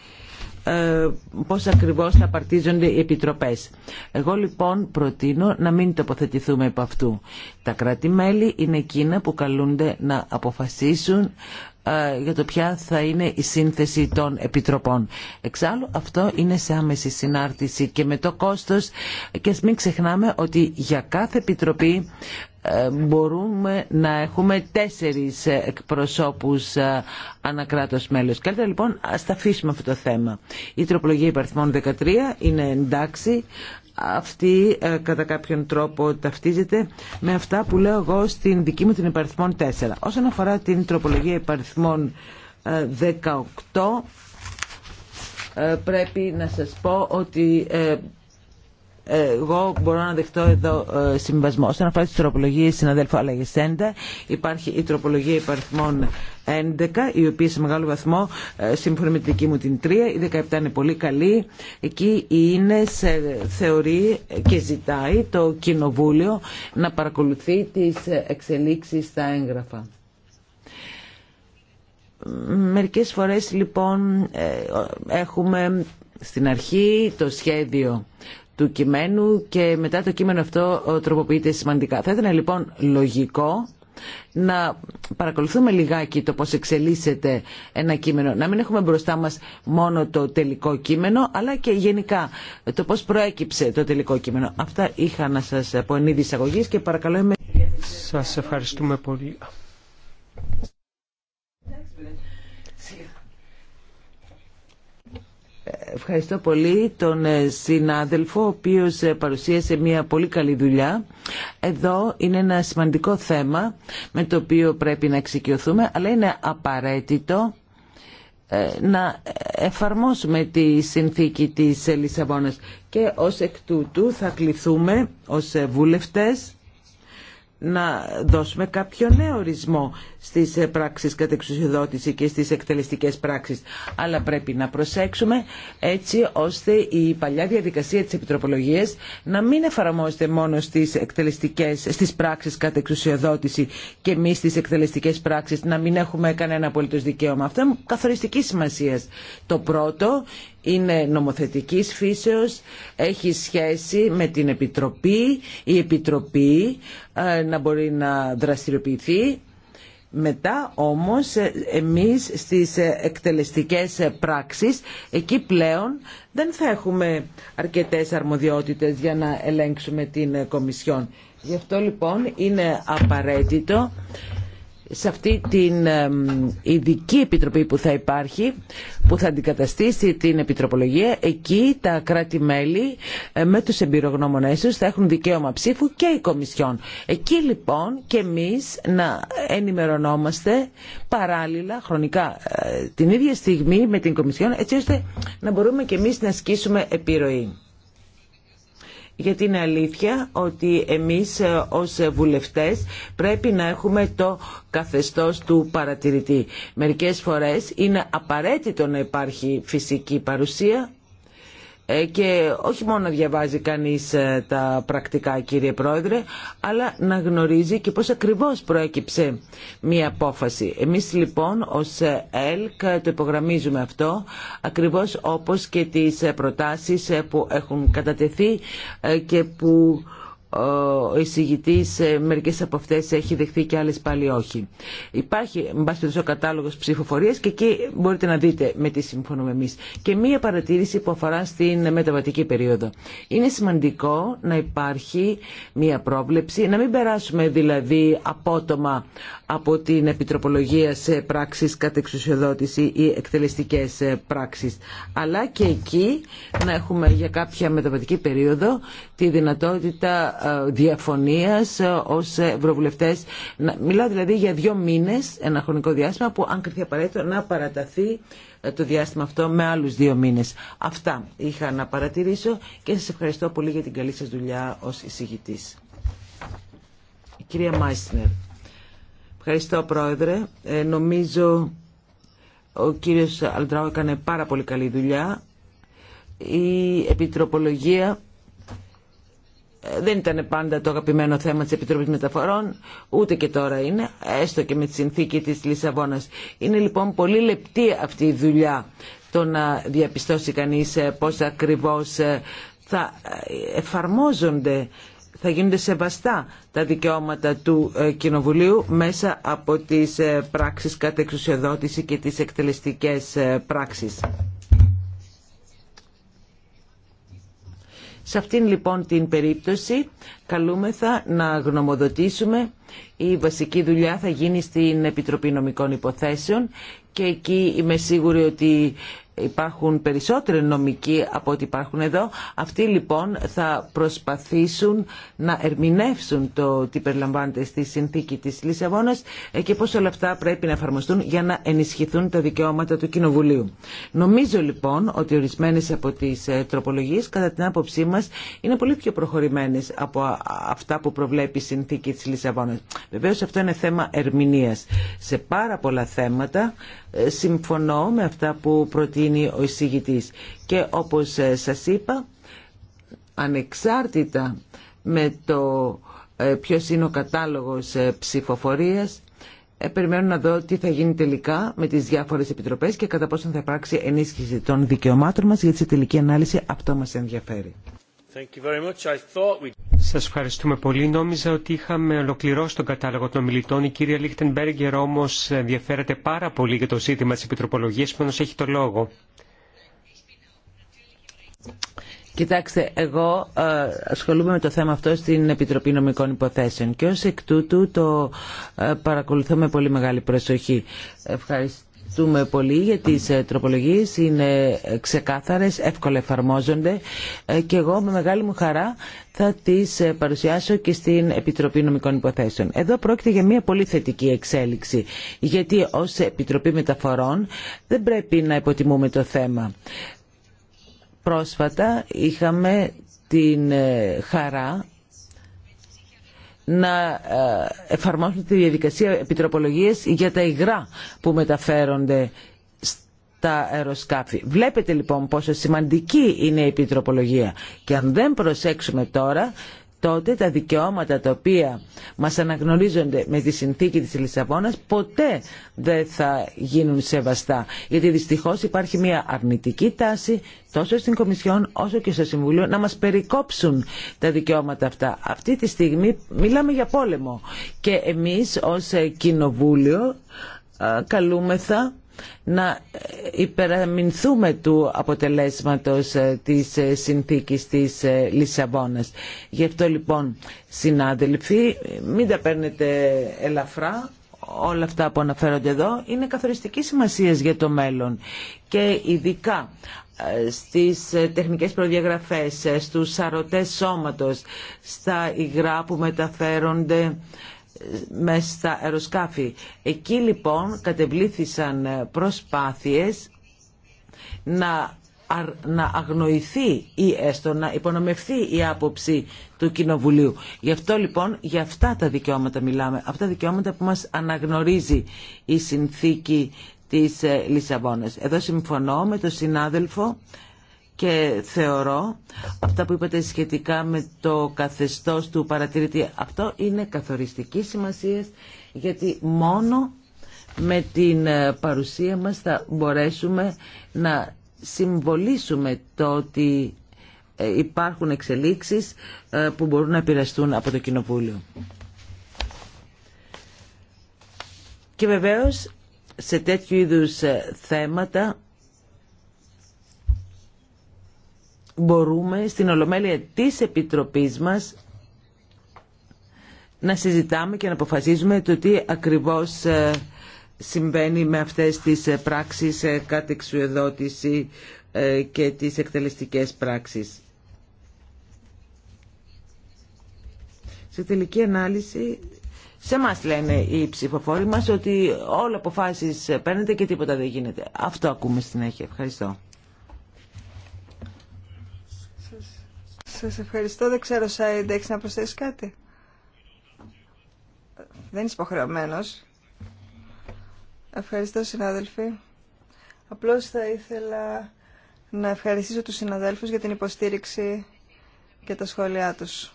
ε, πώς ακριβώς θα παρτίζονται οι επιτροπές. Εγώ λοιπόν προτείνω να μην τοποθετηθούμε από αυτού. Τα κράτη-μέλη είναι εκείνα που καλούνται να αποφασίσουν ε, για το ποια θα είναι η σύνθεση των επιτροπών. Εξάλλου αυτό είναι σε άμεση συνάρτηση και με το κόστος και μην ξεχνάμε ότι για κάθε επιτροπή μπορούμε να έχουμε τέσσερις εκπροσώπους ε, ανακράτως μέλος. Καλύτερα λοιπόν ας τα αφήσουμε αυτό το θέμα. Η τροπολογία υπαριθμών 13 είναι εντάξει. Αυτή ε, κατά κάποιον τρόπο ταυτίζεται με αυτά που λέω εγώ στην δική μου την υπαριθμών 4. Όσον αφορά την τροπολογία υπαριθμών 18 ε, πρέπει να σας πω ότι εγώ μπορώ να δεχτώ εδώ ε, συμβασμό. Όσον αφορά τι τροπολογίε συναδέλφου 11. υπάρχει η τροπολογία υπαριθμών 11, η οποία σε μεγάλο βαθμό ε, σύμφωνα με τη δική μου την 3, η 17 είναι πολύ καλή. Εκεί η σε θεωρεί και ζητάει το Κοινοβούλιο να παρακολουθεί τι εξελίξει στα έγγραφα. Μερικέ φορέ λοιπόν ε, έχουμε στην αρχή το σχέδιο του κειμένου και μετά το κείμενο αυτό τροποποιείται σημαντικά. Θα ήταν λοιπόν λογικό να παρακολουθούμε λιγάκι το πώς εξελίσσεται ένα κείμενο. Να μην έχουμε μπροστά μας μόνο το τελικό κείμενο, αλλά και γενικά το πώς προέκυψε το τελικό κείμενο. Αυτά είχα να σας πω εν είδη και παρακαλώ είμαι... Σας ευχαριστούμε πολύ. Ευχαριστώ πολύ τον ε, συνάδελφο ο οποίος ε, παρουσίασε μια πολύ καλή δουλειά. Εδώ είναι ένα σημαντικό θέμα με το οποίο πρέπει να εξοικειωθούμε αλλά είναι απαραίτητο ε, να εφαρμόσουμε τη συνθήκη της Λισαβόνας και ως εκ τούτου θα κληθούμε ως βούλευτες να δώσουμε κάποιο νέο ορισμό στις ε, πράξεις κατεξουσιοδότηση και στις εκτελεστικές πράξεις. Αλλά πρέπει να προσέξουμε έτσι ώστε η παλιά διαδικασία της επιτροπολογίας να μην εφαρμόζεται μόνο στις, εκτελεστικές, στις πράξεις κατεξουσιοδότηση και εμεί στις εκτελεστικές πράξεις να μην έχουμε κανένα απολύτως δικαίωμα. Αυτό είναι καθοριστική σημασία. Το πρώτο είναι νομοθετικής φύσεως, έχει σχέση με την Επιτροπή, η Επιτροπή ε, να μπορεί να δραστηριοποιηθεί. Μετά όμως ε, εμείς στις ε, εκτελεστικές πράξεις εκεί πλέον δεν θα έχουμε αρκετές αρμοδιότητες για να ελέγξουμε την Κομισιόν. Γι' αυτό λοιπόν είναι απαραίτητο σε αυτή την ειδική επιτροπή που θα υπάρχει, που θα αντικαταστήσει την επιτροπολογία, εκεί τα κράτη-μέλη ε, με τους εμπειρογνώμονές τους θα έχουν δικαίωμα ψήφου και οι Κομισιόν. Εκεί λοιπόν και εμείς να ενημερωνόμαστε παράλληλα χρονικά ε, την ίδια στιγμή με την Κομισιόν, έτσι ώστε να μπορούμε και εμείς να ασκήσουμε επιρροή γιατί είναι αλήθεια ότι εμείς ε, ως βουλευτές πρέπει να έχουμε το καθεστώς του παρατηρητή. Μερικές φορές είναι απαραίτητο να υπάρχει φυσική παρουσία, ε, και όχι μόνο να διαβάζει κανείς ε, τα πρακτικά κύριε Πρόεδρε αλλά να γνωρίζει και πώς ακριβώς προέκυψε μία απόφαση. Εμείς λοιπόν ως ΕΛΚ ε, το υπογραμμίζουμε αυτό ακριβώς όπως και τις προτάσεις που έχουν κατατεθεί και που ο εισηγητής ε, μερικές από αυτές έχει δεχθεί και άλλες πάλι όχι. Υπάρχει περιπτώσει, ο κατάλογος ψηφοφορίας και εκεί μπορείτε να δείτε με τι συμφωνούμε εμείς. Και μία παρατήρηση που αφορά στην μεταβατική περίοδο. Είναι σημαντικό να υπάρχει μία πρόβλεψη, να μην περάσουμε δηλαδή απότομα από την επιτροπολογία σε πράξεις κατ' εξουσιοδότηση ή εκτελεστικές ε, πράξεις. Αλλά και εκεί να έχουμε για κάποια μεταβατική περίοδο τη δυνατότητα ε, διαφωνίας ε, ως ευρωβουλευτές. Μιλάω δηλαδή για δύο μήνες, ένα χρονικό διάστημα που αν κρυθεί απαραίτητο να παραταθεί το διάστημα αυτό με άλλους δύο μήνες. Αυτά είχα να παρατηρήσω και σας ευχαριστώ πολύ για την καλή σας δουλειά ως εισηγητής. κυρία Ευχαριστώ Πρόεδρε. Ε, νομίζω ο κύριος Αλντράου έκανε πάρα πολύ καλή δουλειά. Η επιτροπολογία ε, δεν ήταν πάντα το αγαπημένο θέμα της Επιτροπής Μεταφορών, ούτε και τώρα είναι, έστω και με τη συνθήκη της Λισαβόνας. Είναι λοιπόν πολύ λεπτή αυτή η δουλειά το να διαπιστώσει κανείς ε, πώς ακριβώς θα εφαρμόζονται θα γίνονται σεβαστά τα δικαιώματα του ε, Κοινοβουλίου μέσα από τις ε, πράξεις κατά και τις εκτελεστικές ε, πράξεις. Σε αυτήν λοιπόν την περίπτωση καλούμεθα να γνωμοδοτήσουμε. Η βασική δουλειά θα γίνει στην Επιτροπή Νομικών Υποθέσεων και εκεί είμαι σίγουρη ότι υπάρχουν περισσότεροι νομικοί από ό,τι υπάρχουν εδώ. Αυτοί λοιπόν θα προσπαθήσουν να ερμηνεύσουν το τι περιλαμβάνεται στη συνθήκη της Λισαβόνας ε, και πώς όλα αυτά πρέπει να εφαρμοστούν για να ενισχυθούν τα δικαιώματα του Κοινοβουλίου. Νομίζω λοιπόν ότι ορισμένες από τις ε, τροπολογίες κατά την άποψή μας είναι πολύ πιο προχωρημένες από αυτά που προβλέπει η συνθήκη της Λισαβόνας. Βεβαίως αυτό είναι θέμα ερμηνείας. Σε πάρα πολλά θέματα ε, συμφωνώ με αυτά που προτείνει ο εισηγητής και όπως ε, σας είπα ανεξάρτητα με το ε, ποιος είναι ο κατάλογος ψηφοφορίας περιμένω να δω τι θα γίνει τελικά με τις διάφορες επιτροπές και κατά πόσο θα υπάρξει ενίσχυση των δικαιωμάτων μας γιατί σε τελική ανάλυση αυτό μας ενδιαφέρει. Σα ευχαριστούμε πολύ. Νόμιζα ότι είχαμε ολοκληρώσει τον κατάλογο των ομιλητών. Η κυρία Λίχτενμπέργκερ όμως ενδιαφέρεται πάρα πολύ για το ζήτημα της επιτροπολογίας που έχει το λόγο. Κοιτάξτε, εγώ ε, ασχολούμαι με το θέμα αυτό στην Επιτροπή Νομικών Υποθέσεων και ως εκ τούτου το ε, παρακολουθώ με πολύ μεγάλη προσοχή. Ευχαριστώ ευχαριστούμε πολύ για τις ε, τροπολογίες. Είναι ε, ξεκάθαρες, εύκολα εφαρμόζονται ε, και εγώ με μεγάλη μου χαρά θα τις παρουσιάσω και στην Επιτροπή Νομικών Υποθέσεων. Εδώ πρόκειται για μια πολύ θετική εξέλιξη, γιατί ως Επιτροπή Μεταφορών δεν πρέπει να υποτιμούμε το θέμα. Πρόσφατα είχαμε την χαρά να ε, εφαρμόσουν τη διαδικασία επιτροπολογίες για τα υγρά που μεταφέρονται στα αεροσκάφη. Βλέπετε λοιπόν πόσο σημαντική είναι η επιτροπολογία και αν δεν προσέξουμε τώρα τότε τα δικαιώματα τα οποία μας αναγνωρίζονται με τη συνθήκη της Λισαβόνας ποτέ δεν θα γίνουν σεβαστά. Γιατί δυστυχώς υπάρχει μια αρνητική τάση τόσο στην Κομισιόν όσο και στο Συμβούλιο να μας περικόψουν τα δικαιώματα αυτά. Αυτή τη στιγμή μιλάμε για πόλεμο και εμείς ως Κοινοβούλιο καλούμεθα να υπεραμεινθούμε του αποτελέσματος ε, της ε, συνθήκης της ε, Λισαβόνας. Γι' αυτό λοιπόν συνάδελφοι μην τα παίρνετε ελαφρά όλα αυτά που αναφέρονται εδώ είναι καθοριστική σημασία για το μέλλον και ειδικά στις τεχνικές προδιαγραφές, στους σαρωτές σώματος, στα υγρά που μεταφέρονται μέσα στα αεροσκάφη. Εκεί λοιπόν κατεβλήθησαν προσπάθειες να να αγνοηθεί ή έστω να υπονομευθεί η άποψη του Κοινοβουλίου. Γι' αυτό λοιπόν, για αυτά τα δικαιώματα μιλάμε, αυτά τα δικαιώματα που μας αναγνωρίζει η συνθήκη της ε, Λισαβόνας. Εδώ συμφωνώ με τον συνάδελφο και θεωρώ αυτά που είπατε σχετικά με το καθεστώς του παρατηρητή αυτό είναι καθοριστική σημασία γιατί μόνο με την ε, παρουσία μας θα μπορέσουμε να συμβολήσουμε το ότι ε, υπάρχουν εξελίξεις ε, που μπορούν να επηρεαστούν από το Κοινοβούλιο. Και βεβαίως σε τέτοιου είδους θέματα μπορούμε στην Ολομέλεια της Επιτροπής μας να συζητάμε και να αποφασίζουμε το τι ακριβώς ε, συμβαίνει με αυτές τις ε, πράξεις ε, κατ' εξουεδότηση και τις εκτελεστικές πράξεις. Σε τελική ανάλυση, σε μας λένε οι ψηφοφόροι μας ότι όλα αποφάσεις παίρνετε και τίποτα δεν γίνεται. Αυτό ακούμε συνέχεια. Ευχαριστώ. Σας ευχαριστώ. Δεν ξέρω, Σάιντ, έχεις να προσθέσεις κάτι. Δεν είσαι υποχρεωμένος. Ευχαριστώ, συνάδελφοι. Απλώς θα ήθελα να ευχαριστήσω τους συναδέλφους για την υποστήριξη και τα σχόλιά τους.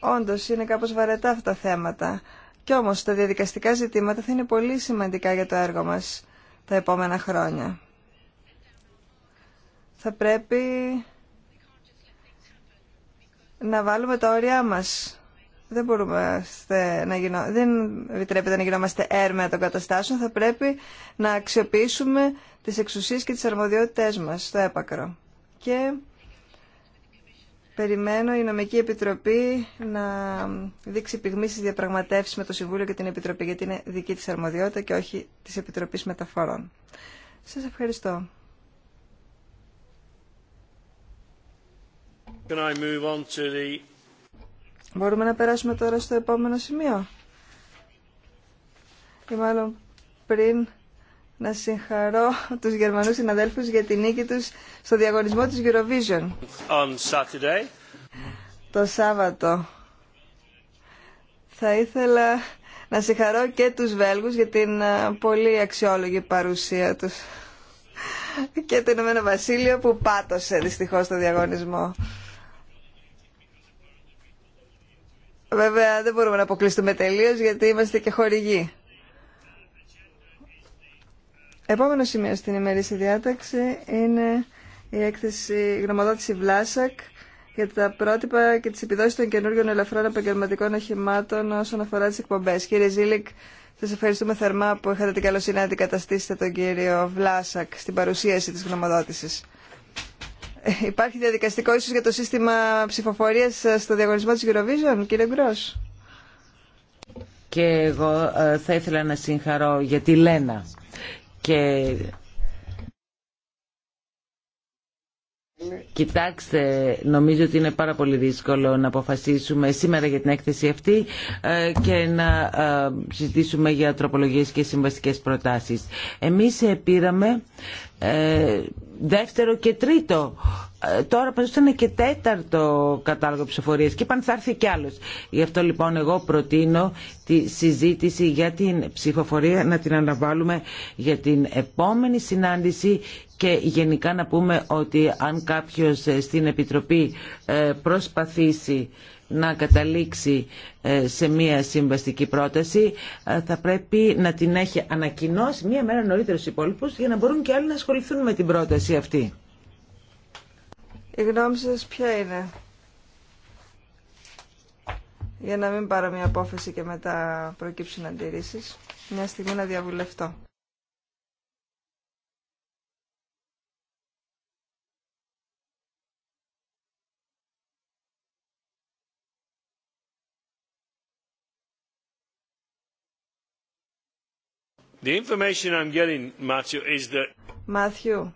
Όντως, είναι κάπως βαρετά αυτά τα θέματα. Κι όμως, τα διαδικαστικά ζητήματα θα είναι πολύ σημαντικά για το έργο μας τα επόμενα χρόνια θα πρέπει να βάλουμε τα όρια μας. Δεν, μπορούμε να γίνω, δεν επιτρέπεται να γινόμαστε έρμεα των καταστάσεων. Θα πρέπει να αξιοποιήσουμε τις εξουσίες και τις αρμοδιότητές μας στο έπακρο. Και περιμένω η Νομική Επιτροπή να δείξει πυγμή στις διαπραγματεύσεις με το Συμβούλιο και την Επιτροπή, γιατί είναι δική της αρμοδιότητα και όχι της Επιτροπής Μεταφορών. Σας ευχαριστώ. Μπορούμε να περάσουμε τώρα στο επόμενο σημείο. ή μάλλον πριν να συγχαρώ τους Γερμανούς συναδέλφους για την νίκη τους στο διαγωνισμό της Eurovision. On Saturday. Το Σάββατο. Θα ήθελα να συγχαρώ και τους Βέλγους για την ε, πολύ αξιόλογη παρουσία τους. Και το Ηνωμένο Βασίλειο που πάτωσε δυστυχώς το διαγωνισμό. Βέβαια δεν μπορούμε να αποκλειστούμε τελείω γιατί είμαστε και χορηγοί. Επόμενο σημείο στην ημερήσια διάταξη είναι η έκθεση γνωμοδότηση Βλάσακ για τα πρότυπα και τις επιδόσεις των καινούριων ελαφρών επαγγελματικών οχημάτων όσον αφορά τις εκπομπές. Κύριε Ζήλικ, σας ευχαριστούμε θερμά που είχατε την καλοσύνη να αντικαταστήσετε τον κύριο Βλάσακ στην παρουσίαση της γνωμοδότησης. Υπάρχει διαδικαστικό ίσως για το σύστημα ψηφοφορίας ε, στο διαγωνισμό της Eurovision, κύριε Γκρός. Και εγώ ε, θα ήθελα να συγχαρώ για τη Λένα. Και... Κοιτάξτε, νομίζω ότι είναι πάρα πολύ δύσκολο να αποφασίσουμε σήμερα για την έκθεση αυτή ε, και να συζητήσουμε για τροπολογίες και συμβαστικές προτάσεις. Εμείς πήραμε δεύτερο και τρίτο. Ε, τώρα ήταν και τέταρτο κατάλογο ψηφορίας και είπαν θα έρθει κι άλλος. Γι' αυτό λοιπόν εγώ προτείνω τη συζήτηση για την ψηφοφορία να την αναβάλουμε για την επόμενη συνάντηση και γενικά να πούμε ότι αν κάποιος ε, στην Επιτροπή ε, προσπαθήσει να καταλήξει ε, σε μία συμβαστική πρόταση ε, θα πρέπει να την έχει ανακοινώσει μία μέρα νωρίτερα στους υπόλοιπους για να μπορούν και άλλοι να ασχοληθούν με την πρόταση αυτή. Η γνώμη σας ποια είναι για να μην πάρω μία απόφαση και μετά προκύψουν αντιρρήσεις. Μια στιγμή να διαβουλευτώ. The information I'm getting, Matthew, is that... Matthew.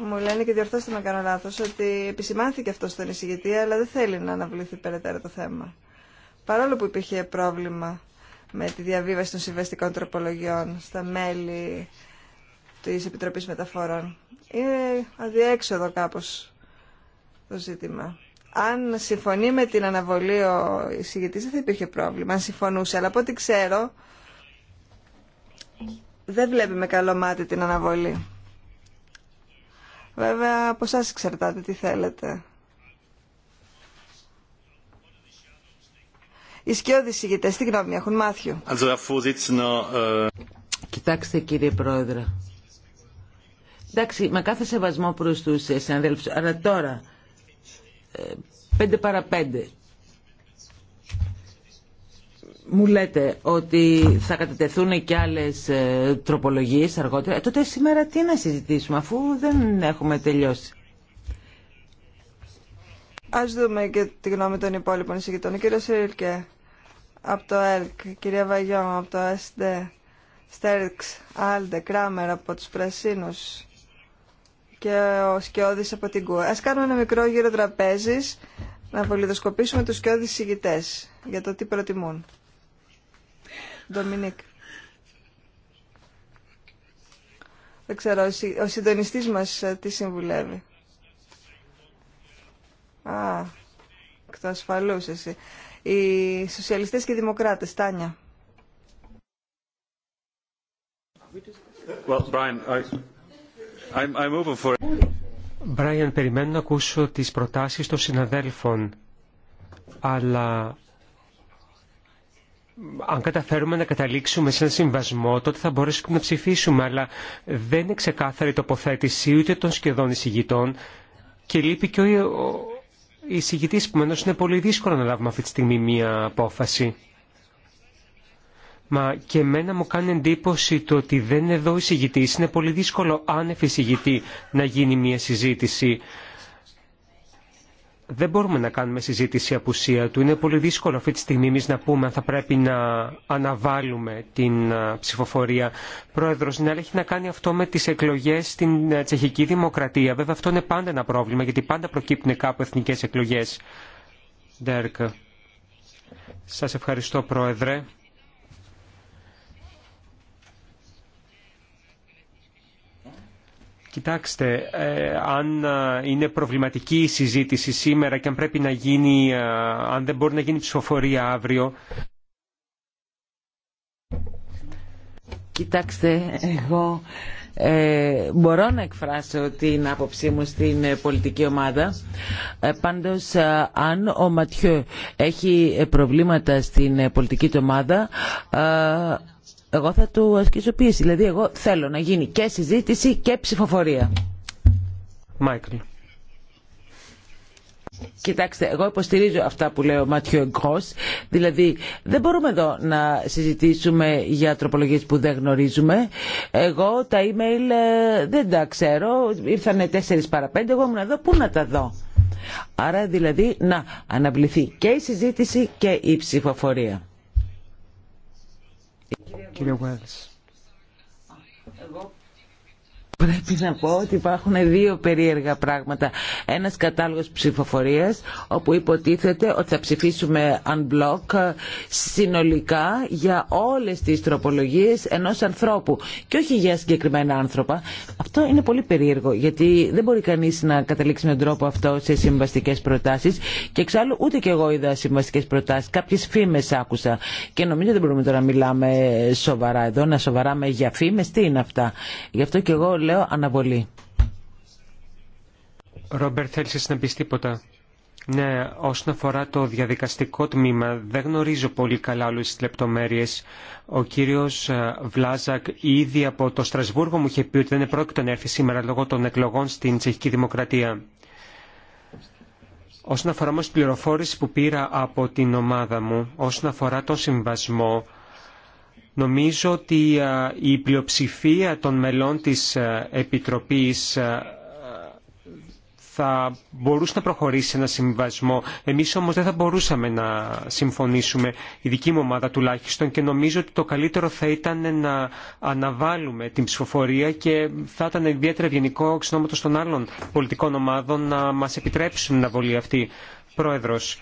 Μου λένε και διορθώστε να κάνω λάθος ότι επισημάνθηκε αυτό στον εισηγητή αλλά δεν θέλει να αναβληθεί περαιτέρω το θέμα. Παρόλο που υπήρχε πρόβλημα με τη διαβίβαση των συμβαστικών τροπολογιών στα μέλη της Επιτροπής Μεταφορών. Είναι αδιέξοδο κάπως το ζήτημα αν συμφωνεί με την αναβολή ο εισηγητής δεν θα υπήρχε πρόβλημα, αν συμφωνούσε. Αλλά από ό,τι ξέρω δεν βλέπει με καλό μάτι την αναβολή. Βέβαια από εσά εξαρτάται τι θέλετε. Οι σκιώδεις εισηγητές τι γνώμη έχουν μάθει. Äh, Κοιτάξτε κύριε Πρόεδρε. Εντάξει, με κάθε σεβασμό προς τους συναδέλφους, αλλά τώρα 5 παρα 5 μου λέτε ότι θα κατατεθούν και άλλες ε, τροπολογίες αργότερα, ε, τότε σήμερα τι να συζητήσουμε αφού δεν έχουμε τελειώσει. Ας δούμε και τη γνώμη των υπόλοιπων εισηγητών. Ο κύριος από το ΕΛΚ, κυρία Βαγιώμα από το ΑΣΔ, Στέρξ, Άλντε, Κράμερ από τους Πρασίνους, και ο Σκιώδης από την ΚΟΕ. Ας κάνουμε ένα μικρό γύρο τραπέζης να βολιδοσκοπήσουμε τους Σκιώδης ηγητέ για το τι προτιμούν. Ντομινίκ. Δεν ξέρω, ο συντονιστής μας ε, τι συμβουλεύει. Α, ασφαλού εσύ. Οι σοσιαλιστές και οι δημοκράτες, Τάνια. Well, Brian, I... Μπράιαν, περιμένω να ακούσω τις προτάσεις των συναδέλφων, αλλά αν καταφέρουμε να καταλήξουμε σε ένα συμβασμό, τότε θα μπορέσουμε να ψηφίσουμε, αλλά δεν είναι ξεκάθαρη τοποθέτηση ούτε των σχεδόν εισηγητών και λείπει και ο εισηγητής που είναι πολύ δύσκολο να λάβουμε αυτή τη στιγμή μία απόφαση. Μα και εμένα μου κάνει εντύπωση το ότι δεν είναι εδώ εισηγητής. Είναι πολύ δύσκολο άνευ εισηγητή να γίνει μια συζήτηση. Δεν μπορούμε να κάνουμε συζήτηση απουσία του. Είναι πολύ δύσκολο αυτή τη στιγμή εμεί να πούμε αν θα πρέπει να αναβάλουμε την ψηφοφορία. Πρόεδρος, ναι, αλλά έχει να κάνει αυτό με τις εκλογές στην τσεχική δημοκρατία. Βέβαια αυτό είναι πάντα ένα πρόβλημα γιατί πάντα προκύπτουν κάπου εθνικές εκλογές. Ντέρκ. Σας ευχαριστώ Πρόεδρε. Κοιτάξτε, ε, αν ε, είναι προβληματική η συζήτηση σήμερα και αν πρέπει να γίνει, ε, αν δεν μπορεί να γίνει ψηφοφορία αύριο. Κοιτάξτε, εγώ μπορώ να εκφράσω την άποψή μου στην πολιτική ομάδα. Ε, πάντως, αν ο Ματιό έχει προβλήματα στην πολιτική του ομάδα, εγώ θα του ασκήσω πίεση. Δηλαδή εγώ θέλω να γίνει και συζήτηση και ψηφοφορία. Μάικλ. Κοιτάξτε, εγώ υποστηρίζω αυτά που λέει ο Μάτιο Εγκρό. Δηλαδή, δεν μπορούμε εδώ να συζητήσουμε για τροπολογίε που δεν γνωρίζουμε. Εγώ τα email ε, δεν τα ξέρω. Ήρθανε 4 παρα 5. Εγώ ήμουν εδώ. Πού να τα δω. Άρα, δηλαδή, να αναβληθεί και η συζήτηση και η ψηφοφορία. Κύριε Γουέλς. Πρέπει να πω ότι υπάρχουν δύο περίεργα πράγματα. Ένας κατάλογος ψηφοφορίας όπου υποτίθεται ότι θα ψηφίσουμε unblock ε, συνολικά για όλες τις τροπολογίες ενός ανθρώπου και όχι για συγκεκριμένα άνθρωπα. Αυτό είναι πολύ περίεργο γιατί δεν μπορεί κανείς να καταλήξει με τον τρόπο αυτό σε συμβαστικές προτάσεις και εξάλλου ούτε και εγώ είδα συμβαστικές προτάσεις. Κάποιες φήμες άκουσα και νομίζω δεν μπορούμε τώρα να μιλάμε σοβαρά εδώ, να σοβαράμε για φήμες. Τι είναι αυτά. Γι' αυτό και εγώ λέω αναβολή. Ρόμπερτ, θέλεις να πεις τίποτα. Ναι, όσον αφορά το διαδικαστικό τμήμα, δεν γνωρίζω πολύ καλά όλες τι λεπτομέρειες. Ο κύριος ε, Βλάζακ ήδη από το Στρασβούργο μου είχε πει ότι δεν επρόκειτο να έρθει σήμερα λόγω των εκλογών στην Τσεχική Δημοκρατία. Όσον αφορά όμως πληροφόρηση που πήρα από την ομάδα μου, όσον αφορά τον συμβασμό, Νομίζω ότι η πλειοψηφία των μελών της Επιτροπής θα μπορούσε να προχωρήσει σε ένα συμβασμό. Εμείς όμως δεν θα μπορούσαμε να συμφωνήσουμε, η δική μου ομάδα τουλάχιστον, και νομίζω ότι το καλύτερο θα ήταν να αναβάλουμε την ψηφοφορία και θα ήταν ιδιαίτερα ευγενικό οξυνόματος των άλλων πολιτικών ομάδων να μας επιτρέψουν να βολεί αυτή. Πρόεδρος,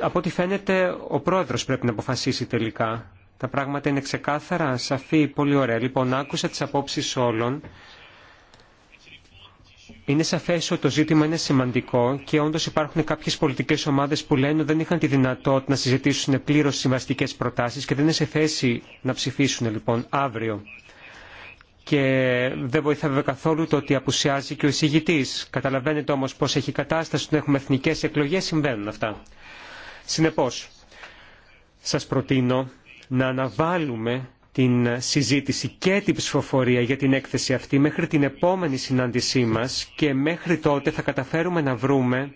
από ό,τι φαίνεται ο πρόεδρος πρέπει να αποφασίσει τελικά. Τα πράγματα είναι ξεκάθαρα, σαφή, πολύ ωραία. Λοιπόν, άκουσα τις απόψεις όλων. Είναι σαφές ότι το ζήτημα είναι σημαντικό και όντως υπάρχουν κάποιες πολιτικές ομάδες που λένε ότι δεν είχαν τη δυνατότητα να συζητήσουν πλήρως συμβαστικέ προτάσεις και δεν είναι σε θέση να ψηφίσουν λοιπόν αύριο. Και δεν βοηθά βέβαια καθόλου το ότι απουσιάζει και ο εισηγητής. Καταλαβαίνετε όμως πώς έχει κατάσταση, όταν έχουμε εθνικές εκλογές συμβαίνουν αυτά. Συνεπώς, σα προτείνω να αναβάλουμε την συζήτηση και την ψηφοφορία για την έκθεση αυτή μέχρι την επόμενη συνάντησή μας και μέχρι τότε θα καταφέρουμε να βρούμε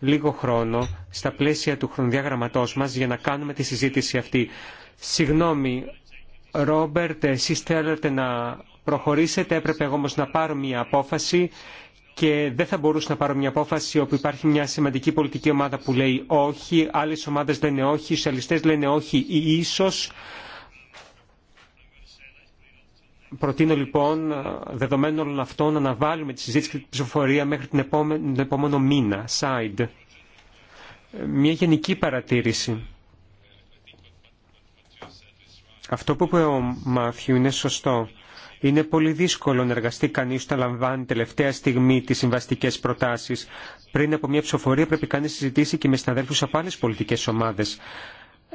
λίγο χρόνο στα πλαίσια του χρονοδιάγραμματός μας για να κάνουμε τη συζήτηση αυτή. Συγγνώμη, Ρόμπερτ, εσείς θέλετε να προχωρήσετε, έπρεπε εγώ όμως να πάρω μια απόφαση και δεν θα μπορούσα να πάρω μια απόφαση όπου υπάρχει μια σημαντική πολιτική ομάδα που λέει όχι, άλλε ομάδε λένε όχι, οι σοσιαλιστέ λένε όχι ή ίσω. Προτείνω λοιπόν, δεδομένων όλων αυτών, να αναβάλουμε τη συζήτηση και την ψηφοφορία μέχρι την επόμενη, τον επόμενο μήνα, side. Μια γενική παρατήρηση. Αυτό που είπε ο Μάθιου είναι σωστό. Είναι πολύ δύσκολο να εργαστεί κανείς όταν λαμβάνει τελευταία στιγμή τις συμβαστικές προτάσεις. Πριν από μια ψηφοφορία πρέπει κανείς συζητήσει και με συναδέλφους από άλλες πολιτικές ομάδες.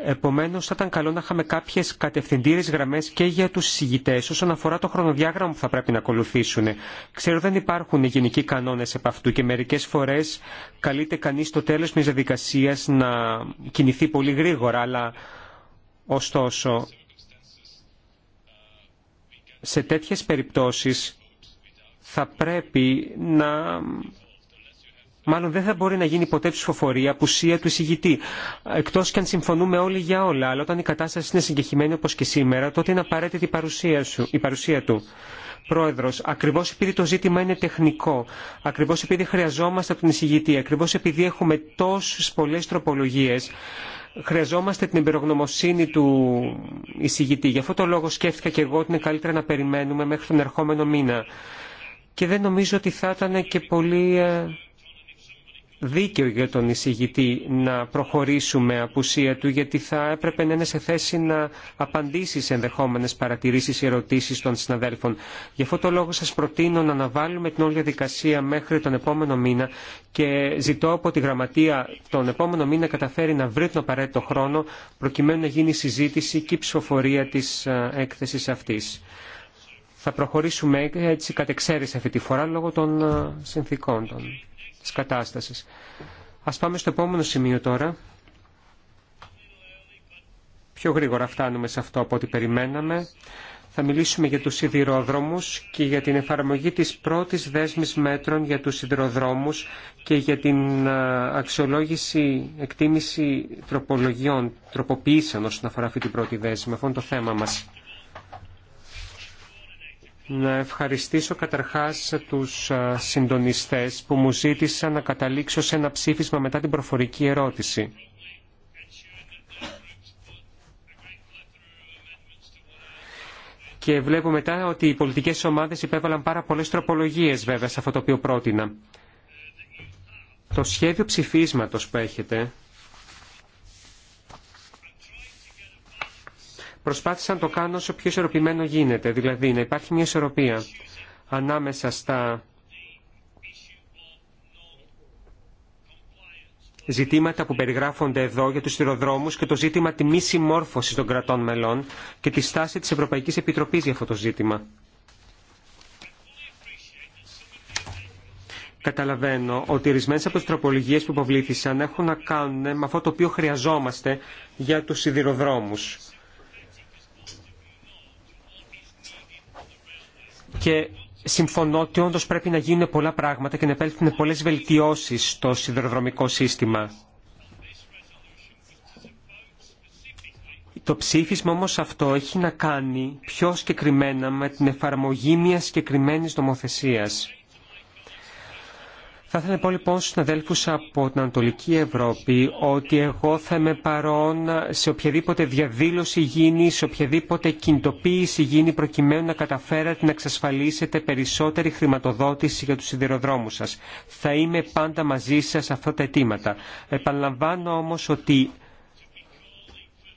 Επομένω, θα ήταν καλό να είχαμε κάποιε κατευθυντήρε γραμμέ και για του συζητητέ όσον αφορά το χρονοδιάγραμμα που θα πρέπει να ακολουθήσουν. Ξέρω δεν υπάρχουν γενικοί κανόνε επ' αυτού και μερικέ φορέ καλείται κανεί στο τέλο μια διαδικασία να κινηθεί πολύ γρήγορα, αλλά ωστόσο σε τέτοιες περιπτώσεις θα πρέπει να... Μάλλον δεν θα μπορεί να γίνει ποτέ ψηφοφορία απουσία του εισηγητή. Εκτό και αν συμφωνούμε όλοι για όλα, αλλά όταν η κατάσταση είναι συγκεχημένη όπω και σήμερα, τότε είναι απαραίτητη η παρουσία, σου, η παρουσία του. Πρόεδρο, ακριβώ επειδή το ζήτημα είναι τεχνικό, ακριβώ επειδή χρειαζόμαστε τον εισηγητή, ακριβώ επειδή έχουμε τόσε πολλέ τροπολογίε, χρειαζόμαστε την εμπειρογνωμοσύνη του εισηγητή. Γι' αυτό το λόγο σκέφτηκα και εγώ ότι είναι καλύτερα να περιμένουμε μέχρι τον ερχόμενο μήνα. Και δεν νομίζω ότι θα ήταν και πολύ ε, δίκαιο για τον εισηγητή να προχωρήσουμε απουσία του γιατί θα έπρεπε να είναι σε θέση να απαντήσει σε ενδεχόμενες παρατηρήσεις ή ερωτήσεις των συναδέλφων. Γι' αυτό το λόγο σας προτείνω να αναβάλουμε την όλη διαδικασία μέχρι τον επόμενο μήνα και ζητώ από τη Γραμματεία τον επόμενο μήνα καταφέρει να βρει τον απαραίτητο χρόνο προκειμένου να γίνει συζήτηση και η ψηφοφορία της έκθεσης αυτής. Θα προχωρήσουμε έτσι κατεξαίρεση αυτή τη φορά λόγω των συνθήκων των της Ας πάμε στο επόμενο σημείο τώρα. Πιο γρήγορα φτάνουμε σε αυτό από ό,τι περιμέναμε. Θα μιλήσουμε για τους σιδηρόδρομους και για την εφαρμογή της πρώτης δέσμης μέτρων για τους σιδηροδρόμους και για την αξιολόγηση, εκτίμηση τροπολογιών, τροποποίησεων όσον αφορά αυτή την πρώτη δέσμη. Αυτό είναι το θέμα μας να ευχαριστήσω καταρχάς τους συντονιστές που μου ζήτησαν να καταλήξω σε ένα ψήφισμα μετά την προφορική ερώτηση. Και βλέπω μετά ότι οι πολιτικές ομάδες υπέβαλαν πάρα πολλές τροπολογίες βέβαια σε αυτό το οποίο πρότεινα. Το σχέδιο ψηφίσματος που έχετε Προσπάθησα να το κάνω όσο πιο ισορροπημένο γίνεται, δηλαδή να υπάρχει μια ισορροπία ανάμεσα στα ζητήματα που περιγράφονται εδώ για τους σιδηροδρόμους και το ζήτημα τη μη συμμόρφωση των κρατών μελών και τη στάση της Ευρωπαϊκής Επιτροπής για αυτό το ζήτημα. Καταλαβαίνω ότι ορισμένε από τι τροπολογίε που υποβλήθησαν έχουν να κάνουν με αυτό το οποίο χρειαζόμαστε για του σιδηροδρόμους. και συμφωνώ ότι όντω πρέπει να γίνουν πολλά πράγματα και να επέλθουν πολλές βελτιώσεις στο σιδηροδρομικό σύστημα. Το ψήφισμα όμως αυτό έχει να κάνει πιο συγκεκριμένα με την εφαρμογή μιας συγκεκριμένη νομοθεσίας. Θα ήθελα να πω λοιπόν στους αδέλφους από την Ανατολική Ευρώπη ότι εγώ θα είμαι παρόν σε οποιαδήποτε διαδήλωση γίνει, σε οποιαδήποτε κινητοποίηση γίνει προκειμένου να καταφέρατε να εξασφαλίσετε περισσότερη χρηματοδότηση για τους σιδηροδρόμους σας. Θα είμαι πάντα μαζί σας αυτά τα αιτήματα. Επαναλαμβάνω όμως ότι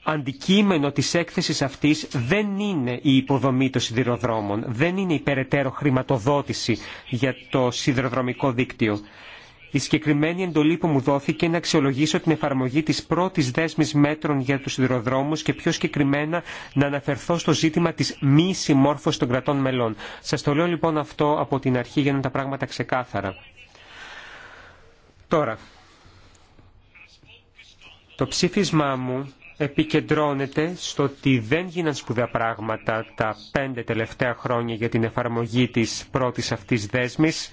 αντικείμενο της έκθεσης αυτής δεν είναι η υποδομή των σιδηροδρόμων, δεν είναι η περαιτέρω χρηματοδότηση για το σιδηροδρομικό δίκτυο. Η συγκεκριμένη εντολή που μου δόθηκε είναι να αξιολογήσω την εφαρμογή της πρώτης δέσμης μέτρων για τους σιδηροδρόμους και πιο συγκεκριμένα να αναφερθώ στο ζήτημα της μη συμμόρφωσης των κρατών μελών. Σας το λέω λοιπόν αυτό από την αρχή για να τα πράγματα ξεκάθαρα. Τώρα, το ψήφισμά μου επικεντρώνεται στο ότι δεν γίναν σπουδαία πράγματα τα πέντε τελευταία χρόνια για την εφαρμογή της πρώτης αυτής δέσμης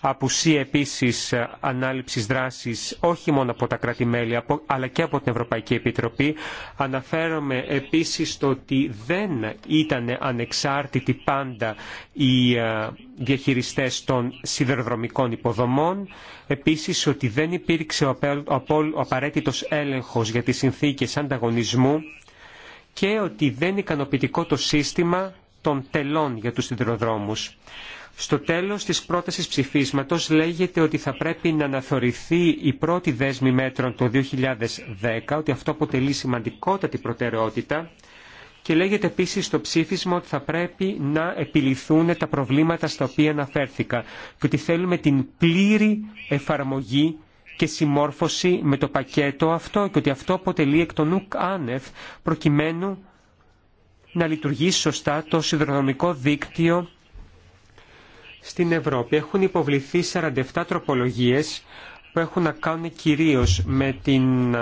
απουσία επίσης ε, ανάληψης δράσης όχι μόνο από τα κράτη-μέλη αλλά και από την Ευρωπαϊκή Επιτροπή. Αναφέρομαι επίσης στο ότι δεν ήταν ανεξάρτητοι πάντα οι ε, διαχειριστές των σιδεροδρομικών υποδομών. Επίσης ότι δεν υπήρξε ο απαραίτητος έλεγχος για τις συνθήκες ανταγωνισμού και ότι δεν ικανοποιητικό το σύστημα των τελών για τους σιδηροδρόμους. Στο τέλος της πρότασης ψηφίσματος λέγεται ότι θα πρέπει να αναθωρηθεί η πρώτη δέσμη μέτρων το 2010, ότι αυτό αποτελεί σημαντικότατη προτεραιότητα και λέγεται επίσης στο ψήφισμα ότι θα πρέπει να επιληθούν τα προβλήματα στα οποία αναφέρθηκα και ότι θέλουμε την πλήρη εφαρμογή και συμμόρφωση με το πακέτο αυτό και ότι αυτό αποτελεί εκ των ουκ άνευ προκειμένου να λειτουργήσει σωστά το συνδρομικό δίκτυο στην Ευρώπη. Έχουν υποβληθεί 47 τροπολογίες που έχουν να κάνουν κυρίως με την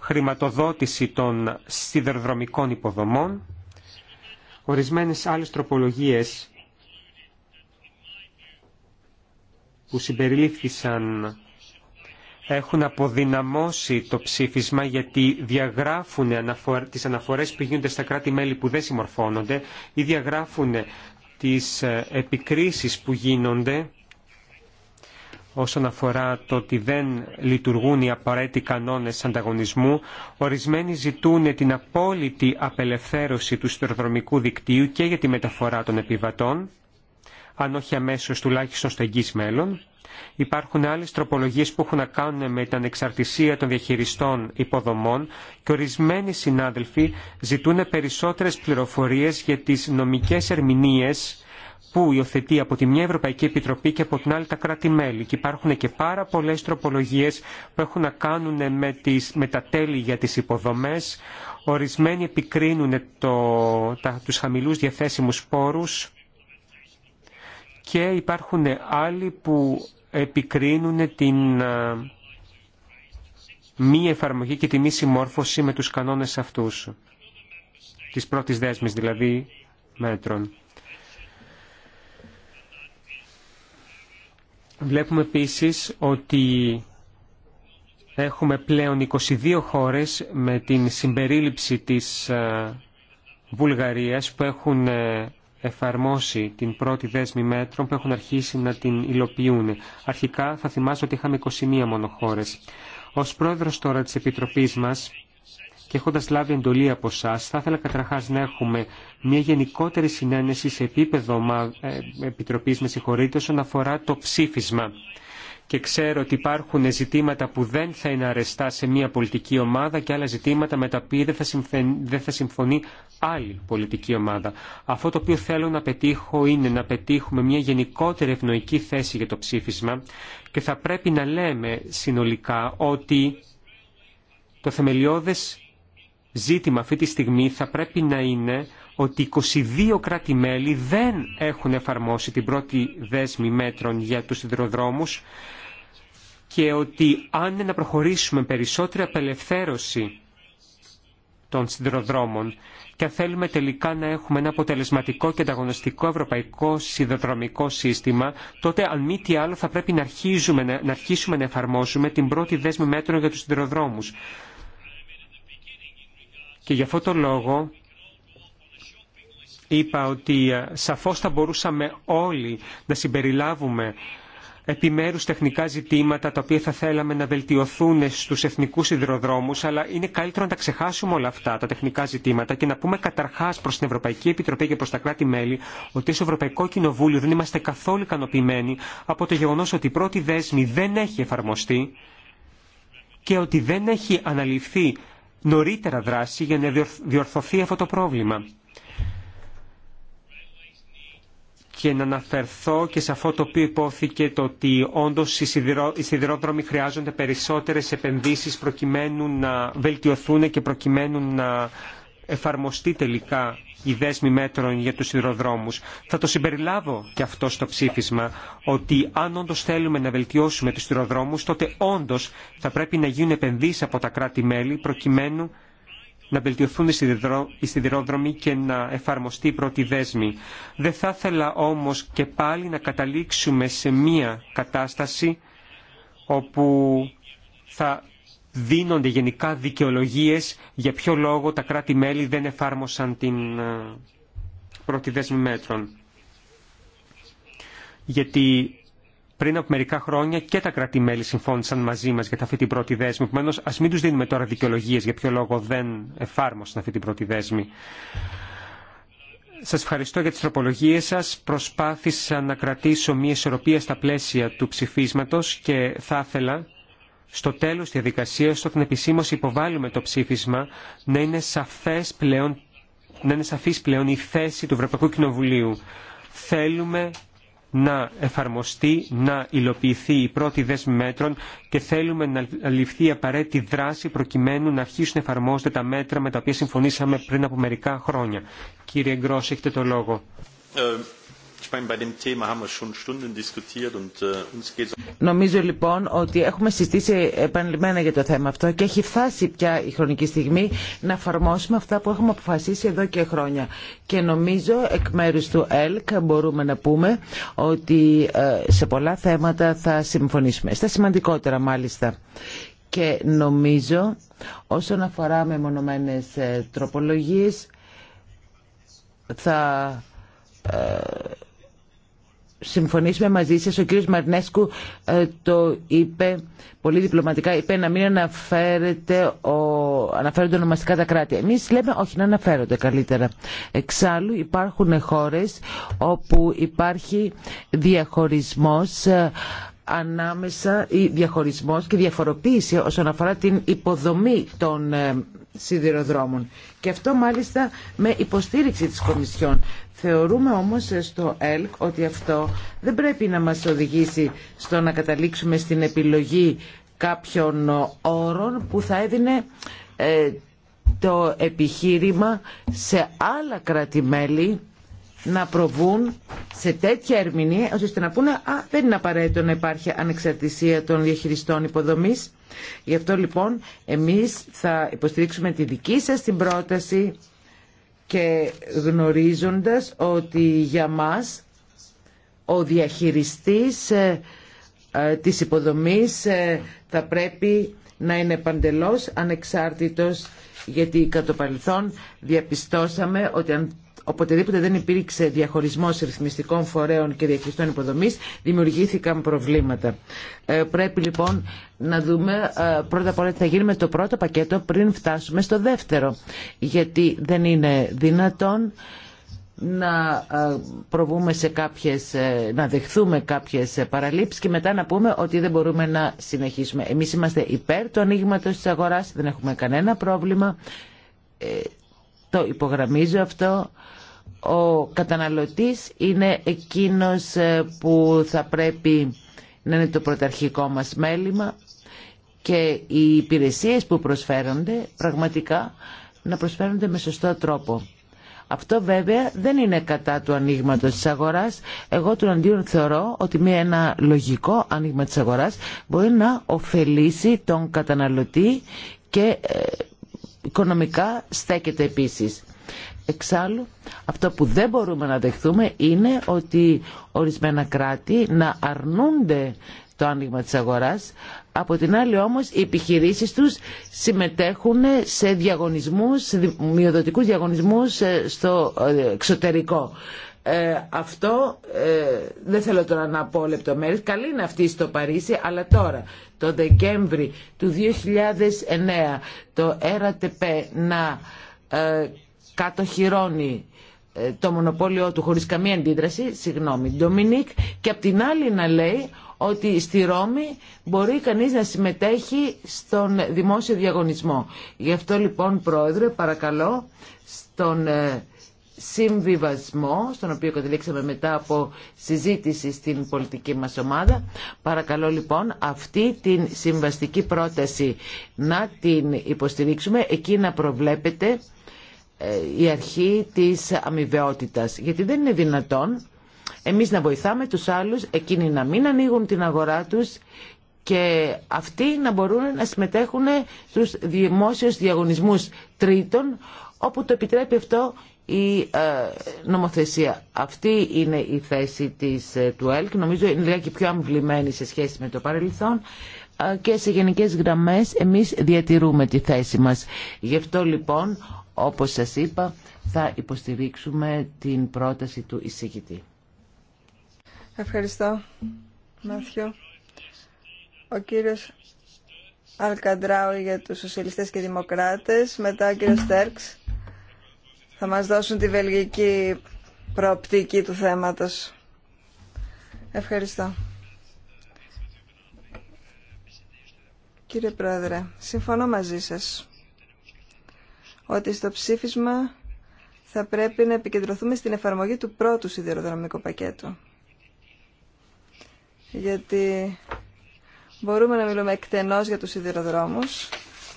χρηματοδότηση των σιδεροδρομικών υποδομών. Ορισμένες άλλες τροπολογίες που συμπεριλήφθησαν έχουν αποδυναμώσει το ψήφισμα γιατί διαγράφουν τις αναφορές που γίνονται στα κράτη-μέλη που δεν συμμορφώνονται ή διαγράφουν τις ε, επικρίσεις που γίνονται όσον αφορά το ότι δεν λειτουργούν οι απαραίτητοι κανόνες ανταγωνισμού, ορισμένοι ζητούν την απόλυτη απελευθέρωση του στεροδρομικού δικτύου και για τη μεταφορά των επιβατών αν όχι αμέσω τουλάχιστον στο εγγύ μέλλον. Υπάρχουν άλλε τροπολογίε που έχουν να κάνουν με την ανεξαρτησία των διαχειριστών υποδομών και ορισμένοι συνάδελφοι ζητούν περισσότερε πληροφορίε για τι νομικέ ερμηνείε που υιοθετεί από τη μια Ευρωπαϊκή Επιτροπή και από την άλλη τα κράτη-μέλη. Και υπάρχουν και πάρα πολλέ τροπολογίε που έχουν να κάνουν με, τις, με τα τέλη για τι υποδομέ. Ορισμένοι επικρίνουν το, τα, τους χαμηλούς διαθέσιμους πόρους και υπάρχουν άλλοι που επικρίνουν την ε, μη εφαρμογή και τη μη συμμόρφωση με τους κανόνες αυτούς, της πρώτης δέσμης δηλαδή μέτρων. Βλέπουμε επίσης ότι έχουμε πλέον 22 χώρες με την συμπερίληψη της ε, Βουλγαρίας που έχουν ε, εφαρμόσει την πρώτη δέσμη μέτρων που έχουν αρχίσει να την υλοποιούν. Αρχικά θα θυμάσαι ότι είχαμε 21 μόνο χώρε. Ω πρόεδρο τώρα τη επιτροπή μας και έχοντα λάβει εντολή από εσά, θα ήθελα καταρχάς να έχουμε μια γενικότερη συνένεση σε επίπεδο ε, επιτροπής, με συγχωρείτε, όσον αφορά το ψήφισμα και ξέρω ότι υπάρχουν ζητήματα που δεν θα είναι αρεστά σε μια πολιτική ομάδα και άλλα ζητήματα με τα οποία δεν θα, συμφωνεί, άλλη πολιτική ομάδα. Αυτό το οποίο θέλω να πετύχω είναι να πετύχουμε μια γενικότερη ευνοϊκή θέση για το ψήφισμα και θα πρέπει να λέμε συνολικά ότι το θεμελιώδες ζήτημα αυτή τη στιγμή θα πρέπει να είναι ότι 22 κράτη-μέλη δεν έχουν εφαρμόσει την πρώτη δέσμη μέτρων για τους σιδηροδρόμους και ότι αν είναι να προχωρήσουμε περισσότερη απελευθέρωση των σιδηροδρόμων και αν θέλουμε τελικά να έχουμε ένα αποτελεσματικό και ανταγωνιστικό ευρωπαϊκό σιδηροδρομικό σύστημα, τότε αν μη τι άλλο θα πρέπει να, αρχίζουμε, να αρχίσουμε να εφαρμόζουμε την πρώτη δέσμη μέτρων για τους σιδηροδρόμους. Και γι' αυτό το λόγο είπα ότι ε, σαφώς θα μπορούσαμε όλοι να συμπεριλάβουμε επιμέρους τεχνικά ζητήματα τα οποία θα θέλαμε να βελτιωθούν στους εθνικούς σιδηροδρόμους, αλλά είναι καλύτερο να τα ξεχάσουμε όλα αυτά τα τεχνικά ζητήματα και να πούμε καταρχάς προς την Ευρωπαϊκή Επιτροπή και προς τα κράτη-μέλη ότι στο Ευρωπαϊκό Κοινοβούλιο δεν είμαστε καθόλου ικανοποιημένοι από το γεγονός ότι η πρώτη δέσμη δεν έχει εφαρμοστεί και ότι δεν έχει αναλυφθεί νωρίτερα δράση για να διορθωθεί αυτό το πρόβλημα. και να αναφερθώ και σε αυτό το οποίο υπόθηκε το ότι όντως οι, σιδηρόδρομοι χρειάζονται περισσότερες επενδύσεις προκειμένου να βελτιωθούν και προκειμένου να εφαρμοστεί τελικά η δέσμη μέτρων για τους σιδηροδρόμους. Θα το συμπεριλάβω και αυτό στο ψήφισμα, ότι αν όντω θέλουμε να βελτιώσουμε τους σιδηροδρόμους, τότε όντω θα πρέπει να γίνουν επενδύσεις από τα κράτη-μέλη προκειμένου να βελτιωθούν οι σιδηρόδρομοι και να εφαρμοστεί η πρώτη δέσμη. Δεν θα ήθελα όμως και πάλι να καταλήξουμε σε μία κατάσταση όπου θα δίνονται γενικά δικαιολογίες για ποιο λόγο τα κράτη-μέλη δεν εφάρμοσαν την ε, πρώτη δέσμη μέτρων. Γιατί πριν από μερικά χρόνια και τα κρατημέλη συμφώνησαν μαζί μα για αυτή την πρώτη δέσμη. Επομένω, α μην του δίνουμε τώρα δικαιολογίε για ποιο λόγο δεν εφάρμοσαν αυτή την πρώτη δέσμη. Σα ευχαριστώ για τι τροπολογίες σα, Προσπάθησα να κρατήσω μια ισορροπία στα πλαίσια του ψηφίσματο και θα ήθελα στο τέλος της διαδικασίας, όταν επισήμωση υποβάλλουμε το ψήφισμα, να είναι, σαφές πλέον, να είναι σαφής πλέον η θέση του Ευρωπαϊκού Κοινοβουλίου. Θέλουμε να εφαρμοστεί, να υλοποιηθεί η πρώτη δέσμη μέτρων και θέλουμε να ληφθεί απαραίτητη δράση προκειμένου να αρχίσουν να εφαρμόζονται τα μέτρα με τα οποία συμφωνήσαμε πριν από μερικά χρόνια. Κύριε Γκρός, έχετε το λόγο. Ε, Νομίζω λοιπόν ότι έχουμε συστήσει επανειλημμένα για το θέμα αυτό και έχει φτάσει πια η χρονική στιγμή να εφαρμόσουμε αυτά που έχουμε αποφασίσει εδώ και χρόνια. Και νομίζω εκ μέρους του ΕΛΚ μπορούμε να πούμε ότι ε, σε πολλά θέματα θα συμφωνήσουμε. Στα σημαντικότερα μάλιστα. Και νομίζω όσον αφορά με μονομένες ε, τροπολογίες θα ε, συμφωνήσουμε μαζί σας. Ο κύριος Μαρνέσκου ε, το είπε πολύ διπλωματικά, είπε να μην αναφέρεται ο, αναφέρονται ονομαστικά τα κράτη. Εμείς λέμε όχι να αναφέρονται καλύτερα. Εξάλλου υπάρχουν χώρες όπου υπάρχει διαχωρισμός ε, ανάμεσα ή διαχωρισμός και διαφοροποίηση όσον αφορά την υποδομή των ε, σιδηροδρόμων. Και αυτό μάλιστα με υποστήριξη της Κομισιόν. Θεωρούμε όμως στο ΕΛΚ ότι αυτό δεν πρέπει να μας οδηγήσει στο να καταλήξουμε στην επιλογή κάποιων όρων που θα έδινε ε, το επιχείρημα σε άλλα κράτη-μέλη να προβούν σε τέτοια ερμηνεία ώστε να πούνε «Α, δεν είναι απαραίτητο να υπάρχει ανεξαρτησία των διαχειριστών υποδομής». Γι' αυτό λοιπόν εμείς θα υποστηρίξουμε τη δική σας την πρόταση και γνωρίζοντας ότι για μας ο διαχειριστής ε, ε, της υποδομής ε, θα πρέπει να είναι παντελώς ανεξάρτητος γιατί κατά παρελθόν διαπιστώσαμε ότι αν Οποτεδήποτε δεν υπήρξε διαχωρισμός ρυθμιστικών φορέων και διαχειριστών υποδομής, δημιουργήθηκαν προβλήματα. Ε, πρέπει λοιπόν να δούμε ε, πρώτα απ' όλα τι θα γίνει με το πρώτο πακέτο πριν φτάσουμε στο δεύτερο. Γιατί δεν είναι δυνατόν να ε, προβούμε σε κάποιες, να δεχθούμε κάποιες παραλήψεις και μετά να πούμε ότι δεν μπορούμε να συνεχίσουμε. Εμείς είμαστε υπέρ του ανοίγματος της αγοράς, δεν έχουμε κανένα πρόβλημα. το υπογραμμίζω αυτό. Ο καταναλωτής είναι εκείνος ε, που θα πρέπει να είναι το πρωταρχικό μας μέλημα και οι υπηρεσίες που προσφέρονται πραγματικά να προσφέρονται με σωστό τρόπο. Αυτό βέβαια δεν είναι κατά του ανοίγματο της αγοράς. Εγώ του αντίον θεωρώ ότι μια ένα λογικό ανοίγμα της αγοράς μπορεί να ωφελήσει τον καταναλωτή και ε, οικονομικά στέκεται επίσης. Εξάλλου, αυτό που δεν μπορούμε να δεχθούμε είναι ότι ορισμένα κράτη να αρνούνται το άνοιγμα της αγοράς. Από την άλλη όμως οι επιχειρήσεις τους συμμετέχουν σε διαγωνισμούς, σε μειοδοτικούς διαγωνισμούς ε, στο ε, εξωτερικό. Ε, αυτό δεν θέλω τώρα να πω λεπτομέρειες. Καλή είναι αυτή στο Παρίσι, αλλά τώρα, το Δεκέμβρη του 2009, το ΕΡΑΤΕΠΕ να κατοχυρώνει ε, το μονοπόλιο του χωρίς καμία αντίδραση, συγγνώμη, Ντομινίκ, και απ' την άλλη να λέει ότι στη Ρώμη μπορεί κανείς να συμμετέχει στον δημόσιο διαγωνισμό. Γι' αυτό λοιπόν, Πρόεδρε, παρακαλώ, στον ε, συμβιβασμό, στον οποίο καταλήξαμε μετά από συζήτηση στην πολιτική μας ομάδα. Παρακαλώ λοιπόν αυτή την συμβαστική πρόταση να την υποστηρίξουμε, εκεί να προβλέπετε η αρχή της αμοιβαιότητας. Γιατί δεν είναι δυνατόν εμείς να βοηθάμε τους άλλους, εκείνοι να μην ανοίγουν την αγορά τους και αυτοί να μπορούν να συμμετέχουν στους δημόσιους διαγωνισμούς τρίτων, όπου το επιτρέπει αυτό η ε, νομοθεσία. Αυτή είναι η θέση της, ε, του ΕΛΚ. Νομίζω είναι και πιο αμβλημένη σε σχέση με το παρελθόν ε, και σε γενικές γραμμές εμείς διατηρούμε τη θέση μας. Γι' αυτό λοιπόν όπως σας είπα, θα υποστηρίξουμε την πρόταση του εισηγητή. Ευχαριστώ, Μάθιο. Ο κύριος Αλκαντράου για τους σοσιαλιστές και δημοκράτες, μετά ο κύριος Στέρξ. Θα μας δώσουν τη βελγική προοπτική του θέματος. Ευχαριστώ. Κύριε Πρόεδρε, συμφωνώ μαζί σας ότι στο ψήφισμα θα πρέπει να επικεντρωθούμε στην εφαρμογή του πρώτου σιδηροδρομικού πακέτου. Γιατί μπορούμε να μιλούμε εκτενώς για τους σιδηροδρόμους.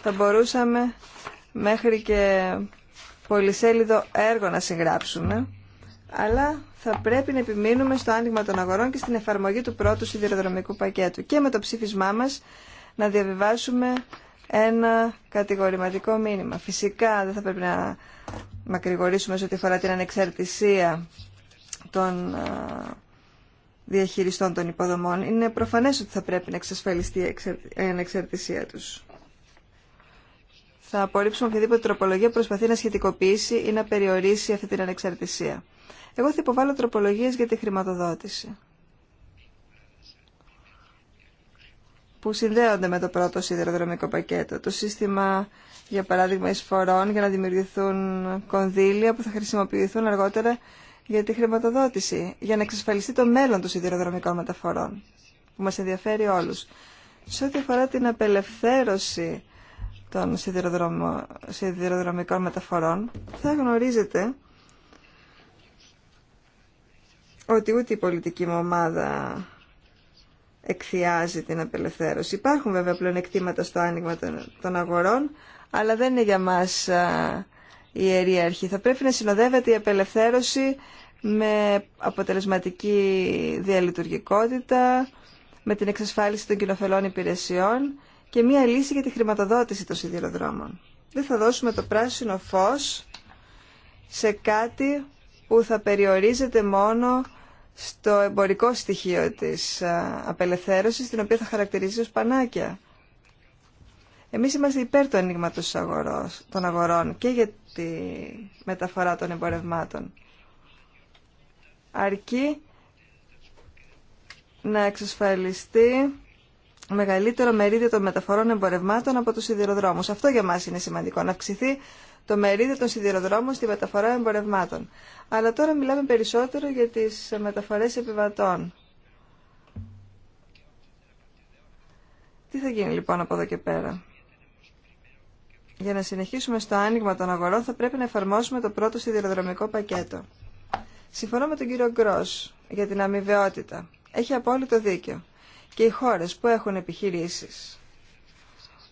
Θα μπορούσαμε μέχρι και πολυσέλιδο έργο να συγγράψουμε. Αλλά θα πρέπει να επιμείνουμε στο άνοιγμα των αγορών και στην εφαρμογή του πρώτου σιδηροδρομικού πακέτου. Και με το ψήφισμά μας να διαβιβάσουμε ένα κατηγορηματικό μήνυμα. Φυσικά δεν θα πρέπει να μακρηγορήσουμε σε ό,τι αφορά την ανεξαρτησία των διαχειριστών των υποδομών. Είναι προφανές ότι θα πρέπει να εξασφαλιστεί η ανεξαρτησία τους. Θα απορρίψουμε οποιαδήποτε τροπολογία που προσπαθεί να σχετικοποιήσει ή να περιορίσει αυτή την ανεξαρτησία. Εγώ θα υποβάλω τροπολογίες για τη χρηματοδότηση. που συνδέονται με το πρώτο σιδηροδρομικό πακέτο. Το σύστημα, για παράδειγμα, εισφορών για να δημιουργηθούν κονδύλια που θα χρησιμοποιηθούν αργότερα για τη χρηματοδότηση, για να εξασφαλιστεί το μέλλον των σιδηροδρομικών μεταφορών, που μας ενδιαφέρει όλους. Σε ό,τι αφορά την απελευθέρωση των σιδηροδρομικών μεταφορών, θα γνωρίζετε ότι ούτε η πολιτική μου ομάδα εκθιάζει την απελευθέρωση. Υπάρχουν βέβαια πλεονεκτήματα στο άνοιγμα των αγορών, αλλά δεν είναι για μας η ιερή αρχή. Θα πρέπει να συνοδεύεται η απελευθέρωση με αποτελεσματική διαλειτουργικότητα, με την εξασφάλιση των κοινοφελών υπηρεσιών και μια λύση για τη χρηματοδότηση των σιδηροδρόμων. Δεν θα δώσουμε το πράσινο φως σε κάτι που θα περιορίζεται μόνο στο εμπορικό στοιχείο της απελευθέρωσης, την οποία θα χαρακτηρίζει ως πανάκια. Εμείς είμαστε υπέρ του ανοίγματο των αγορών και για τη μεταφορά των εμπορευμάτων. Αρκεί να εξασφαλιστεί μεγαλύτερο μερίδιο των μεταφορών εμπορευμάτων από τους σιδηροδρόμους. Αυτό για μας είναι σημαντικό, να αυξηθεί το μερίδιο των σιδηροδρόμων στη μεταφορά εμπορευμάτων. Αλλά τώρα μιλάμε περισσότερο για τις μεταφορές επιβατών. Τι θα γίνει λοιπόν από εδώ και πέρα. Για να συνεχίσουμε στο άνοιγμα των αγορών θα πρέπει να εφαρμόσουμε το πρώτο σιδηροδρομικό πακέτο. Συμφωνώ με τον κύριο Γκρό για την αμοιβαιότητα. Έχει απόλυτο δίκιο. Και οι χώρες που έχουν επιχειρήσεις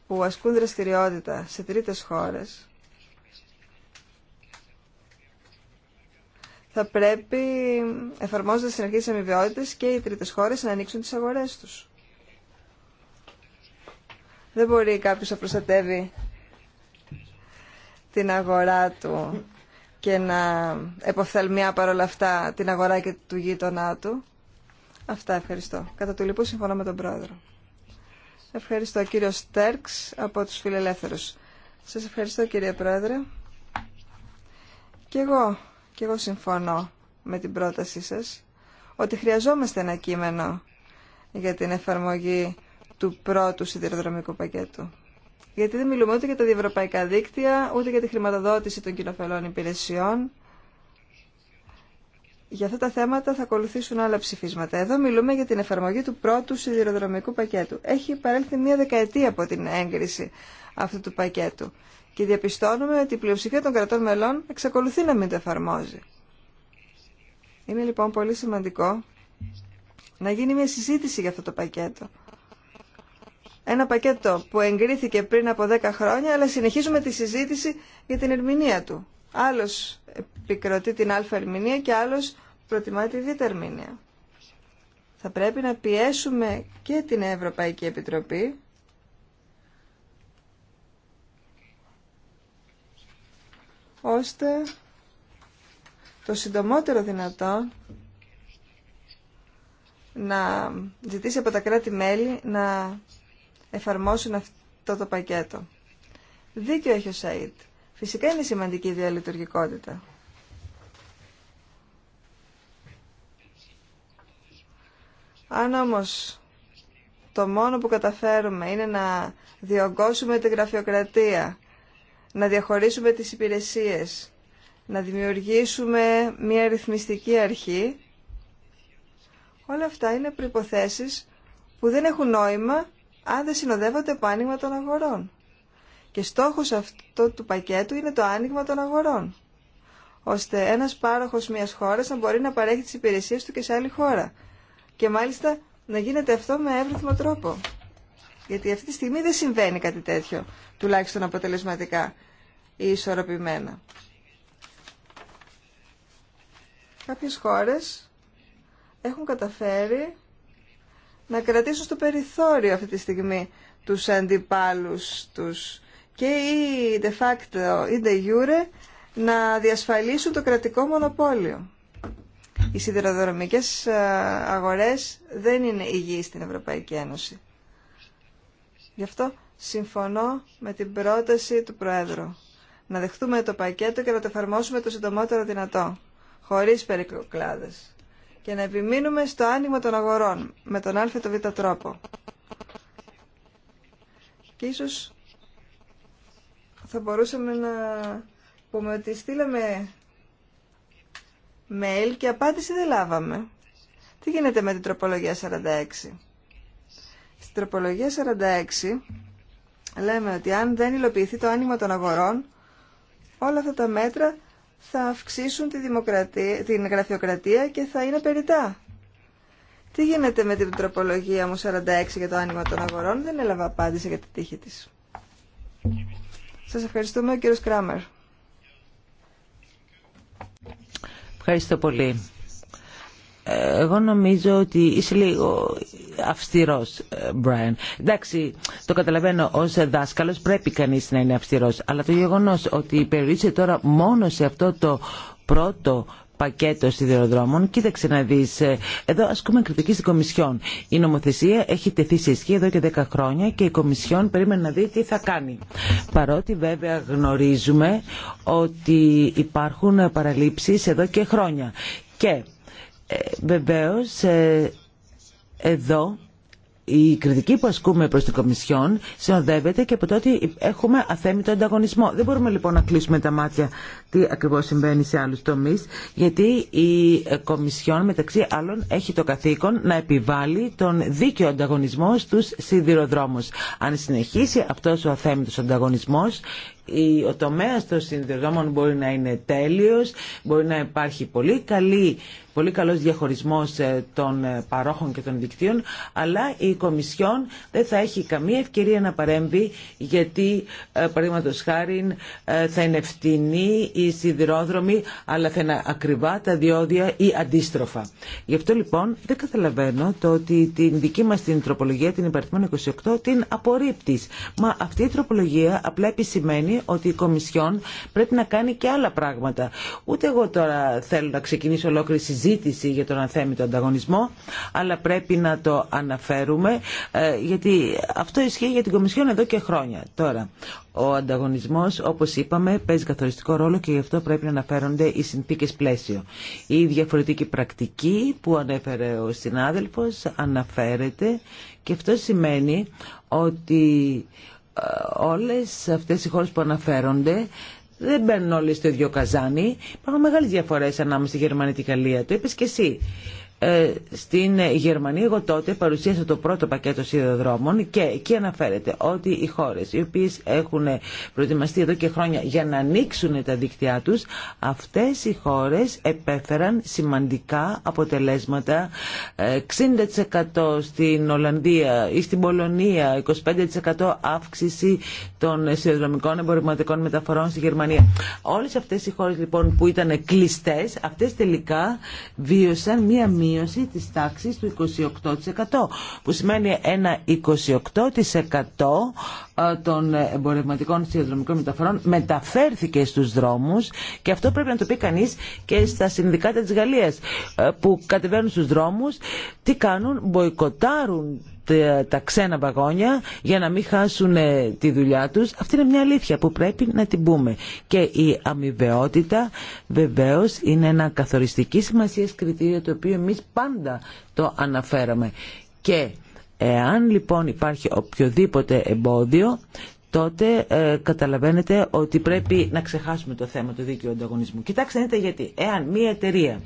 που ασκούν δραστηριότητα σε τρίτες χώρες θα πρέπει εφαρμόζοντας συνεργείς αμοιβαιότητες και οι τρίτες χώρες να ανοίξουν τις αγορές τους. Δεν μπορεί κάποιος να προστατεύει την αγορά του και να εποφθαλμιά παρόλα αυτά την αγορά και του γείτονά του. Αυτά ευχαριστώ. Κατά του λοιπόν συμφωνώ με τον πρόεδρο. Ευχαριστώ κύριο Στέρξ από τους φιλελεύθερους. Σας ευχαριστώ κύριε πρόεδρε. Και εγώ και εγώ συμφωνώ με την πρότασή σας ότι χρειαζόμαστε ένα κείμενο για την εφαρμογή του πρώτου σιδηροδρομικού πακέτου. Γιατί δεν μιλούμε ούτε για τα διευρωπαϊκά δίκτυα, ούτε για τη χρηματοδότηση των κοινοφελών υπηρεσιών. Για αυτά τα θέματα θα ακολουθήσουν άλλα ψηφίσματα. Εδώ μιλούμε για την εφαρμογή του πρώτου σιδηροδρομικού πακέτου. Έχει παρέλθει μία δεκαετία από την έγκριση αυτού του πακέτου και διαπιστώνουμε ότι η πλειοψηφία των κρατών μελών εξακολουθεί να μην το εφαρμόζει. Είναι λοιπόν πολύ σημαντικό να γίνει μια συζήτηση για αυτό το πακέτο. Ένα πακέτο που εγκρίθηκε πριν από 10 χρόνια, αλλά συνεχίζουμε τη συζήτηση για την ερμηνεία του. Άλλο επικροτεί την αλφα ερμηνεία και άλλο προτιμά τη διτερμηνία. ερμηνεία. Θα πρέπει να πιέσουμε και την Ευρωπαϊκή Επιτροπή ώστε το συντομότερο δυνατό να ζητήσει από τα κράτη-μέλη να εφαρμόσουν αυτό το πακέτο. Δίκιο έχει ο ΣΑΙΤ. Φυσικά είναι σημαντική η διαλειτουργικότητα. Αν όμως το μόνο που καταφέρουμε είναι να διωγγώσουμε την γραφειοκρατία, να διαχωρίσουμε τις υπηρεσίες, να δημιουργήσουμε μια ρυθμιστική αρχή. Όλα αυτά είναι προϋποθέσεις που δεν έχουν νόημα αν δεν συνοδεύονται από άνοιγμα των αγορών. Και στόχος αυτού του πακέτου είναι το άνοιγμα των αγορών, ώστε ένας πάροχος μιας χώρας να μπορεί να παρέχει τις υπηρεσίες του και σε άλλη χώρα. Και μάλιστα να γίνεται αυτό με εύρυθμο τρόπο. Γιατί αυτή τη στιγμή δεν συμβαίνει κάτι τέτοιο, τουλάχιστον αποτελεσματικά ή ισορροπημένα. Κάποιες χώρες έχουν καταφέρει να κρατήσουν στο περιθώριο αυτή τη στιγμή τους αντιπάλους τους και ή de facto ή de jure να διασφαλίσουν το κρατικό μονοπόλιο. Οι σιδηροδρομικές ε, αγορές δεν είναι υγιείς στην Ευρωπαϊκή Ένωση. Γι' αυτό συμφωνώ με την πρόταση του Προέδρου. Να δεχτούμε το πακέτο και να το εφαρμόσουμε το συντομότερο δυνατό, χωρίς περικοκλάδες. Και να επιμείνουμε στο άνοιγμα των αγορών, με τον α β τρόπο. Και ίσως θα μπορούσαμε να πούμε ότι στείλαμε mail και απάντηση δεν λάβαμε. Τι γίνεται με την τροπολογία 46. Στην τροπολογία 46 λέμε ότι αν δεν υλοποιηθεί το άνοιγμα των αγορών, όλα αυτά τα μέτρα θα αυξήσουν τη δημοκρατία, την γραφειοκρατία και θα είναι περιτά. Τι γίνεται με την τροπολογία μου 46 για το άνοιγμα των αγορών, δεν έλαβα απάντηση για τη τύχη της. Σας ευχαριστούμε ο κύριος Κράμερ. Ευχαριστώ πολύ. Εγώ νομίζω ότι είσαι λίγο αυστηρός, Μπράιν. Ε, Εντάξει, το καταλαβαίνω, ως δάσκαλος πρέπει κανείς να είναι αυστηρός. Αλλά το γεγονός ότι περιορίζεται τώρα μόνο σε αυτό το πρώτο πακέτο σιδηροδρόμων. Κοίταξε να δει. Ε, εδώ ασκούμε κριτική στην Κομισιόν. Η νομοθεσία έχει τεθεί σε ισχύ εδώ και 10 χρόνια και η Κομισιόν περίμενε να δει τι θα κάνει. Παρότι βέβαια γνωρίζουμε ότι υπάρχουν παραλήψει εδώ και χρόνια. Και ε, βεβαίως, ε, εδώ η κριτική που ασκούμε προς την Κομισιόν συνοδεύεται και από τότε έχουμε αθέμητο ανταγωνισμό. Δεν μπορούμε λοιπόν να κλείσουμε τα μάτια τι ακριβώς συμβαίνει σε άλλους τομείς, γιατί η Κομισιόν μεταξύ άλλων έχει το καθήκον να επιβάλλει τον δίκαιο ανταγωνισμό στους σιδηροδρόμους. Αν συνεχίσει αυτός ο αθέμητος ανταγωνισμός, ο τομέας των σιδηροδρόμων μπορεί να είναι τέλειος, μπορεί να υπάρχει πολύ, καλή, πολύ καλός διαχωρισμός ε, των ε, παρόχων και των δικτύων, αλλά η Κομισιόν δεν θα έχει καμία ευκαιρία να παρέμβει, γιατί, ε, παραδείγματος χάρη, θα είναι φτηνή οι σιδηρόδρομοι, αλλά θα είναι ακριβά τα διόδια ή αντίστροφα. Γι' αυτό λοιπόν δεν καταλαβαίνω το ότι την δική μας την τροπολογία, την υπαριθμόν 28, την απορρίπτεις. Μα αυτή η τροπολογία απλά επισημαίνει ότι η Κομισιόν πρέπει να κάνει και άλλα πράγματα. Ούτε εγώ τώρα θέλω να ξεκινήσω ολόκληρη συζήτηση για τον αθέμητο ανταγωνισμό, αλλά πρέπει να το αναφέρουμε, ε, γιατί αυτό ισχύει για την Κομισιόν εδώ και χρόνια. Τώρα, ο ανταγωνισμό, όπως είπαμε, παίζει καθοριστικό ρόλο και γι' αυτό πρέπει να αναφέρονται οι συνθήκε πλαίσιο. Η διαφορετική πρακτική που ανέφερε ο συνάδελφο αναφέρεται και αυτό σημαίνει ότι ε, όλες αυτές οι χώρε που αναφέρονται δεν μπαίνουν όλες στο ίδιο καζάνι. Υπάρχουν μεγάλε διαφορέ ανάμεσα στη Γερμανία και τη Γαλλία. Το και εσύ. Ε, στην Γερμανία εγώ τότε παρουσίασα το πρώτο πακέτο σιδηροδρόμων και εκεί αναφέρεται ότι οι χώρες οι οποίες έχουν προετοιμαστεί εδώ και χρόνια για να ανοίξουν τα δίκτυά τους αυτές οι χώρες επέφεραν σημαντικά αποτελέσματα 60% ε, στην Ολλανδία ή στην Πολωνία 25% αύξηση των σιδηροδρομικών εμπορευματικών μεταφορών στη Γερμανία όλες αυτές οι χώρες λοιπόν που ήταν κλειστές αυτές τελικά βίωσαν μία μία μείωση της τάξης του 28% που σημαίνει ένα 28% ε, των εμπορευματικών σιδηροδρομικών μεταφορών μεταφέρθηκε στους δρόμους και αυτό πρέπει να το πει κανείς και στα συνδικάτα της Γαλλίας ε, που κατεβαίνουν στους δρόμους τι κάνουν, μποϊκοτάρουν τα ξένα βαγόνια για να μην χάσουν ε, τη δουλειά τους. Αυτή είναι μια αλήθεια που πρέπει να την πούμε. Και η αμοιβαιότητα βεβαίως είναι ένα καθοριστική σημασία κριτήριο το οποίο εμείς πάντα το αναφέραμε. Και εάν λοιπόν υπάρχει οποιοδήποτε εμπόδιο τότε ε, καταλαβαίνετε ότι πρέπει να ξεχάσουμε το θέμα του δίκαιου ανταγωνισμού. Κοιτάξτε γιατί. Εάν μία εταιρεία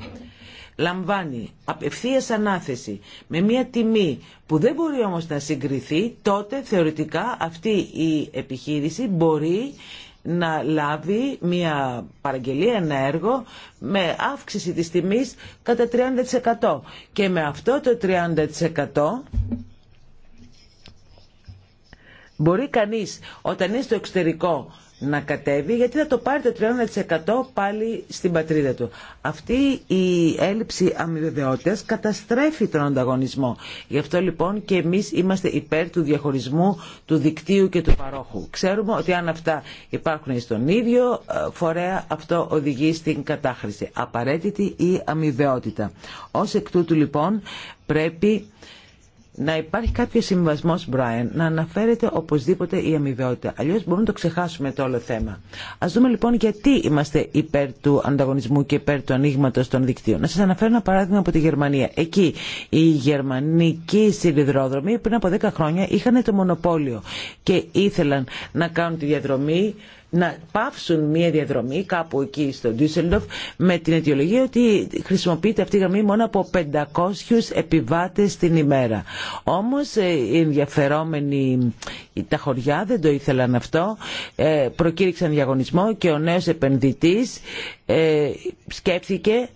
λαμβάνει απευθείας ανάθεση με μια τιμή που δεν μπορεί όμως να συγκριθεί, τότε θεωρητικά αυτή η επιχείρηση μπορεί να λάβει μια παραγγελία, ένα έργο με αύξηση της τιμής κατά 30%. Και με αυτό το 30% μπορεί κανείς όταν είναι στο εξωτερικό να κατέβει γιατί θα το πάρει το 30% πάλι στην πατρίδα του. Αυτή η έλλειψη αμοιβαιότητας καταστρέφει τον ανταγωνισμό. Γι' αυτό λοιπόν και εμείς είμαστε υπέρ του διαχωρισμού του δικτύου και του παρόχου. Ξέρουμε ότι αν αυτά υπάρχουν στον ίδιο ε, φορέα αυτό οδηγεί στην κατάχρηση. Απαραίτητη η αμοιβαιότητα. Ως εκ τούτου λοιπόν πρέπει να υπάρχει κάποιο συμβασμό, Brian, να αναφέρεται οπωσδήποτε η αμοιβαιότητα. Αλλιώ μπορούμε να το ξεχάσουμε το όλο θέμα. Α δούμε λοιπόν γιατί είμαστε υπέρ του ανταγωνισμού και υπέρ του ανοίγματο των δικτύων. Να σα αναφέρω ένα παράδειγμα από τη Γερμανία. Εκεί οι γερμανικοί σιδηρόδρομοι πριν από 10 χρόνια είχαν το μονοπόλιο και ήθελαν να κάνουν τη διαδρομή να πάυσουν μια διαδρομή κάπου εκεί στο Ντούσελντοφ με την αιτιολογία ότι χρησιμοποιείται αυτή η γραμμή μόνο από 500 επιβάτες την ημέρα. Όμως ε, οι ενδιαφερόμενοι τα χωριά δεν το ήθελαν αυτό, ε, προκήρυξαν διαγωνισμό και ο νέος επενδυτής ε, σκέφτηκε,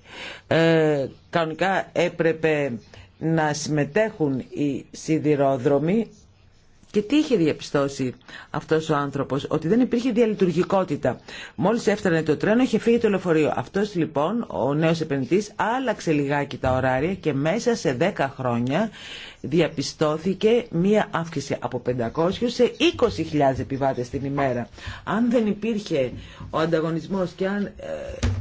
κανονικά έπρεπε να συμμετέχουν οι σιδηρόδρομοι και τι είχε διαπιστώσει αυτός ο άνθρωπος, ότι δεν υπήρχε διαλειτουργικότητα. Μόλις έφτανε το τρένο είχε φύγει το λεωφορείο. Αυτός λοιπόν, ο νέος επενδυτή, άλλαξε λιγάκι τα ωράρια και μέσα σε 10 χρόνια διαπιστώθηκε μία αύξηση από 500 σε 20.000 επιβάτες την ημέρα. Αν δεν υπήρχε ο ανταγωνισμός και αν ε,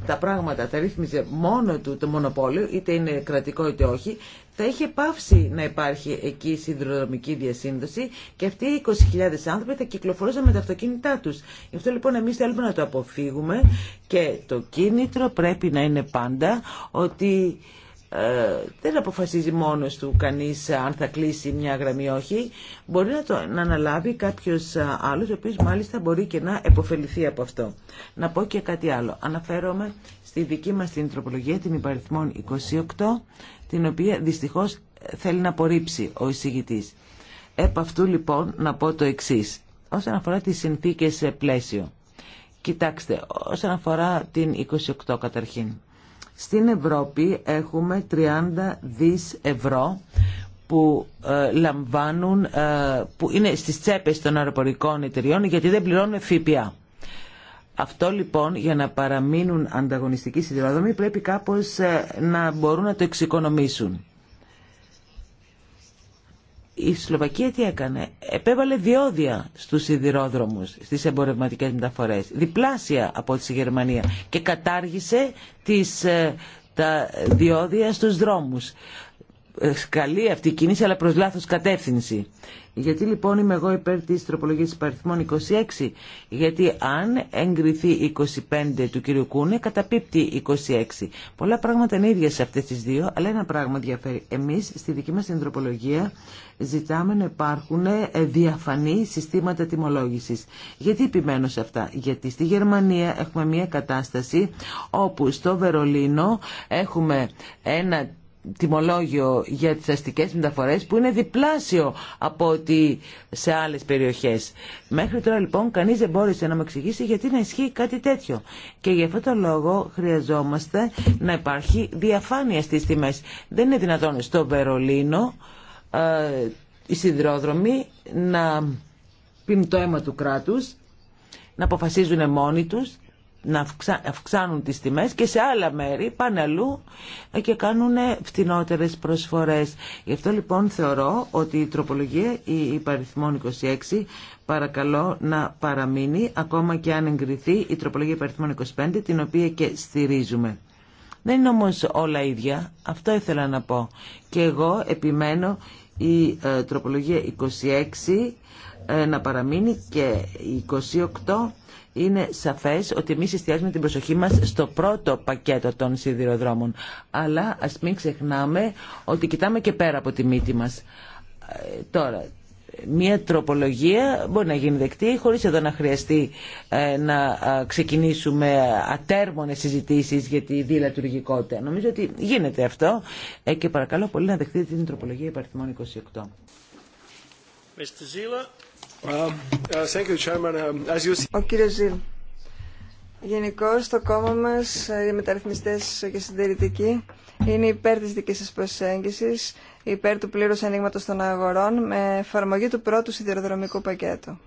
τα πράγματα τα ρύθμιζε μόνο του το μονοπόλιο, είτε είναι κρατικό είτε όχι, θα είχε πάυσει να υπάρχει εκεί συνδρομική διασύνδεση και αυτοί οι 20.000 άνθρωποι θα κυκλοφορούσαν με τα αυτοκίνητά τους. Γι' αυτό λοιπόν εμείς θέλουμε να το αποφύγουμε και το κίνητρο πρέπει να είναι πάντα ότι ε, δεν αποφασίζει μόνος του κανείς αν θα κλείσει μια γραμμή όχι. Μπορεί να, το, να αναλάβει κάποιος άλλος, ο οποίος μάλιστα μπορεί και να επωφεληθεί από αυτό. Να πω και κάτι άλλο. Αναφέρομαι στη δική μας την τροπολογία, την υπαριθμών 28, την οποία δυστυχώς θέλει να απορρίψει ο εισηγητής. Επ' αυτού λοιπόν να πω το εξή όσον αφορά τις συνθήκες πλαίσιο. Κοιτάξτε, όσον αφορά την 28 καταρχήν. Στην Ευρώπη έχουμε 30 δις ευρώ που ε, λαμβάνουν, ε, που είναι στις τσέπες των αεροπορικών εταιριών γιατί δεν πληρώνουν ΦΠΑ. Αυτό λοιπόν για να παραμείνουν ανταγωνιστικοί στη πρέπει κάπως ε, να μπορούν να το εξοικονομήσουν η Σλοβακία τι έκανε. Επέβαλε διόδια στους σιδηρόδρομους, στις εμπορευματικές μεταφορές. Διπλάσια από τη Γερμανία. Και κατάργησε τις, ε, τα διόδια στους δρόμους καλή αυτή η κίνηση αλλά προς λάθος κατεύθυνση. Γιατί λοιπόν είμαι εγώ υπέρ της τροπολογίας παριθμών 26, γιατί αν εγκριθεί 25 του κύριου Κούνε, καταπίπτει 26. Πολλά πράγματα είναι ίδια σε αυτές τις δύο, αλλά ένα πράγμα διαφέρει. Εμείς στη δική μας την τροπολογία ζητάμε να υπάρχουν ε, διαφανή συστήματα τιμολόγησης. Γιατί επιμένω σε αυτά. Γιατί στη Γερμανία έχουμε μια κατάσταση όπου στο Βερολίνο έχουμε ένα τιμολόγιο για τις αστικές μεταφορές που είναι διπλάσιο από ότι σε άλλες περιοχές. Μέχρι τώρα λοιπόν κανείς δεν μπόρεσε να μου εξηγήσει γιατί να ισχύει κάτι τέτοιο. Και για αυτό το λόγο χρειαζόμαστε να υπάρχει διαφάνεια στις τιμές. Δεν είναι δυνατόν στο Βερολίνο ε, οι σιδηρόδρομοι να πίνουν το αίμα του κράτους, να αποφασίζουν μόνοι τους να αυξάνουν τις τιμές και σε άλλα μέρη πάνε αλλού ε, και κάνουν ε, φτηνότερες προσφορές. Γι' αυτό λοιπόν θεωρώ ότι η τροπολογία η υπαριθμών 26 παρακαλώ να παραμείνει ακόμα και αν εγκριθεί η τροπολογία υπαριθμών 25 την οποία και στηρίζουμε. Δεν είναι όμως όλα ίδια, αυτό ήθελα να πω. Και εγώ επιμένω η ε, τροπολογία 26 να παραμείνει και η 28 είναι σαφές ότι εμεί εστιάζουμε την προσοχή μας στο πρώτο πακέτο των σιδηροδρόμων. Αλλά α μην ξεχνάμε ότι κοιτάμε και πέρα από τη μύτη μας. Ε, τώρα, μια τροπολογία μπορεί να γίνει δεκτή χωρίς εδώ να χρειαστεί ε, να ξεκινήσουμε ατέρμονες συζητήσεις για τη διλατουργικότητα. Νομίζω ότι γίνεται αυτό ε, και παρακαλώ πολύ να δεχτείτε την τροπολογία υπαριθμών 28. Um, uh, um, Ο κύριος Ζήλ. Γενικώ το κόμμα μας ε, οι μεταρρυθμιστές και συντηρητικοί είναι υπέρ της δικής σας προσέγγισης, υπέρ του πλήρους ανοίγματος των αγορών με εφαρμογή του πρώτου σιδηροδρομικού πακέτου.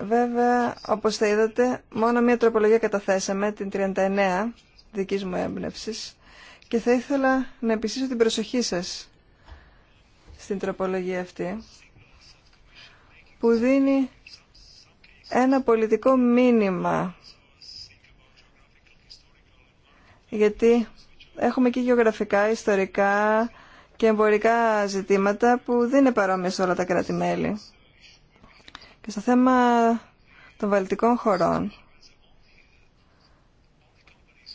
Βέβαια, όπως θα είδατε, μόνο μία τροπολογία καταθέσαμε, την 39, δικής μου έμπνευσης, και θα ήθελα να επισύσω την προσοχή σας στην τροπολογία αυτή που δίνει ένα πολιτικό μήνυμα γιατί έχουμε και γεωγραφικά, ιστορικά και εμπορικά ζητήματα που δεν είναι παρόμοια σε όλα τα κράτη-μέλη. Και στο θέμα των βαλτικών χωρών,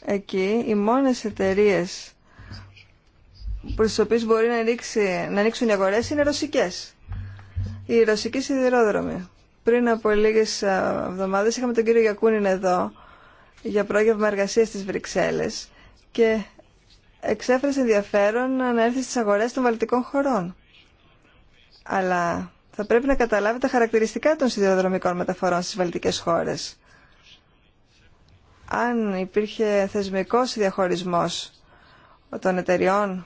εκεί οι μόνες εταιρείες προς τις οποίες μπορεί να, ανοίξει, να ανοίξουν οι αγορές είναι ρωσικές. Οι ρωσικοί σιδηρόδρομοι. Πριν από λίγε ε, εβδομάδες είχαμε τον κύριο Γιακούνιν εδώ για πρόγευμα εργασία στις Βρυξέλλες και εξέφρασε ενδιαφέρον να έρθει στις αγορές των βαλτικών χωρών. Αλλά θα πρέπει να καταλάβει τα χαρακτηριστικά των σιδηροδρομικών μεταφορών στις Βαλτικέ χώρες. Αν υπήρχε θεσμικός διαχωρισμός των εταιριών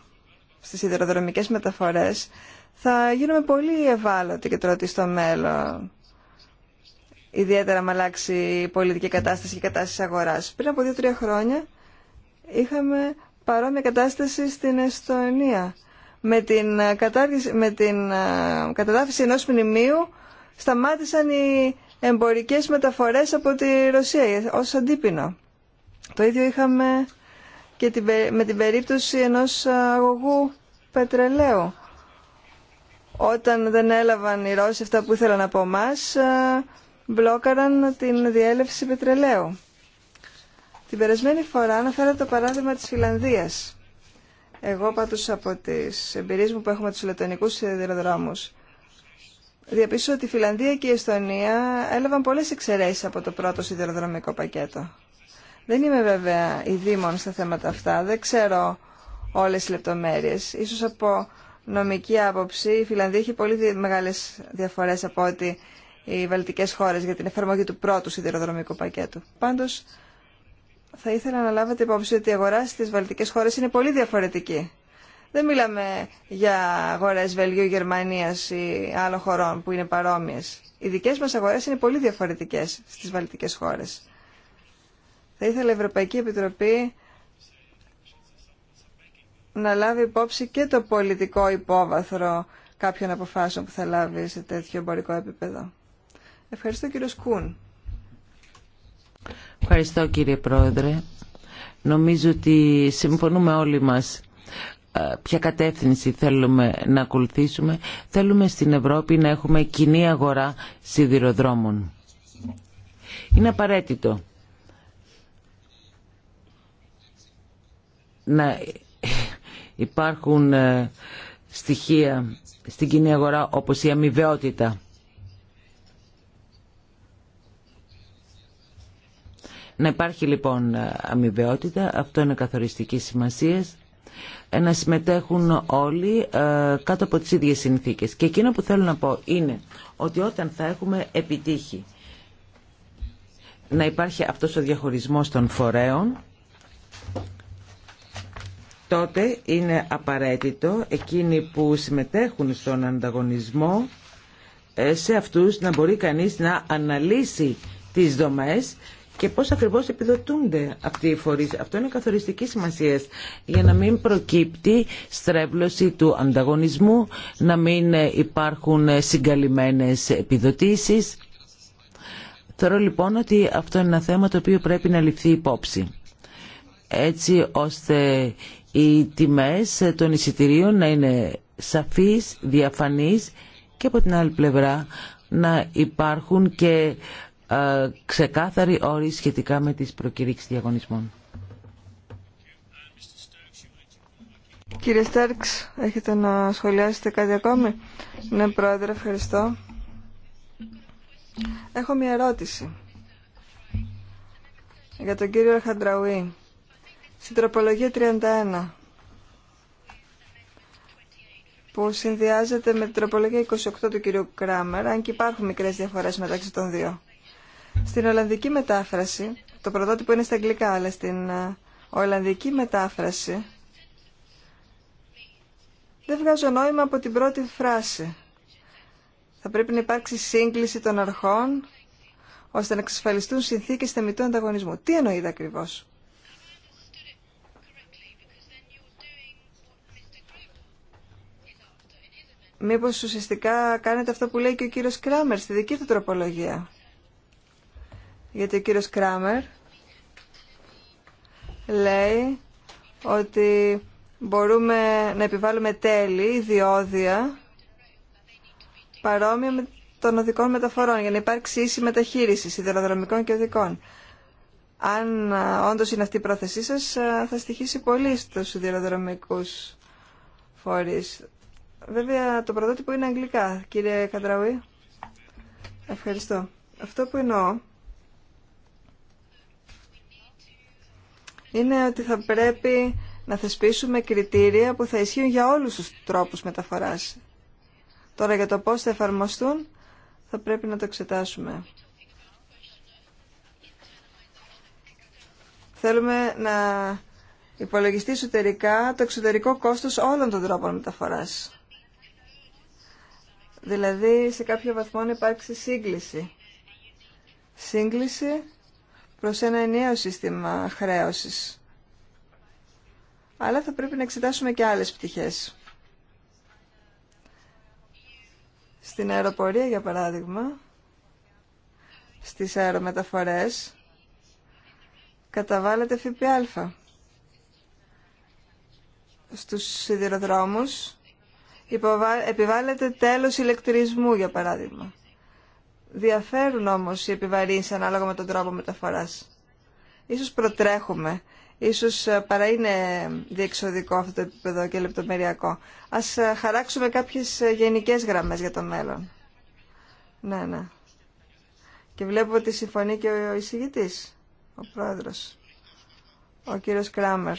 στις σιδηροδρομικέ μεταφορές θα γίνουμε πολύ ευάλωτοι και τρωτοί στο μέλλον. Ιδιαίτερα με αλλάξει η πολιτική κατάσταση και η κατάσταση αγοράς. Πριν από δύο-τρία χρόνια είχαμε παρόμοια κατάσταση στην Εστονία με την, με την καταδάφιση ενός μνημείου σταμάτησαν οι εμπορικές μεταφορές από τη Ρωσία ως αντίπινο. Το ίδιο είχαμε και με την περίπτωση ενός ε, αγωγού πετρελαίου. Όταν δεν έλαβαν οι Ρώσοι αυτά που ήθελαν από εμά, ε, μπλόκαραν την διέλευση πετρελαίου. Την περασμένη φορά αναφέρατε το παράδειγμα της Φιλανδίας. Εγώ πάντως από τις εμπειρίες μου που έχουμε τους λετωνικούς σιδηροδρόμους, διαπίσω ότι η Φιλανδία και η Εστονία έλαβαν πολλές εξαιρέσεις από το πρώτο σιδηροδρομικό πακέτο. Δεν είμαι βέβαια η Δήμον στα θέματα αυτά, δεν ξέρω όλες τις λεπτομέρειες. Ίσως από νομική άποψη η Φιλανδία έχει πολύ μεγάλες διαφορές από ότι οι βαλτικές χώρες για την εφαρμογή του πρώτου σιδηροδρομικού πακέτου. Πάντως θα ήθελα να λάβετε υπόψη ότι η αγορά στις βαλτικές χώρες είναι πολύ διαφορετική. Δεν μιλάμε για αγορές Βελγίου, Γερμανίας ή άλλων χωρών που είναι παρόμοιες. Οι δικές μας αγορές είναι πολύ διαφορετικές στις βαλτικές χώρες. Θα ήθελε η Ευρωπαϊκή Επιτροπή να λάβει υπόψη και το πολιτικό υπόβαθρο κάποιων αποφάσεων που θα λάβει σε τέτοιο εμπορικό επίπεδο. Ευχαριστώ κύριο Σκούν. Ευχαριστώ κύριε Πρόεδρε. Νομίζω ότι συμφωνούμε όλοι μας ε, ποια κατεύθυνση θέλουμε να ακολουθήσουμε. Θέλουμε στην Ευρώπη να έχουμε κοινή αγορά σιδηροδρόμων. Είναι απαραίτητο να υπάρχουν ε, στοιχεία στην κοινή αγορά όπως η αμοιβαιότητα. Να υπάρχει λοιπόν ε, αμοιβαιότητα, αυτό είναι καθοριστική σημασία, ε, να συμμετέχουν όλοι κάτω από τις ίδιες συνθήκες. Και εκείνο που θέλω να πω είναι ότι όταν θα έχουμε επιτύχει να υπάρχει αυτός ο διαχωρισμός των φορέων, τότε είναι απαραίτητο εκείνοι που συμμετέχουν στον ανταγωνισμό ε, σε αυτούς να μπορεί κανείς να αναλύσει τις δομές και πώς ακριβώς επιδοτούνται αυτοί οι φορείς. Αυτό είναι καθοριστική σημασία για να μην προκύπτει στρέβλωση του ανταγωνισμού, να μην ε, υπάρχουν ε, συγκαλυμμένες επιδοτήσεις. Θεωρώ λοιπόν ότι αυτό είναι ένα θέμα το οποίο πρέπει να ληφθεί υπόψη έτσι ώστε οι τιμές των εισιτηρίων να είναι σαφείς, διαφανείς και από την άλλη πλευρά να υπάρχουν και ξεκάθαροι όροι σχετικά με τις προκηρύξεις διαγωνισμών. Κύριε Στέρξ, έχετε να σχολιάσετε κάτι ακόμη. Ναι, Πρόεδρε, ευχαριστώ. Έχω μια ερώτηση για τον κύριο Αρχαντραουή. Στην τροπολογία 31 που συνδυάζεται με την τροπολογία 28 του κυρίου Κράμερ, αν και υπάρχουν μικρές διαφορές μεταξύ των δύο. Στην Ολλανδική μετάφραση, το πρωτότυπο είναι στα αγγλικά, αλλά στην ε, Ολλανδική μετάφραση δεν βγάζω νόημα από την πρώτη φράση. Θα πρέπει να υπάρξει σύγκληση των αρχών ώστε να εξασφαλιστούν συνθήκες θεμητού ανταγωνισμού. Τι εννοείται ακριβώς. Μήπως ουσιαστικά κάνετε αυτό που λέει και ο κύριος Κράμερ στη δική του τροπολογία. Γιατί ο κύριος Κράμερ λέει ότι μπορούμε να επιβάλλουμε τέλη, ιδιώδια, παρόμοια με των οδικών μεταφορών, για να υπάρξει ίση μεταχείριση σιδηροδρομικών και οδικών. Αν όντω είναι αυτή η πρόθεσή σας, θα στοιχήσει πολύ στους σιδηροδρομικού φορείς. Βέβαια το πρωτότυπο είναι αγγλικά, κύριε Καντραουή. Ευχαριστώ. Αυτό που εννοώ είναι ότι θα πρέπει να θεσπίσουμε κριτήρια που θα ισχύουν για όλους τους τρόπους μεταφοράς. Τώρα για το πώς θα εφαρμοστούν θα πρέπει να το εξετάσουμε. Θέλουμε να υπολογιστεί εσωτερικά το εξωτερικό κόστος όλων των τρόπων μεταφοράς. Δηλαδή σε κάποιο βαθμό να υπάρξει σύγκληση. Σύγκληση προς ένα ενιαίο σύστημα χρέωσης. Αλλά θα πρέπει να εξετάσουμε και άλλες πτυχές. Στην αεροπορία, για παράδειγμα, στις αερομεταφορές, καταβάλλεται ΦΠΑ. Στους σιδηροδρόμους επιβάλλεται τέλος ηλεκτρισμού, για παράδειγμα. Διαφέρουν όμως οι επιβαρύνσεις ανάλογα με τον τρόπο μεταφοράς. Ίσως προτρέχουμε, ίσως ε, παρά είναι διεξοδικό αυτό το επίπεδο και λεπτομεριακό. Ας ε, χαράξουμε κάποιες ε, γενικές γραμμές για το μέλλον. Ναι, ναι. Και βλέπω ότι συμφωνεί και ο εισηγητής, ο πρόεδρος, ο κύριος Κράμερ.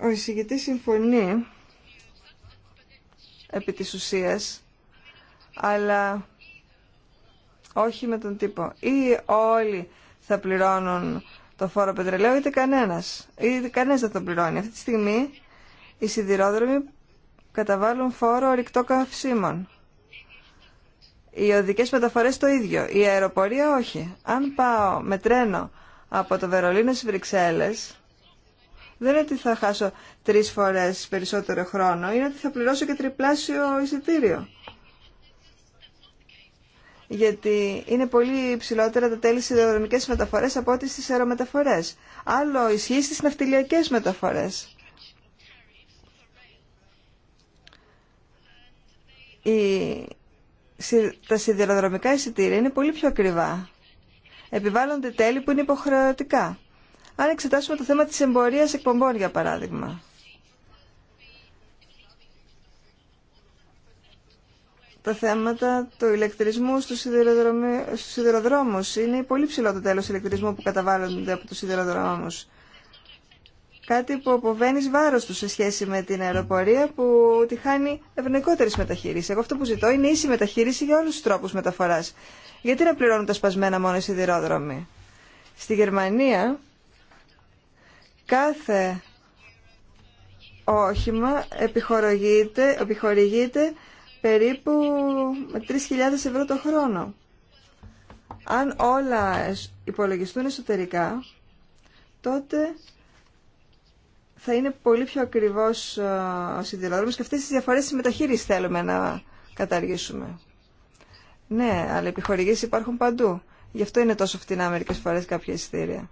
Ο εισηγητής συμφωνεί επί της ουσίας, αλλά όχι με τον τύπο. Ή όλοι θα πληρώνουν το φόρο πετρελαίου, είτε κανένας. Ή κανένας δεν πληρώνει. Αυτή τη στιγμή οι σιδηρόδρομοι καταβάλουν φόρο ρηκτό καυσίμων. Οι οδικές μεταφορές το ίδιο. Η αεροπορία όχι. Αν πάω με τρένο από το Βερολίνο στις Βρυξέλλες, δεν είναι ότι θα χάσω τρει φορές περισσότερο χρόνο, είναι ότι θα πληρώσω και τριπλάσιο εισιτήριο. Γιατί είναι πολύ υψηλότερα τα τέλη στι μεταφορέ από ό,τι στι αερομεταφορέ. Άλλο ισχύει στις ναυτιλιακές μεταφορές. Τα σιδηροδρομικά εισιτήρια είναι πολύ πιο ακριβά. Επιβάλλονται τέλη που είναι υποχρεωτικά. Αν εξετάσουμε το θέμα της εμπορίας εκπομπών, για παράδειγμα. Τα θέματα του ηλεκτρισμού στους, στους σιδηροδρόμους. Είναι πολύ ψηλό το τέλος ηλεκτρισμού που καταβάλλονται από τους σιδηροδρόμους. Κάτι που αποβαίνει βάρος του σε σχέση με την αεροπορία που τη χάνει ευνοϊκότερης μεταχείριση. Εγώ αυτό που ζητώ είναι ίση μεταχείριση για όλους τους τρόπους μεταφοράς. Γιατί να πληρώνουν τα σπασμένα μόνο οι σιδηρόδρομοι. Στη Γερμανία κάθε όχημα επιχορηγείται, επιχορηγείται περίπου 3.000 ευρώ το χρόνο. Αν όλα υπολογιστούν εσωτερικά, τότε θα είναι πολύ πιο ακριβώς ο σιδηρόδρομος και αυτές τις διαφορές της θέλουμε να καταργήσουμε. Ναι, αλλά επιχορηγήσεις υπάρχουν παντού. Γι' αυτό είναι τόσο φτηνά μερικές φορές κάποια εισιτήρια.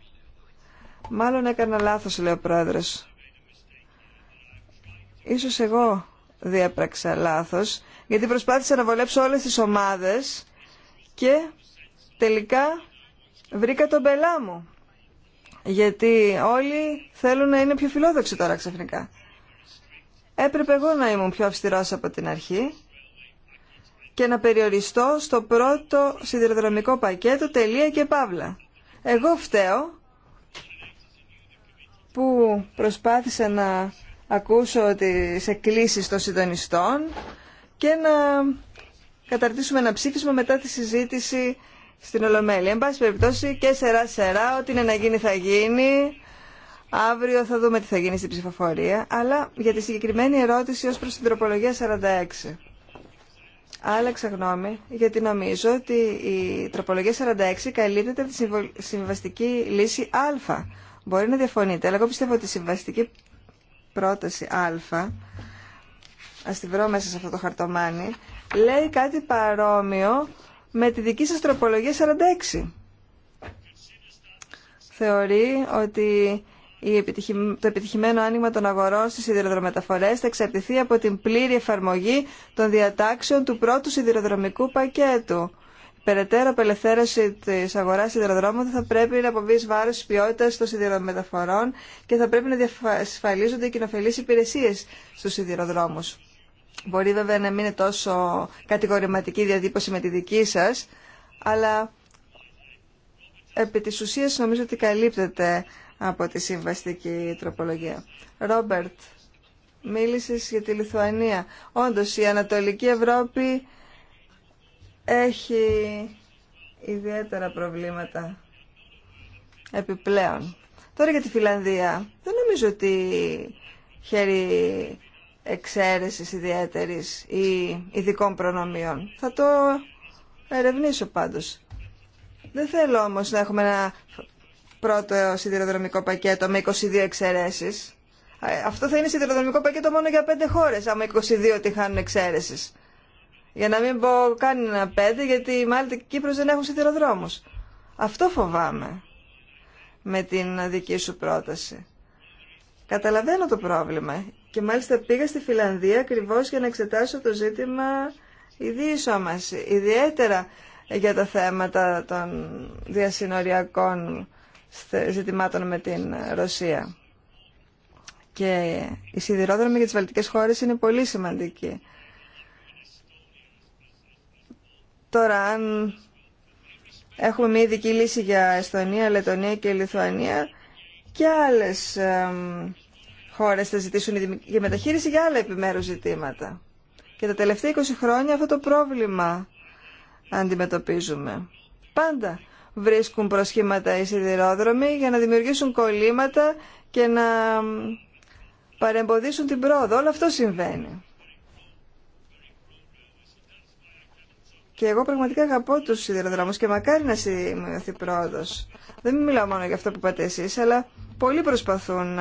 Μάλλον έκανα λάθος, λέει ο πρόεδρος. Ίσως εγώ διέπραξα λάθος, γιατί προσπάθησα να βολέψω όλες τις ομάδες και τελικά βρήκα τον πελά μου. Γιατί όλοι θέλουν να είναι πιο φιλόδοξοι τώρα ξαφνικά. Έπρεπε εγώ να ήμουν πιο αυστηρός από την αρχή και να περιοριστώ στο πρώτο σιδηροδρομικό πακέτο τελεία και παύλα. Εγώ φταίω που προσπάθησα να ακούσω τις εκκλήσεις των συντονιστών και να καταρτήσουμε ένα ψήφισμα μετά τη συζήτηση στην Ολομέλεια. Εν πάση περιπτώσει και σερά σερά, ό,τι είναι να γίνει θα γίνει. Αύριο θα δούμε τι θα γίνει στην ψηφοφορία, αλλά για τη συγκεκριμένη ερώτηση ως προς την τροπολογία 46. Άλλαξα γνώμη, γιατί νομίζω ότι η τροπολογία 46 καλύπτεται από τη συμβαστική λύση Α Μπορεί να διαφωνείτε, αλλά εγώ πιστεύω ότι η συμβαστική πρόταση Α, α τη βρω μέσα σε αυτό το χαρτομάνι, λέει κάτι παρόμοιο με τη δική σας τροπολογία 46. Θεωρεί ότι το επιτυχημένο άνοιγμα των αγορών στις σιδηροδρομεταφορές θα εξαρτηθεί από την πλήρη εφαρμογή των διατάξεων του πρώτου σιδηροδρομικού πακέτου περαιτέρω απελευθέρωση τη αγορά σιδηροδρόμων θα πρέπει να αποβεί βάρο τη ποιότητα των σιδηρομεταφορών και θα πρέπει να διασφαλίζονται οι κοινοφελεί υπηρεσίε στου σιδηροδρόμου. Μπορεί βέβαια να μην είναι τόσο κατηγορηματική διατύπωση με τη δική σα, αλλά επί τη ουσία νομίζω ότι καλύπτεται από τη συμβαστική τροπολογία. Ρόμπερτ, μίλησε για τη Λιθουανία. Όντω, η Ανατολική Ευρώπη έχει ιδιαίτερα προβλήματα επιπλέον. Τώρα για τη Φιλανδία. Δεν νομίζω ότι χέρι εξαίρεση ιδιαίτερη ή ειδικών προνομίων. Θα το ερευνήσω πάντως. Δεν θέλω όμως να έχουμε ένα πρώτο σιδηροδρομικό πακέτο με 22 εξαιρέσει. Ε, αυτό θα είναι σιδηροδρομικό πακέτο μόνο για 5 χώρε άμα 22 τη χάνουν για να μην πω καν πέντε, γιατί η Μάλτα και η Κύπρος δεν έχουν σιδηροδρόμους. Αυτό φοβάμαι με την δική σου πρόταση. Καταλαβαίνω το πρόβλημα και μάλιστα πήγα στη Φιλανδία ακριβώ για να εξετάσω το ζήτημα μας, ιδιαίτερα για τα θέματα των διασυνοριακών ζητημάτων με την Ρωσία. Και οι σιδηρόδρομοι για τις βαλτικές χώρες είναι πολύ σημαντική. Τώρα, αν έχουμε μια ειδική λύση για Εστονία, Λετωνία και Λιθουανία, και άλλες χώρε χώρες θα ζητήσουν για μεταχείριση για άλλα επιμέρους ζητήματα. Και τα τελευταία 20 χρόνια αυτό το πρόβλημα αντιμετωπίζουμε. Πάντα βρίσκουν προσχήματα οι σιδηρόδρομοι για να δημιουργήσουν κολλήματα και να παρεμποδίσουν την πρόοδο. Όλο αυτό συμβαίνει. Και εγώ πραγματικά αγαπώ του σιδηροδρόμου και μακάρι να σημειωθεί πρόοδο. Δεν μιλάω μόνο για αυτό που είπατε εσεί, αλλά πολλοί προσπαθούν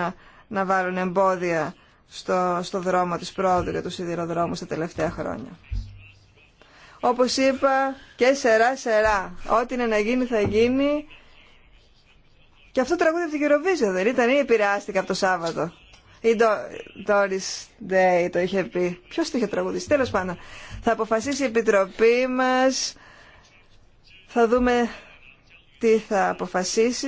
να, βάλουν εμπόδια στο, στο δρόμο τη πρόοδου για του σιδηροδρόμου τα τελευταία χρόνια. Όπω είπα, και σερά σερά. Ό,τι είναι να γίνει θα γίνει. Και αυτό τραγούδι από την Eurovision δεν ήταν ή επηρεάστηκα από το Σάββατο. Η Doris Day το είχε πει. Ποιο το είχε τραγουδίσει, τέλο πάντων. Θα αποφασίσει η Επιτροπή μας, θα δούμε τι θα αποφασίσει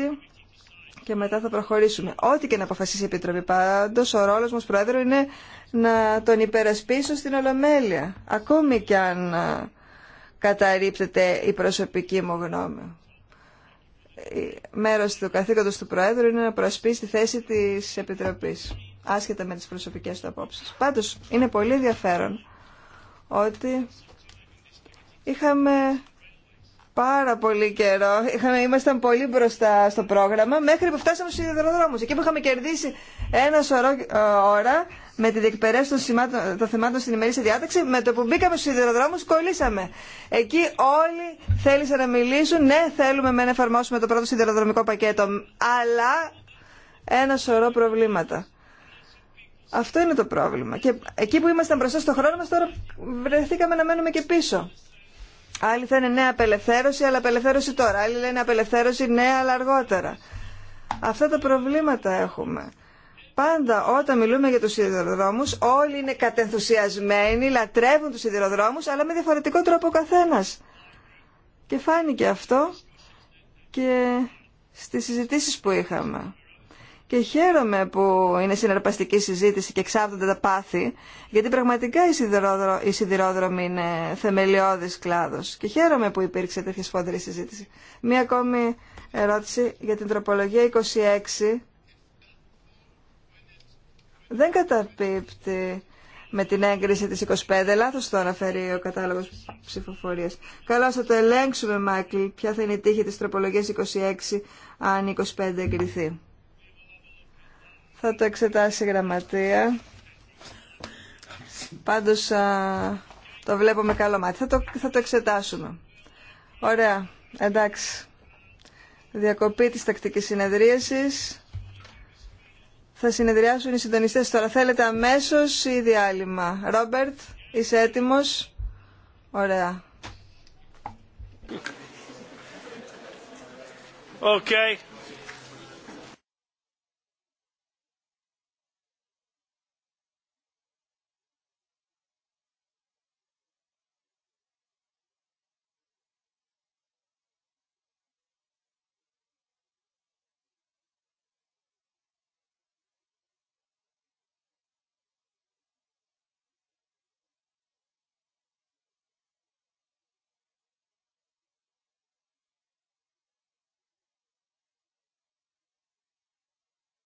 και μετά θα προχωρήσουμε. Ό,τι και να αποφασίσει η Επιτροπή πάντως, ο ρόλος μας Πρόεδρο είναι να τον υπερασπίσω στην Ολομέλεια, ακόμη κι αν καταρρύπτεται η προσωπική μου γνώμη. Μέρος του καθήκοντος του Προέδρου είναι να προσπίσει τη θέση της Επιτροπής, άσχετα με τις προσωπικές του απόψεις. Πάντως, είναι πολύ ενδιαφέρον ότι είχαμε πάρα πολύ καιρό, είχαμε, ήμασταν πολύ μπροστά στο πρόγραμμα μέχρι που φτάσαμε στους σιδηροδρόμους. Εκεί που είχαμε κερδίσει ένα σωρό ε, ώρα με τη διεκπαιρέωση των, των θεμάτων στην ημερήσια διάταξη, με το που μπήκαμε στους σιδηροδρόμους κολλήσαμε. Εκεί όλοι θέλησαν να μιλήσουν, ναι θέλουμε να εφαρμόσουμε το πρώτο σιδηροδρομικό πακέτο, αλλά ένα σωρό προβλήματα. Αυτό είναι το πρόβλημα. Και εκεί που ήμασταν μπροστά στο χρόνο μας, τώρα βρεθήκαμε να μένουμε και πίσω. Άλλοι λένε νέα απελευθέρωση, αλλά απελευθέρωση τώρα. Άλλοι λένε απελευθέρωση νέα, αλλά αργότερα. Αυτά τα προβλήματα έχουμε. Πάντα όταν μιλούμε για τους σιδηροδρόμους, όλοι είναι κατενθουσιασμένοι, λατρεύουν τους σιδηροδρόμους, αλλά με διαφορετικό τρόπο ο καθένας. Και φάνηκε αυτό και στις συζητήσεις που είχαμε και χαίρομαι που είναι συναρπαστική συζήτηση και εξάπτονται τα πάθη, γιατί πραγματικά η σιδηρόδρο, είναι θεμελιώδης κλάδος και χαίρομαι που υπήρξε τέτοια σφόδρη συζήτηση. Μία ακόμη ερώτηση για την τροπολογία 26. Δεν καταπίπτει με την έγκριση της 25. Λάθος το αναφέρει ο κατάλογος ψηφοφορίας. Καλώς θα το ελέγξουμε, Μάικλ, ποια θα είναι η τύχη της τροπολογίας 26 αν η 25 εγκριθεί. Θα το εξετάσει η γραμματεία. Πάντως το βλέπω με καλό μάτι. Θα το, θα το εξετάσουμε. Ωραία. Εντάξει. Διακοπή της τακτικής συνεδρίασης. Θα συνεδριάσουν οι συντονιστές τώρα. Θέλετε αμέσως ή διάλειμμα. Ρόμπερτ, είσαι έτοιμος. Ωραία. Okay.